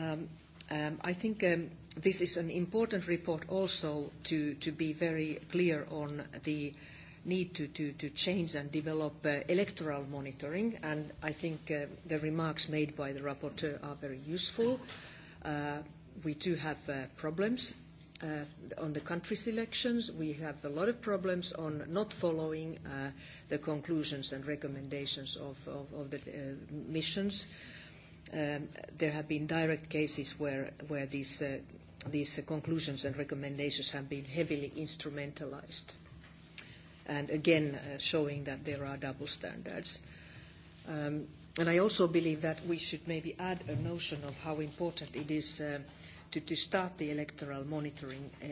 Um, um, I think um, this is an important report also to, to be very clear on the uh, need to, to, to change and develop uh, electoral monitoring, and I think uh, the remarks made by the rapporteur are very useful. Uh, we do have uh, problems uh, on the country selections. We have a lot of problems on not following uh, the conclusions and recommendations of, of, of the uh, missions. Um, there have been direct cases where, where these, uh, these uh, conclusions and recommendations have been heavily instrumentalized and again uh, showing that there are double standards. Um, and I also believe that we should maybe add a notion of how important it is uh, to, to start the electoral monitoring um,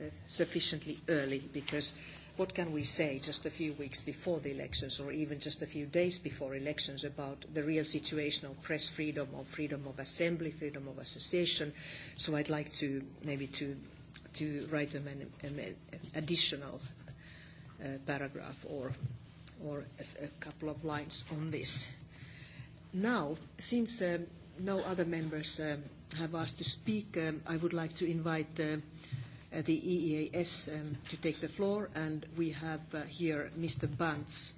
uh, sufficiently early, because what can we say just a few weeks before the elections or even just a few days before elections about the real situation of press freedom or freedom of assembly, freedom of association? So I'd like to maybe to, to write an, an additional Uh, paragraph or, or a, a couple of lines on this. Now, since um, no other members um, have asked to speak, um, I would like to invite uh, uh the EEAS um, to take the floor, and we have uh, here Mr. Bunce,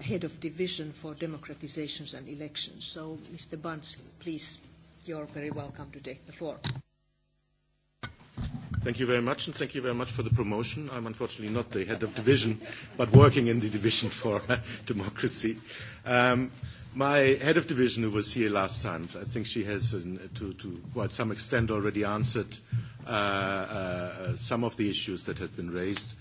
Head of Division for Democratizations and Elections. So, Mr. Bunce, please, you're very welcome to take the floor. Thank you very much, and thank you very much for the promotion. I'm unfortunately not the head of division, but working in the division for democracy. Um, my head of division, who was here last time, I think she has, an, uh, to, to quite some extent, already answered uh, uh, some of the issues that had been raised.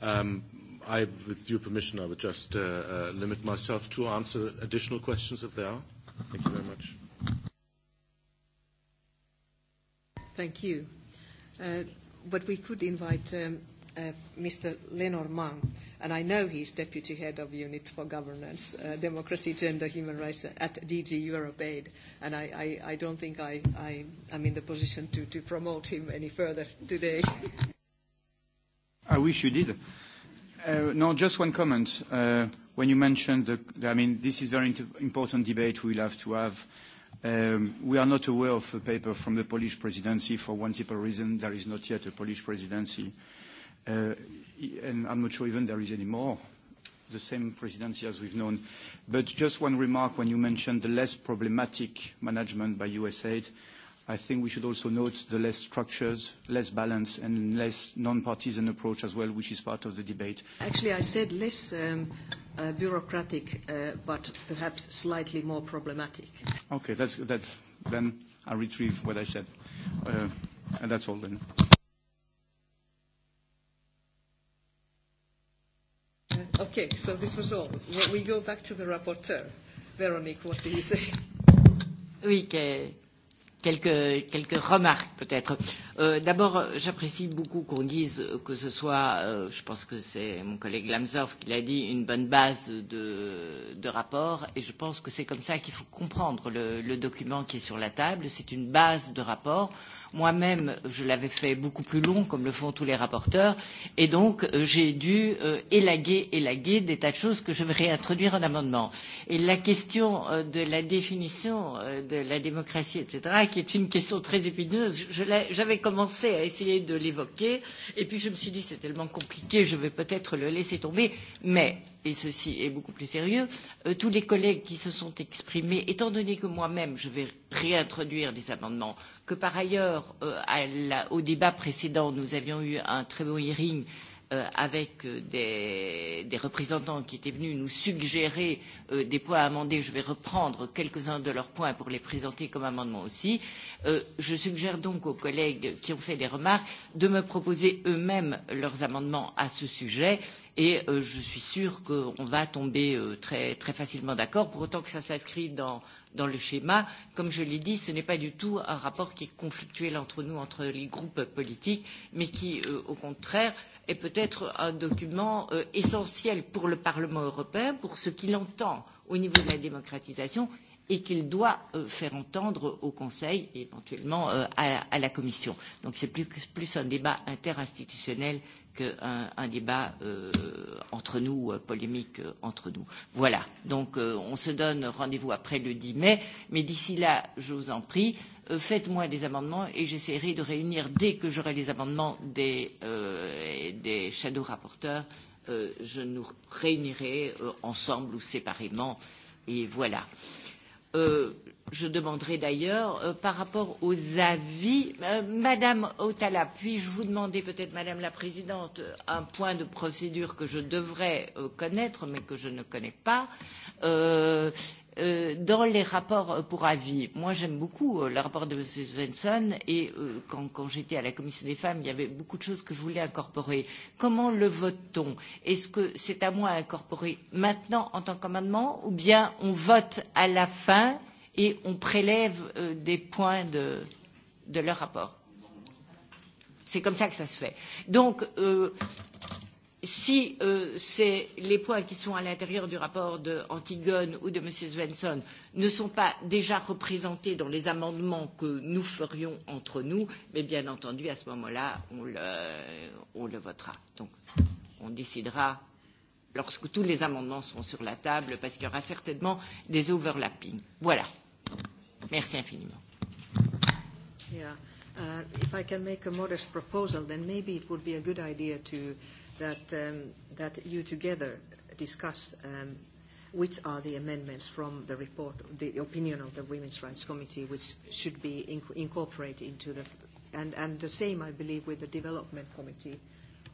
Um, I, with your permission, I would just uh, uh, limit myself to answer additional questions if there are. Thank you very much. Thank you. Uh, but we could invite um, uh, Mr. Lenormand, and I know he's deputy head of unit for governance, uh, democracy, gender, human rights at DG Europe Aid, and I, I, I don't think I, I am in the position to, to promote him any further today. I wish you did. Uh, no, just one comment. Uh, when you mentioned the, I mean, this is very important debate we'll have to have uh, Um, we are not aware of a paper from the Polish presidency for one simple reason, there is not yet a Polish presidency. Uh, and I'm not sure even there is any more, the same presidency as we've known. But just one remark when you mentioned the less problematic management by USAID. I think we should also note the less structures, less balance, and less non-partisan approach as well, which is part of the debate. Actually, I said less um, uh, bureaucratic, uh, but perhaps slightly more problematic. Okay, that's, that's then I retrieve what I said. Uh, and that's all then. Uh, okay, so this was all. We go back to the rapporteur. Véronique, what do you say? Oui, que quelques, quelques remarques peut-être. Euh, D'abord, j'apprécie beaucoup qu'on dise que ce soit, euh, je pense que c'est mon collègue Lamsdorff qui l'a dit, une bonne base de, de rapport. Et je pense que c'est comme ça qu'il faut comprendre le, le document qui est sur la table. C'est une base de rapport. Euh, Moi-même, je l'avais fait beaucoup plus long, comme le font tous les rapporteurs, et donc euh, j'ai dû euh, élaguer, élaguer des tas de choses que je vais réintroduire en amendement. Et la question euh, de la définition euh, de la démocratie, etc., qui est une question très épineuse, j'avais commencé à essayer de l'évoquer, et puis je me suis dit c'est tellement compliqué, je vais peut-être le laisser tomber, mais et ceci est beaucoup plus sérieux, euh, tous les collègues qui se sont exprimés, étant donné que moi-même je vais réintroduire des amendements, que par ailleurs euh, à la, au débat précédent nous avions eu un très beau hearing euh, avec euh, des, des représentants qui étaient venus nous suggérer euh, des points à amender. Je vais reprendre quelques-uns de leurs points pour les présenter comme amendements aussi. Euh, je suggère donc aux collègues qui ont fait des remarques de me proposer eux-mêmes leurs amendements à ce sujet. Euh, et euh, je suis sûr qu'on va tomber euh, très, très facilement d'accord, pour autant que ça s'inscrit dans, dans le schéma. Comme je l'ai dit, ce n'est pas du tout un rapport qui est conflictuel entre nous, entre les groupes politiques, mais qui, euh, au contraire, est peut-être un document euh, essentiel pour le Parlement européen, pour ce qu'il entend au niveau de la démocratisation et qu'il doit euh, faire entendre au Conseil et éventuellement euh, à, à la Commission. Donc c'est plus, plus un débat interinstitutionnel qu'un un débat euh, entre nous, euh, polémique euh, entre nous. Voilà, donc euh, on se donne rendez-vous après le 10 mai, mais d'ici là, je vous en prie, euh, faites-moi des amendements et j'essaierai de réunir, dès que j'aurai les amendements des, euh, des shadow rapporteurs, euh, je nous réunirai euh, ensemble ou séparément, et voilà. Euh, Euh, je demanderai d'ailleurs euh, par rapport aux avis. Euh, Madame Otala, puis-je vous demander peut-être, Madame la Présidente, euh, un point de procédure que je devrais euh, connaître mais que je ne connais pas euh, euh, dans les rapports pour avis, moi j'aime beaucoup euh, le rapport de M. Svensson et euh, quand, quand j'étais à la Commission des femmes, il y avait beaucoup de choses que je voulais incorporer. Comment le vote-t-on Est-ce que c'est à moi à incorporer maintenant en tant qu'amendement ou bien on vote à la fin et on prélève euh, des points de, de leur rapport C'est comme ça que ça se fait. Donc, euh, si euh, les points qui sont à l'intérieur du rapport de Antigone ou de M. Svensson ne sont pas déjà représentés dans les amendements que nous ferions entre nous, mais bien entendu, à ce moment-là, on le, on le votera. Donc, on décidera lorsque tous les amendements seront sur la table, parce qu'il y aura certainement des overlappings. Voilà. Merci infiniment. Yeah. Uh, if I can make a modest proposal, then maybe it would be a good idea to uh, that, um, that you together discuss um, which are the amendments from the report, the opinion of the Women's Rights Committee, which should be inc- incorporated into the, and, and the same, I believe, with the Development Committee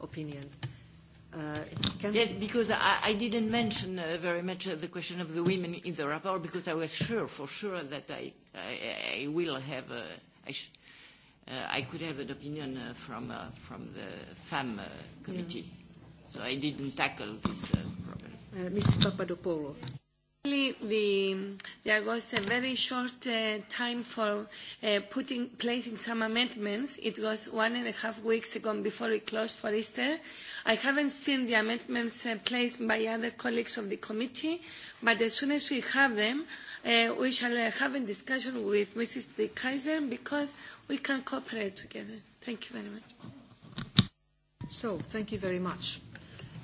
opinion. Uh, can yes, because I, I didn't mention uh, very much uh, the question of the women in the rapport because I was sure, for sure, that I, I, I will have, a, I, sh- uh, I could have an opinion uh, from uh, from the FAM uh, committee. Yeah. So I didn't tackle this uh, problem. Uh, Mrs. Papadopoulou. The, there was a very short uh, time for uh, putting, placing some amendments. It was one and a half weeks ago before we closed for Easter. I haven't seen the amendments uh, placed by other colleagues of the committee, but as soon as we have them, uh, we shall uh, have a discussion with Mrs. De Kaiser because we can cooperate together. Thank you very much. So, thank you very much.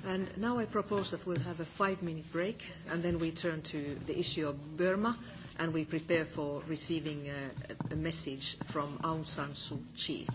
And now I propose that we'll have a five-minute break, and then we turn to the issue of Burma, and we prepare for receiving a, uh, a message from Aung San Suu Kyi.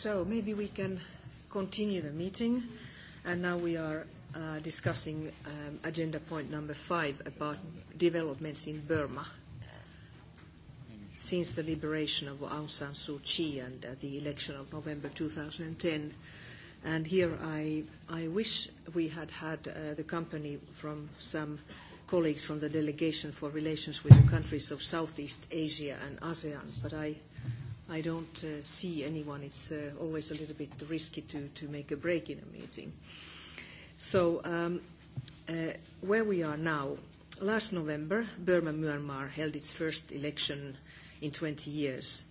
So maybe we can continue the meeting. And now we are uh, discussing um, agenda point number five about developments in Burma since the liberation of Aung San Suu Kyi and uh, the election of November 2010. And here I, I wish we had had uh, the company from some colleagues from the Delegation for Relations with the Countries of Southeast Asia and ASEAN, but I I don't uh, see anyone. It's uh, always a little bit risky to, to make a break in a meeting. So um, uh, where we are now, last November, Burma Myanmar held its first election in 20 years.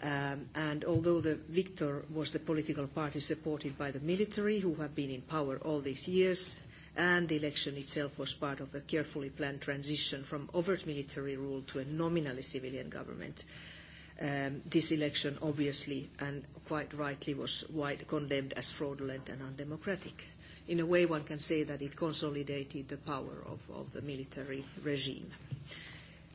Um, and although the victor was the political party supported by the military, who have been in power all these years, and the election itself was part of a carefully planned transition from overt military rule to a nominally civilian government, uh, um, this election obviously and quite rightly was wide condemned as fraudulent and undemocratic. In a way, one can say that it consolidated the power of, of the military regime.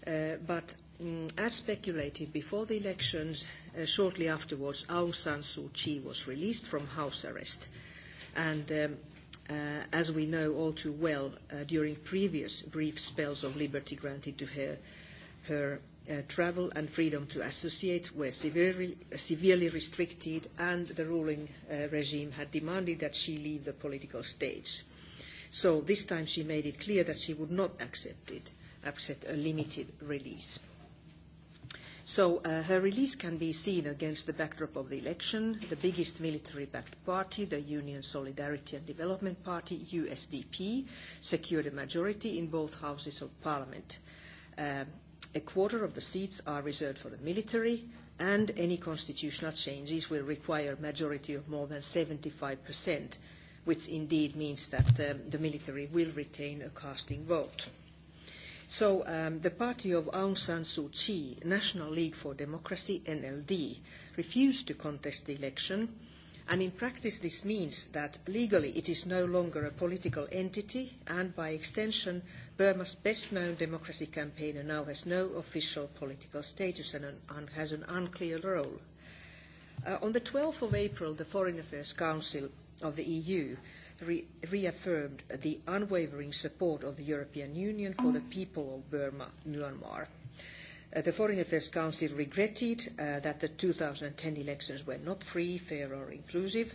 Uh, but mm, as speculated before the elections, uh, shortly afterwards, Aung San Suu Kyi was released from house arrest. And um, uh, as we know all too well, uh, during previous brief spells of liberty granted to her, her uh, travel and freedom to associate were severely, severely restricted, and the ruling uh, regime had demanded that she leave the political stage. So this time she made it clear that she would not accept it, accept a limited release. So uh, her release can be seen against the backdrop of the election. The biggest military-backed party, the Union Solidarity and Development Party, USDP, secured a majority in both houses of parliament. Uh, a quarter of the seats are reserved for the military, and any constitutional changes will require a majority of more than 75%, which indeed means that um, the military will retain a casting vote. So um, the party of Aung San Suu Kyi, National League for Democracy, NLD, refused to contest the election, and in practice this means that legally it is no longer a political entity, and by extension Burma's best-known democracy campaigner now has no official political status and an, un, has an unclear role. Uh, on the 12th of April, the Foreign Affairs Council of the EU re- reaffirmed the unwavering support of the European Union for the people of Burma, Myanmar. Uh, the Foreign Affairs Council regretted uh, that the 2010 elections were not free, fair, or inclusive,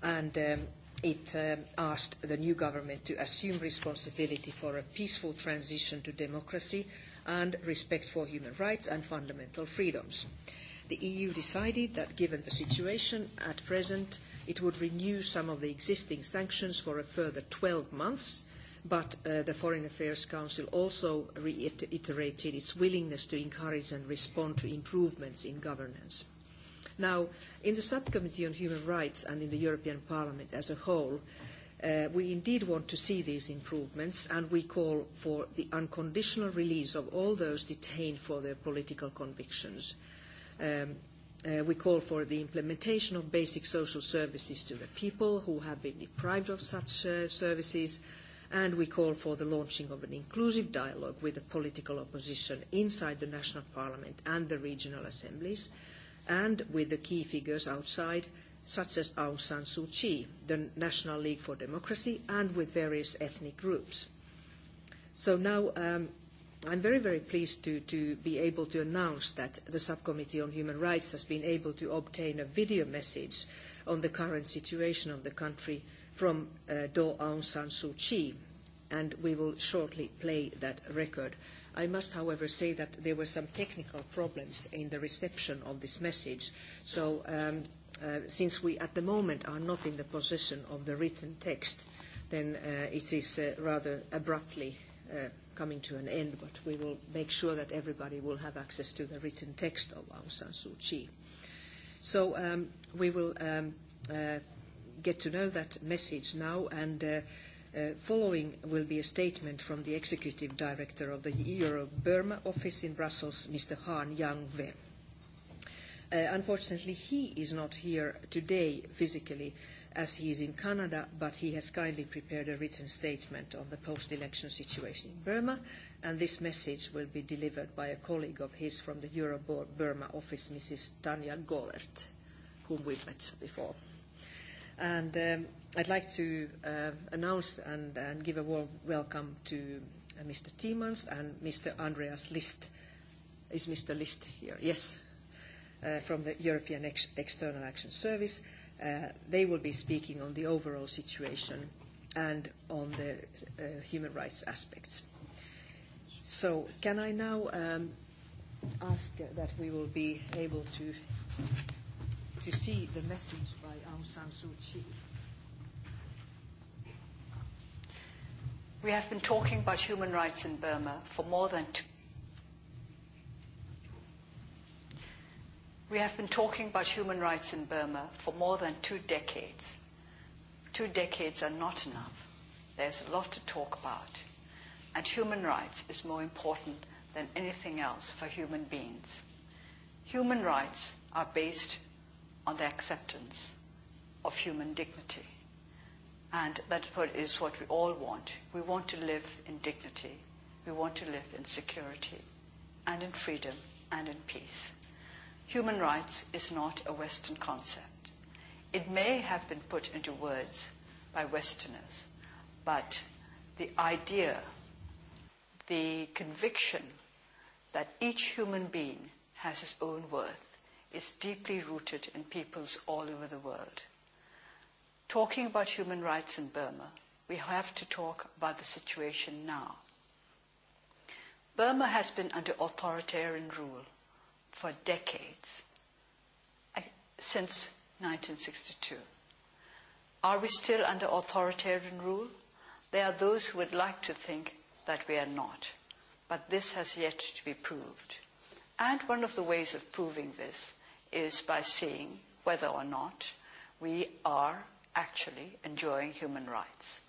and um, it um, asked the new government to assume responsibility for a peaceful transition to democracy and respect for human rights and fundamental freedoms. The EU decided that given the situation at present, it would renew some of the existing sanctions for a further 12 months, but uh, the Foreign Affairs Council also reiterated its willingness to encourage and respond to improvements in governance. Now, in the Subcommittee on Human Rights and in the European Parliament as a whole, uh, we indeed want to see these improvements and we call for the unconditional release of all those detained for their political convictions. Um, Uh, we call for the implementation of basic social services to the people who have been deprived of such uh, services, and we call for the launching of an inclusive dialogue with the political opposition inside the national parliament and the regional assemblies. Uh, and with the key figures outside, such as Aung San Suu Kyi, the National League for Democracy, and with various ethnic groups. So now um, I'm very, very pleased to, to be able to announce that the Subcommittee on Human Rights has been able to obtain a video message on the current situation of the country from uh, Do Aung San Suu Kyi, and we will shortly play that record. Uh, I must, however, say that there were some technical problems in the reception of this message. So um, uh, since we at the moment are not in the possession of the written text, then uh, it is uh, rather abruptly uh, coming to an end, but we will make sure that everybody will have access to the written text of Aung San Suu Kyi. So um, we will um, uh, get to know that message now, and uh, Uh, following will be a statement from the Executive Director of the Euro-Burma office in Brussels, Mr. Han Yang-Wen. Uh, unfortunately, he is not here today physically as he is in Canada, but he has kindly prepared a written statement on the post-election situation in Burma, and this message will be delivered by a colleague of his from the Euro-Burma office, Mrs. Tanya Golert, whom we've met before. And um, I'd like to uh, announce and, and give a warm welcome to uh, Mr. Tiemans and Mr. Andreas List. Is Mr. List here? Yes, uh, from the European Ex- External Action Service. Uh, they will be speaking on the overall situation and on the uh, human rights aspects. So can I now um, ask that we will be able to, to see the message by Aung San Suu Kyi? We have been talking about human rights in Burma for more than two We have been talking about human rights in Burma for more than two decades. Two decades are not enough. There's a lot to talk about. And human rights is more important than anything else for human beings. Human rights are based on the acceptance of human dignity. And that is what we all want. We want to live in dignity. We want to live in security and in freedom and in peace. Human rights is not a Western concept. It may have been put into words by Westerners, but the idea, the conviction that each human being has his own worth is deeply rooted in peoples all over the world talking about human rights in Burma, we have to talk about the situation now. Burma has been under authoritarian rule for decades, since 1962. Are we still under authoritarian rule? There are those who would like to think that we are not, but this has yet to be proved. And one of the ways of proving this is by seeing whether or not we are actually enjoying human rights.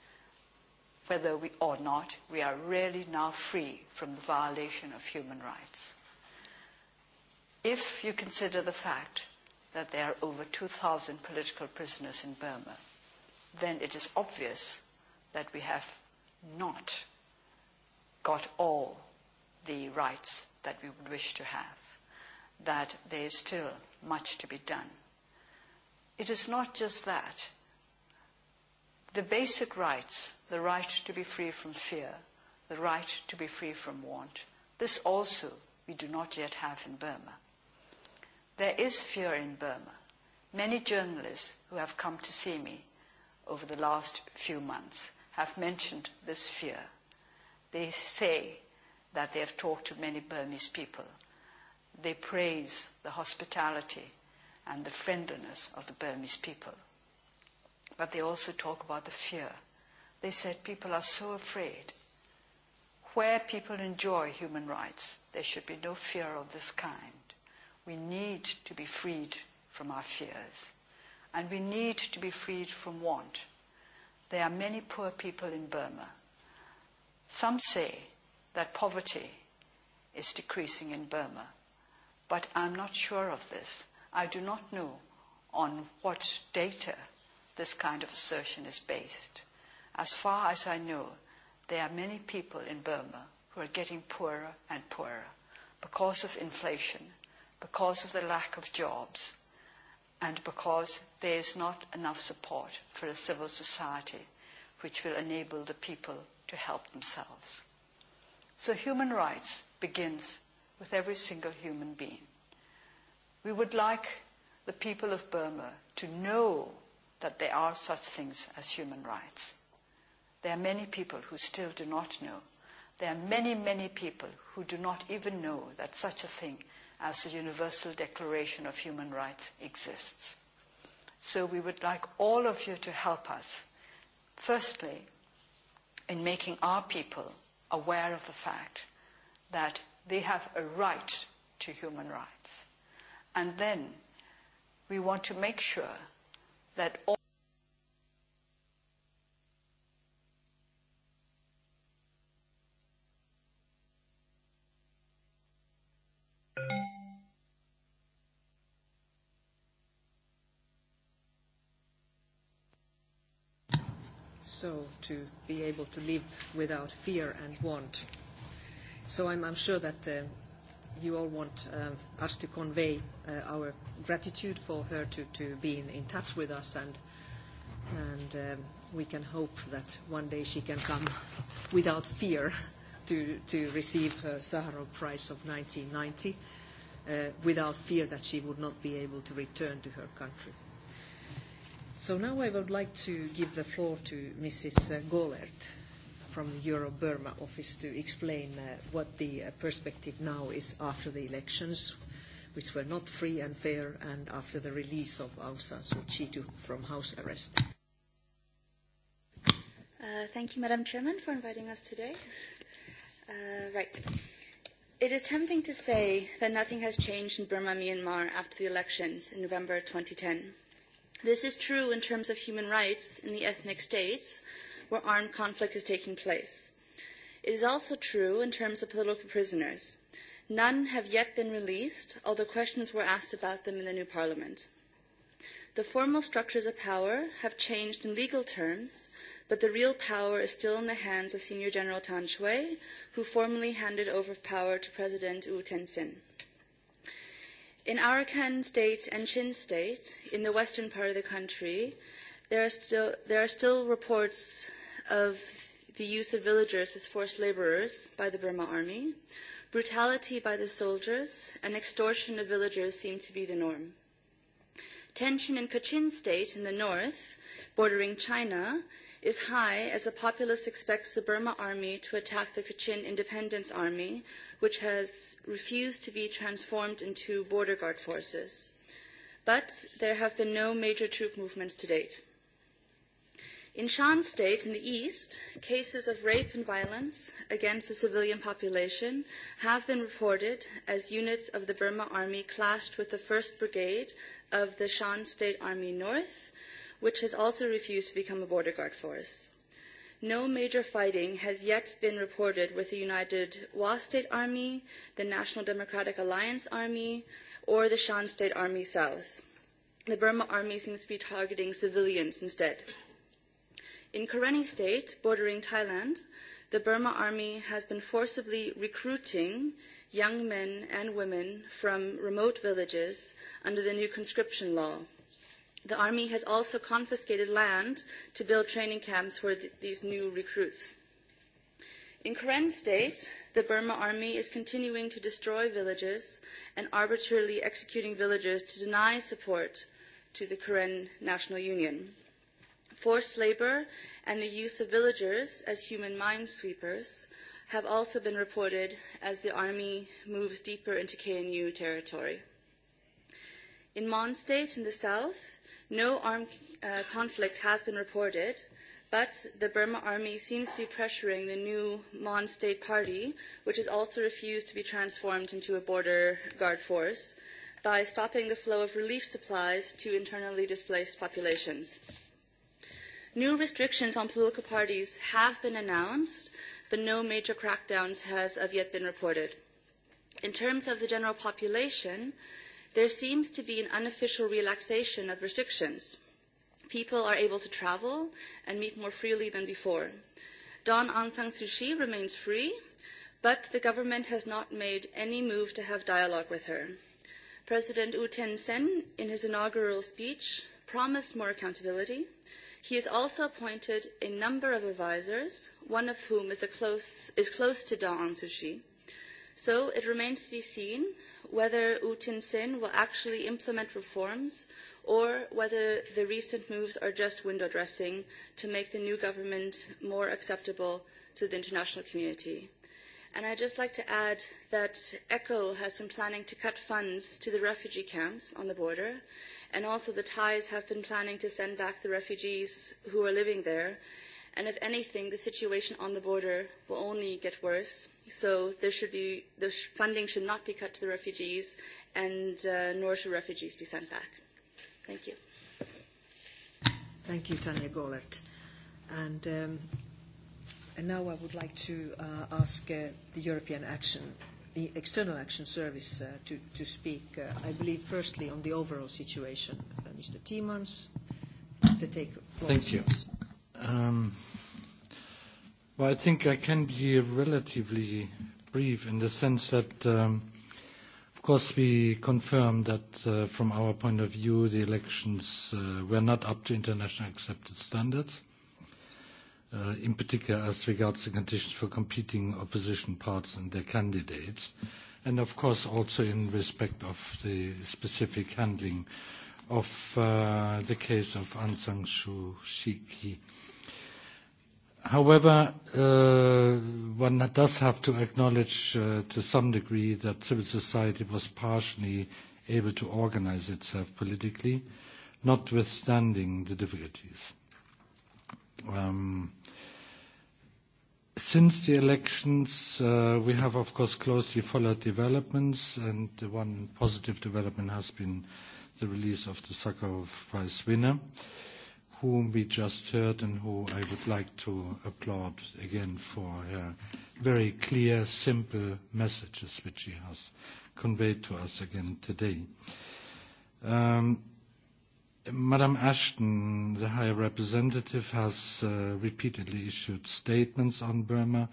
Whether we or not, we are really now free from the violation of human rights. If you consider the fact that there are over 2,000 political prisoners in Burma, then it is obvious that we have not got all the rights that we would wish to have, that there is still much to be done. It is not just that the basic rights, the right to be free from fear, the right to be free from want, this also we do not yet have in Burma. There is fear in Burma. Many journalists who have come to see me over the last few months have mentioned this fear. They say that they have talked to many Burmese people. They praise the hospitality and the friendliness of the Burmese people. But they also talk about the fear. They said people are so afraid. Where people enjoy human rights, there should be no fear of this kind. We need to be freed from our fears. And we need to be freed from want. There are many poor people in Burma. Some say that poverty is decreasing in Burma, but I'm not sure of this. I do not know on what data this kind of assertion is based. As far as I know, there are many people in Burma who are getting poorer and poorer because of inflation, because of the lack of jobs, and because there is not enough support for a civil society which will enable the people to help themselves. So human rights begins with every single human being. We would like the people of Burma to know that there are such things as human rights. There are many people who still do not know. There are many, many people who do not even know that such a thing as the Universal Declaration of Human Rights exists. So we would like all of you to help us, firstly, in making our people aware of the fact that they have a right to human rights. And then we want to make sure that all so to be able to live without fear and want. So I'm, I'm sure that uh, you all want um, us to convey uh, our gratitude for her to, to be in, in touch with us, and, and um, we can hope that one day she can come without fear to, to receive her Sakharov Prize of 1990, uh, without fear that she would not be able to return to her country. So now I would like to give the floor to Mrs. Uh, Golert from the Euro-Burma office to explain uh, what the uh, perspective now is after the elections, which were not free and fair, and after the release of Aung San Suu Kyi from house arrest. Uh, thank you, Madam Chairman, for inviting us today. Uh, right. It is tempting to say that nothing has changed in Burma, Myanmar after the elections in November 2010. This is true in terms of human rights in the ethnic states, where armed conflict is taking place. It is also true in terms of political prisoners. None have yet been released, although questions were asked about them in the new parliament. The formal structures of power have changed in legal terms, but the real power is still in the hands of Senior General Tan Shui, who formally handed over power to President Wu Tenzin. In Arakan State and Chin State, in the western part of the country, There are still, there are still reports of the use of villagers as forced laborers by the Burma army. Brutality by the soldiers and extortion of villagers seem to be the norm. Tension in Kachin state in the north, bordering China, is high as the populace expects the Burma army to attack the Kachin Independence Army, which has refused to be transformed into border guard forces. But there have been no major troop movements to date. In Shan State in the east, cases of rape and violence against the civilian population have been reported as units of the Burma Army clashed with the 1st Brigade of the Shan State Army North, which has also refused to become a border guard force. No major fighting has yet been reported with the United Wa State Army, the National Democratic Alliance Army, or the Shan State Army South. The Burma Army seems to be targeting civilians instead. In Karenni State, bordering Thailand, the Burma army has been forcibly recruiting young men and women from remote villages under the new conscription law. The army has also confiscated land to build training camps for th- these new recruits. In Karen State, the Burma army is continuing to destroy villages and arbitrarily executing villagers to deny support to the Karen National Union. Forced labor and the use of villagers as human minesweepers have also been reported as the army moves deeper into KNU territory. In Mon State in the south, no armed uh, conflict has been reported, but the Burma army seems to be pressuring the new Mon State Party, which has also refused to be transformed into a border guard force, by stopping the flow of relief supplies to internally displaced populations. New restrictions on political parties have been announced, but no major crackdowns has of yet been reported. In terms of the general population, there seems to be an unofficial relaxation of restrictions. People are able to travel and meet more freely than before. Don Aung San Suu Kyi remains free, but the government has not made any move to have dialogue with her. President U Ten Sen, in his inaugural speech, promised more accountability, uh, He has also appointed a number of advisors, one of whom is, a close, is close to Daw Aung Suu Kyi. So it remains to be seen whether U Tin Sin will actually implement reforms or whether the recent moves are just window dressing to make the new government more acceptable to the international community. And I'd just like to add that ECHO has been planning to cut funds to the refugee camps on the border and also the Thais have been planning to send back the refugees who are living there. And if anything, the situation on the border will only get worse. So there should be, the sh- funding should not be cut to the refugees, and uh, nor should refugees be sent back. Thank you. Thank you, Tanya Gollert. And, um, and now I would like to uh, ask uh, the European Action the External Action Service uh, to, to speak, uh, I believe, firstly on the overall situation. Uh, Mr. Tiemans, to take floor. Thank you. Um, well, I think I can be relatively brief in the sense that, um, of course, we confirm that uh, from our point of view, the elections uh, were not up to international accepted standards. Uh, uh, in particular as regards the conditions for competing opposition parties and their candidates, and of course also in respect of the specific handling of uh, the case of Aung San Suu Kyi. However, uh, one does have to acknowledge uh, to some degree that civil society was partially able to organize itself politically, notwithstanding the difficulties. Uh, Um, since the elections, uh, we have, of course, closely followed developments, and the one positive development has been the release of the Sakharov Prize winner, whom we just heard and who I would like to applaud again for her very clear, simple messages which she has conveyed to us again today. Um, Madam Ashton, the High Representative, has uh, repeatedly issued statements on Burma.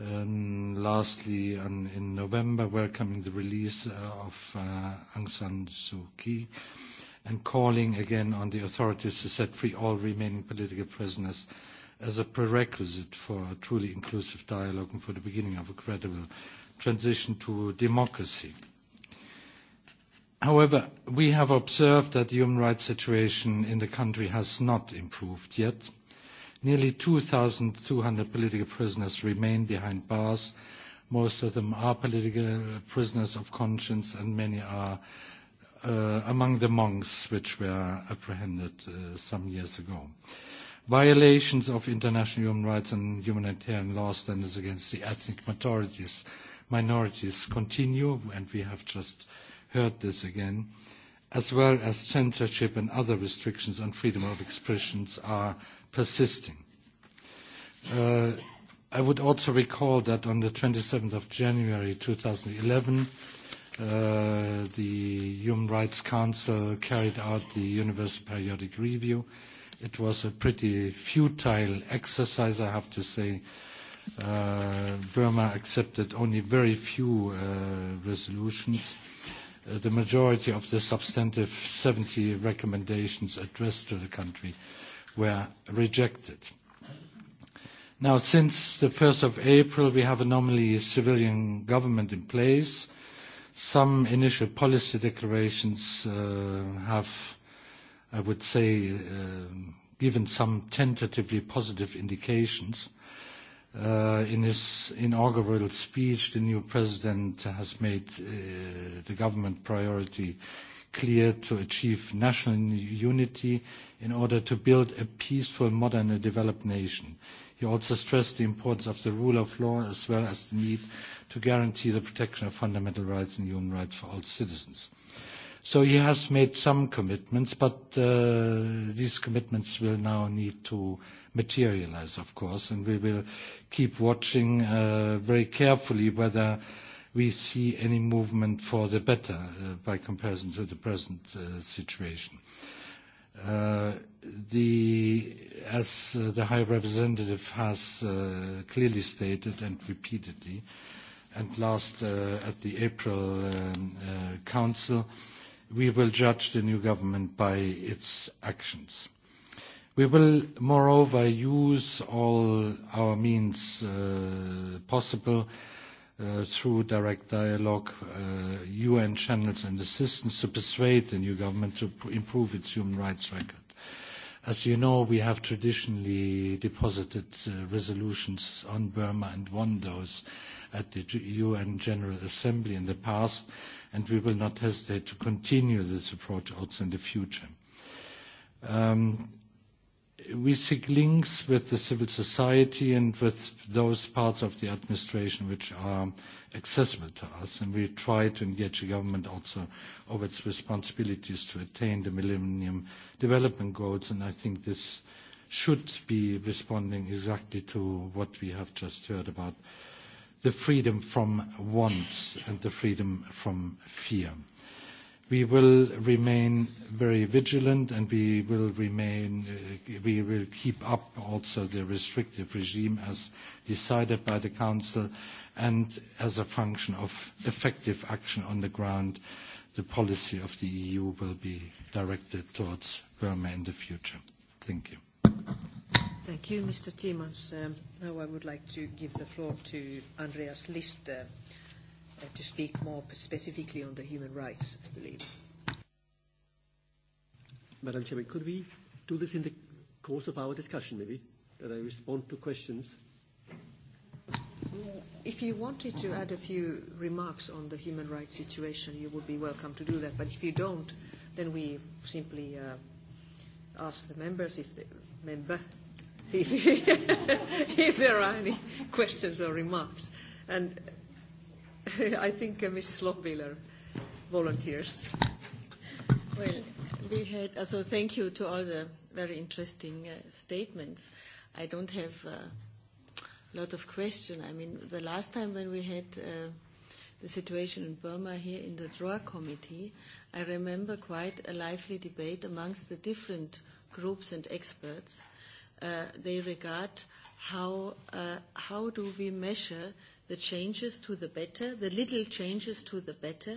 Um, lastly, on, in November, welcoming the release uh, of uh, Aung San Suu Kyi and calling again on the authorities to set free all remaining political prisoners as a prerequisite for a truly inclusive dialogue and for the beginning of a credible transition to democracy. Uh, However, we have observed that the human rights situation in the country has not improved yet. Nearly 2,200 political prisoners remain behind bars. Most of them are political prisoners of conscience, and many are uh, among the monks which were apprehended uh, some years ago. Violations of international human rights and humanitarian law standards against the ethnic minorities, minorities continue, and we have just uh, heard this again, as well as censorship and other restrictions on freedom of expressions are persisting. Uh, I would also recall that on the 27th of January 2011, uh, the Human Rights Council carried out the Universal Periodic Review. It was a pretty futile exercise, I have to say. Uh, Burma accepted only very few uh, resolutions. Uh, uh, the majority of the substantive 70 recommendations addressed to the country were rejected. Now, since the 1st of April, we have a nominally civilian government in place. Some initial policy declarations uh, have, I would say, uh, given some tentatively positive indications. Uh, Uh, in his inaugural speech, the new president has made uh, the government priority clear to achieve national unity in order to build a peaceful, modern and developed nation. He also stressed the importance of the rule of law as well as the need to guarantee the protection of fundamental rights and human rights for all citizens. So he has made some commitments, but uh, these commitments will now need to materialize, of course, and we will keep watching uh, very carefully whether we see any movement for the better uh, by comparison to the present uh, situation. Uh, the, as uh, the High Representative has uh, clearly stated and repeatedly, and last uh, at the April um, uh, Council, we will judge the new government by its actions. Uh, We will, moreover, use all our means uh, possible uh, through direct dialogue, uh, UN channels and assistance to persuade the new government to improve its human rights record. As you know, we have traditionally deposited uh, resolutions on Burma and won those at the UN General Assembly in the past, and we will not hesitate to continue this approach also in the future. Um, we seek links with the civil society and with those parts of the administration which are accessible to us, and we try to engage the government also of its responsibilities to attain the Millennium Development Goals, and I think this should be responding exactly to what we have just heard about the freedom from want and the freedom from fear. Uh, We will remain very vigilant, and we will remain, uh, we will keep up also the restrictive regime as decided by the council, and as a function of effective action on the ground, the policy of the EU will be directed towards Burma in the future. Thank you. Thank you, Mr. Timmermans. Um, now I would like to give the floor to Andreas Lister, uh, uh, to speak more specifically on the human rights, I believe. Madam Chairman, could we do this in the course of our discussion, maybe, that I respond to questions? If you wanted to add a few remarks on the human rights situation, you would be welcome to do that. But if you don't, then we simply uh, ask the members if the member if, if there are any questions or remarks. And I think uh, Mrs. Lochbihler volunteers. Well, we had, uh, so thank you to all the very interesting uh, statements. I don't have a lot of question. I mean, the last time when we had uh, the situation in Burma here in the DROA committee, I remember quite a lively debate amongst the different groups and experts. Uh, they regard how, uh, how do we measure the changes to the better, the little changes to the better,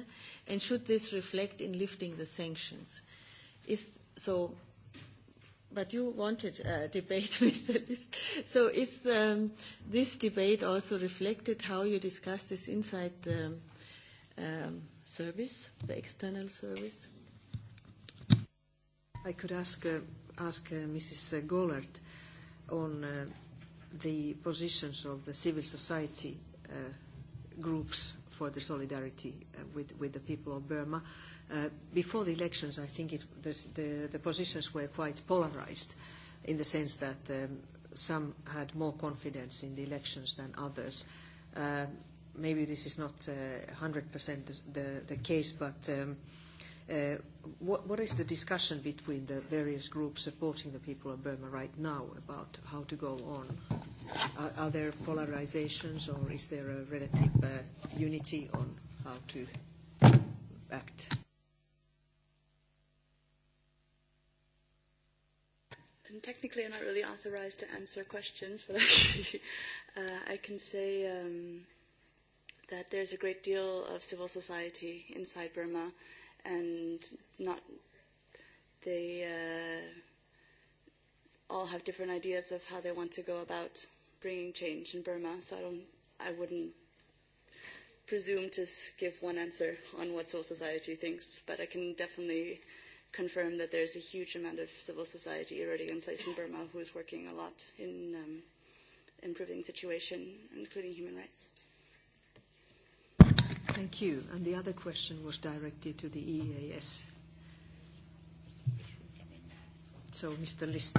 and should this reflect in lifting the sanctions? Is, so, but you wanted a debate with this. So is um, this debate also reflected how you discuss this inside the um, service, the external service? I could ask, uh, ask uh, Mrs. Gollert on uh, the positions of the civil society uh, groups for the solidarity uh, with, with the people of Burma. Uh, before the elections, I think it, this, the, the positions were quite polarized in the sense that um, some had more confidence in the elections than others. Uh, maybe this is not uh, 100% the, the, the case, but um, uh, Uh, what, what is the discussion between the various groups supporting the people of Burma right now about how to go on? Are, are there polarizations or is there a relative uh, unity on how to act? And technically, I'm not really authorized to answer questions, but I, uh, I can say um, that there's a great deal of civil society inside Burma and not they uh, all have different ideas of how they want to go about bringing change in Burma. So I don't, I wouldn't presume to give one answer on what civil society thinks, but I can definitely confirm that there's a huge amount of civil society already in place in Burma who is working a lot in um, improving situation, including human rights. Thank you. And the other question was directed to the EEAS. So, Mr. List.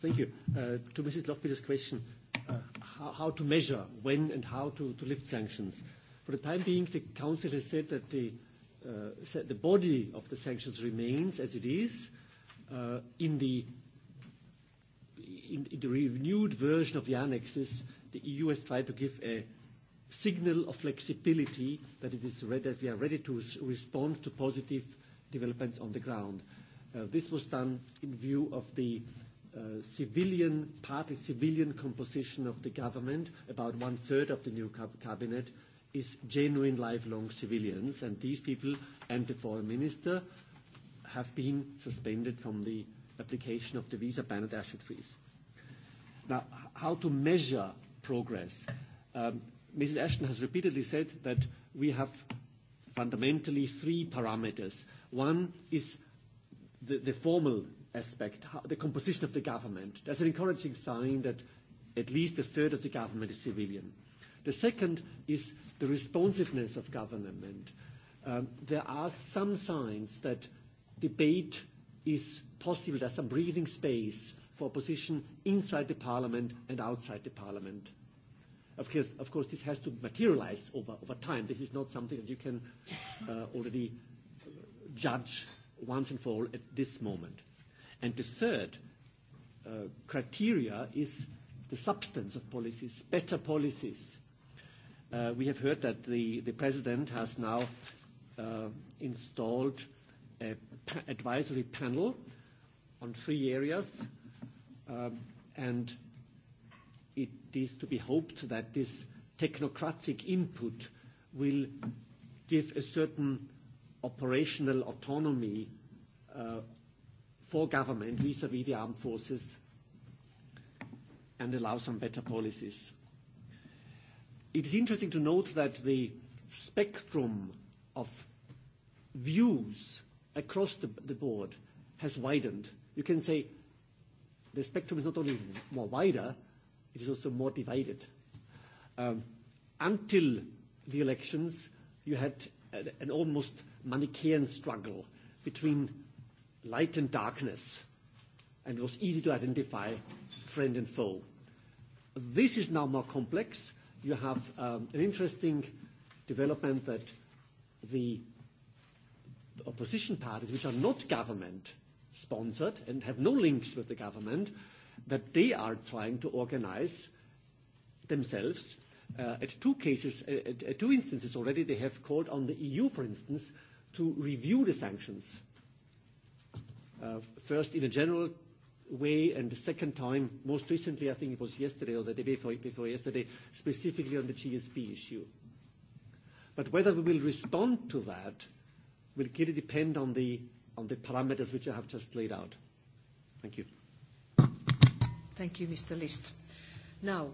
Thank you. Uh, to Mrs. Lochbihler's question, uh, how, how to measure when and how to, to lift sanctions. For the time being, the Council has said that the, uh, said the body of the sanctions remains as it is. Uh, in, the, in, in the renewed version of the annexes, the EU has tried to give a signal of flexibility that it is ready, that we are ready to respond to positive developments on the ground. Uh, this was done in view of the uh, civilian, partly civilian composition of the government. About one-third of the new cab- cabinet is genuine lifelong civilians, and these people and the foreign minister have been suspended from the application of the visa ban and asset freeze. Now, how to measure progress? Um, Mrs. Ashton has repeatedly said that we have fundamentally three parameters. One is the, the formal aspect, how, the composition of the government. That's an encouraging sign that at least a third of the government is civilian. The second is the responsiveness of government. Um, there are some signs that debate is possible. There's some breathing space for opposition inside the parliament and outside the parliament. Of course, of course, this has to materialize over, over time. This is not something that you can uh, already judge once and for all at this moment. And the third uh, criteria is the substance of policies, better policies. Uh, we have heard that the, the president has now uh, installed a pa- advisory panel on three areas, um, and it is to be hoped that this technocratic input will give a certain operational autonomy uh, for government vis-à-vis -vis the armed forces and allow some better policies. It is interesting to note that the spectrum of views across the, the board has widened. You can say the spectrum is not only more wider, it is also more divided. Um, until the elections, you had an almost Manichaean struggle between light and darkness, and it was easy to identify friend and foe. This is now more complex. You have um, an interesting development that the opposition parties, which are not government sponsored and have no links with the government, that they are trying to organize themselves. Uh, at two cases, uh, at, at two instances already, they have called on the EU, for instance, to review the sanctions. Uh, first, in a general way, and the second time, most recently, I think it was yesterday or the day before, before yesterday, specifically on the GSP issue. But whether we will respond to that will clearly depend on the, on the parameters which I have just laid out. Thank you. Thank you, Mr. List. Now,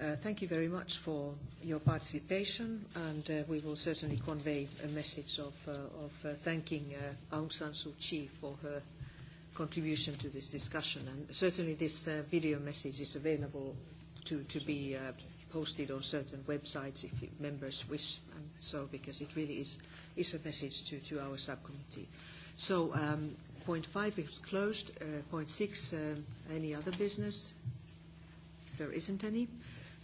uh, thank you very much for your participation, and uh, we will certainly convey a message of, uh, of uh, thanking uh, Aung San Suu Kyi for her contribution to this discussion. And certainly this uh, video message is available to, to be uh, posted on certain websites if members wish, and um, so because it really is, is a message to, to our subcommittee. So um, Point five is closed. Uh, point six, uh, any other business? If there isn't any.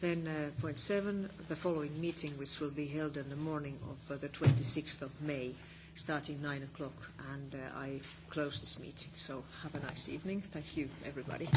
Then uh, point seven, the following meeting, which will be held in the morning of uh, the 26th of May, starting nine o'clock. And uh, I close this meeting. So have a nice evening. Thank you, everybody.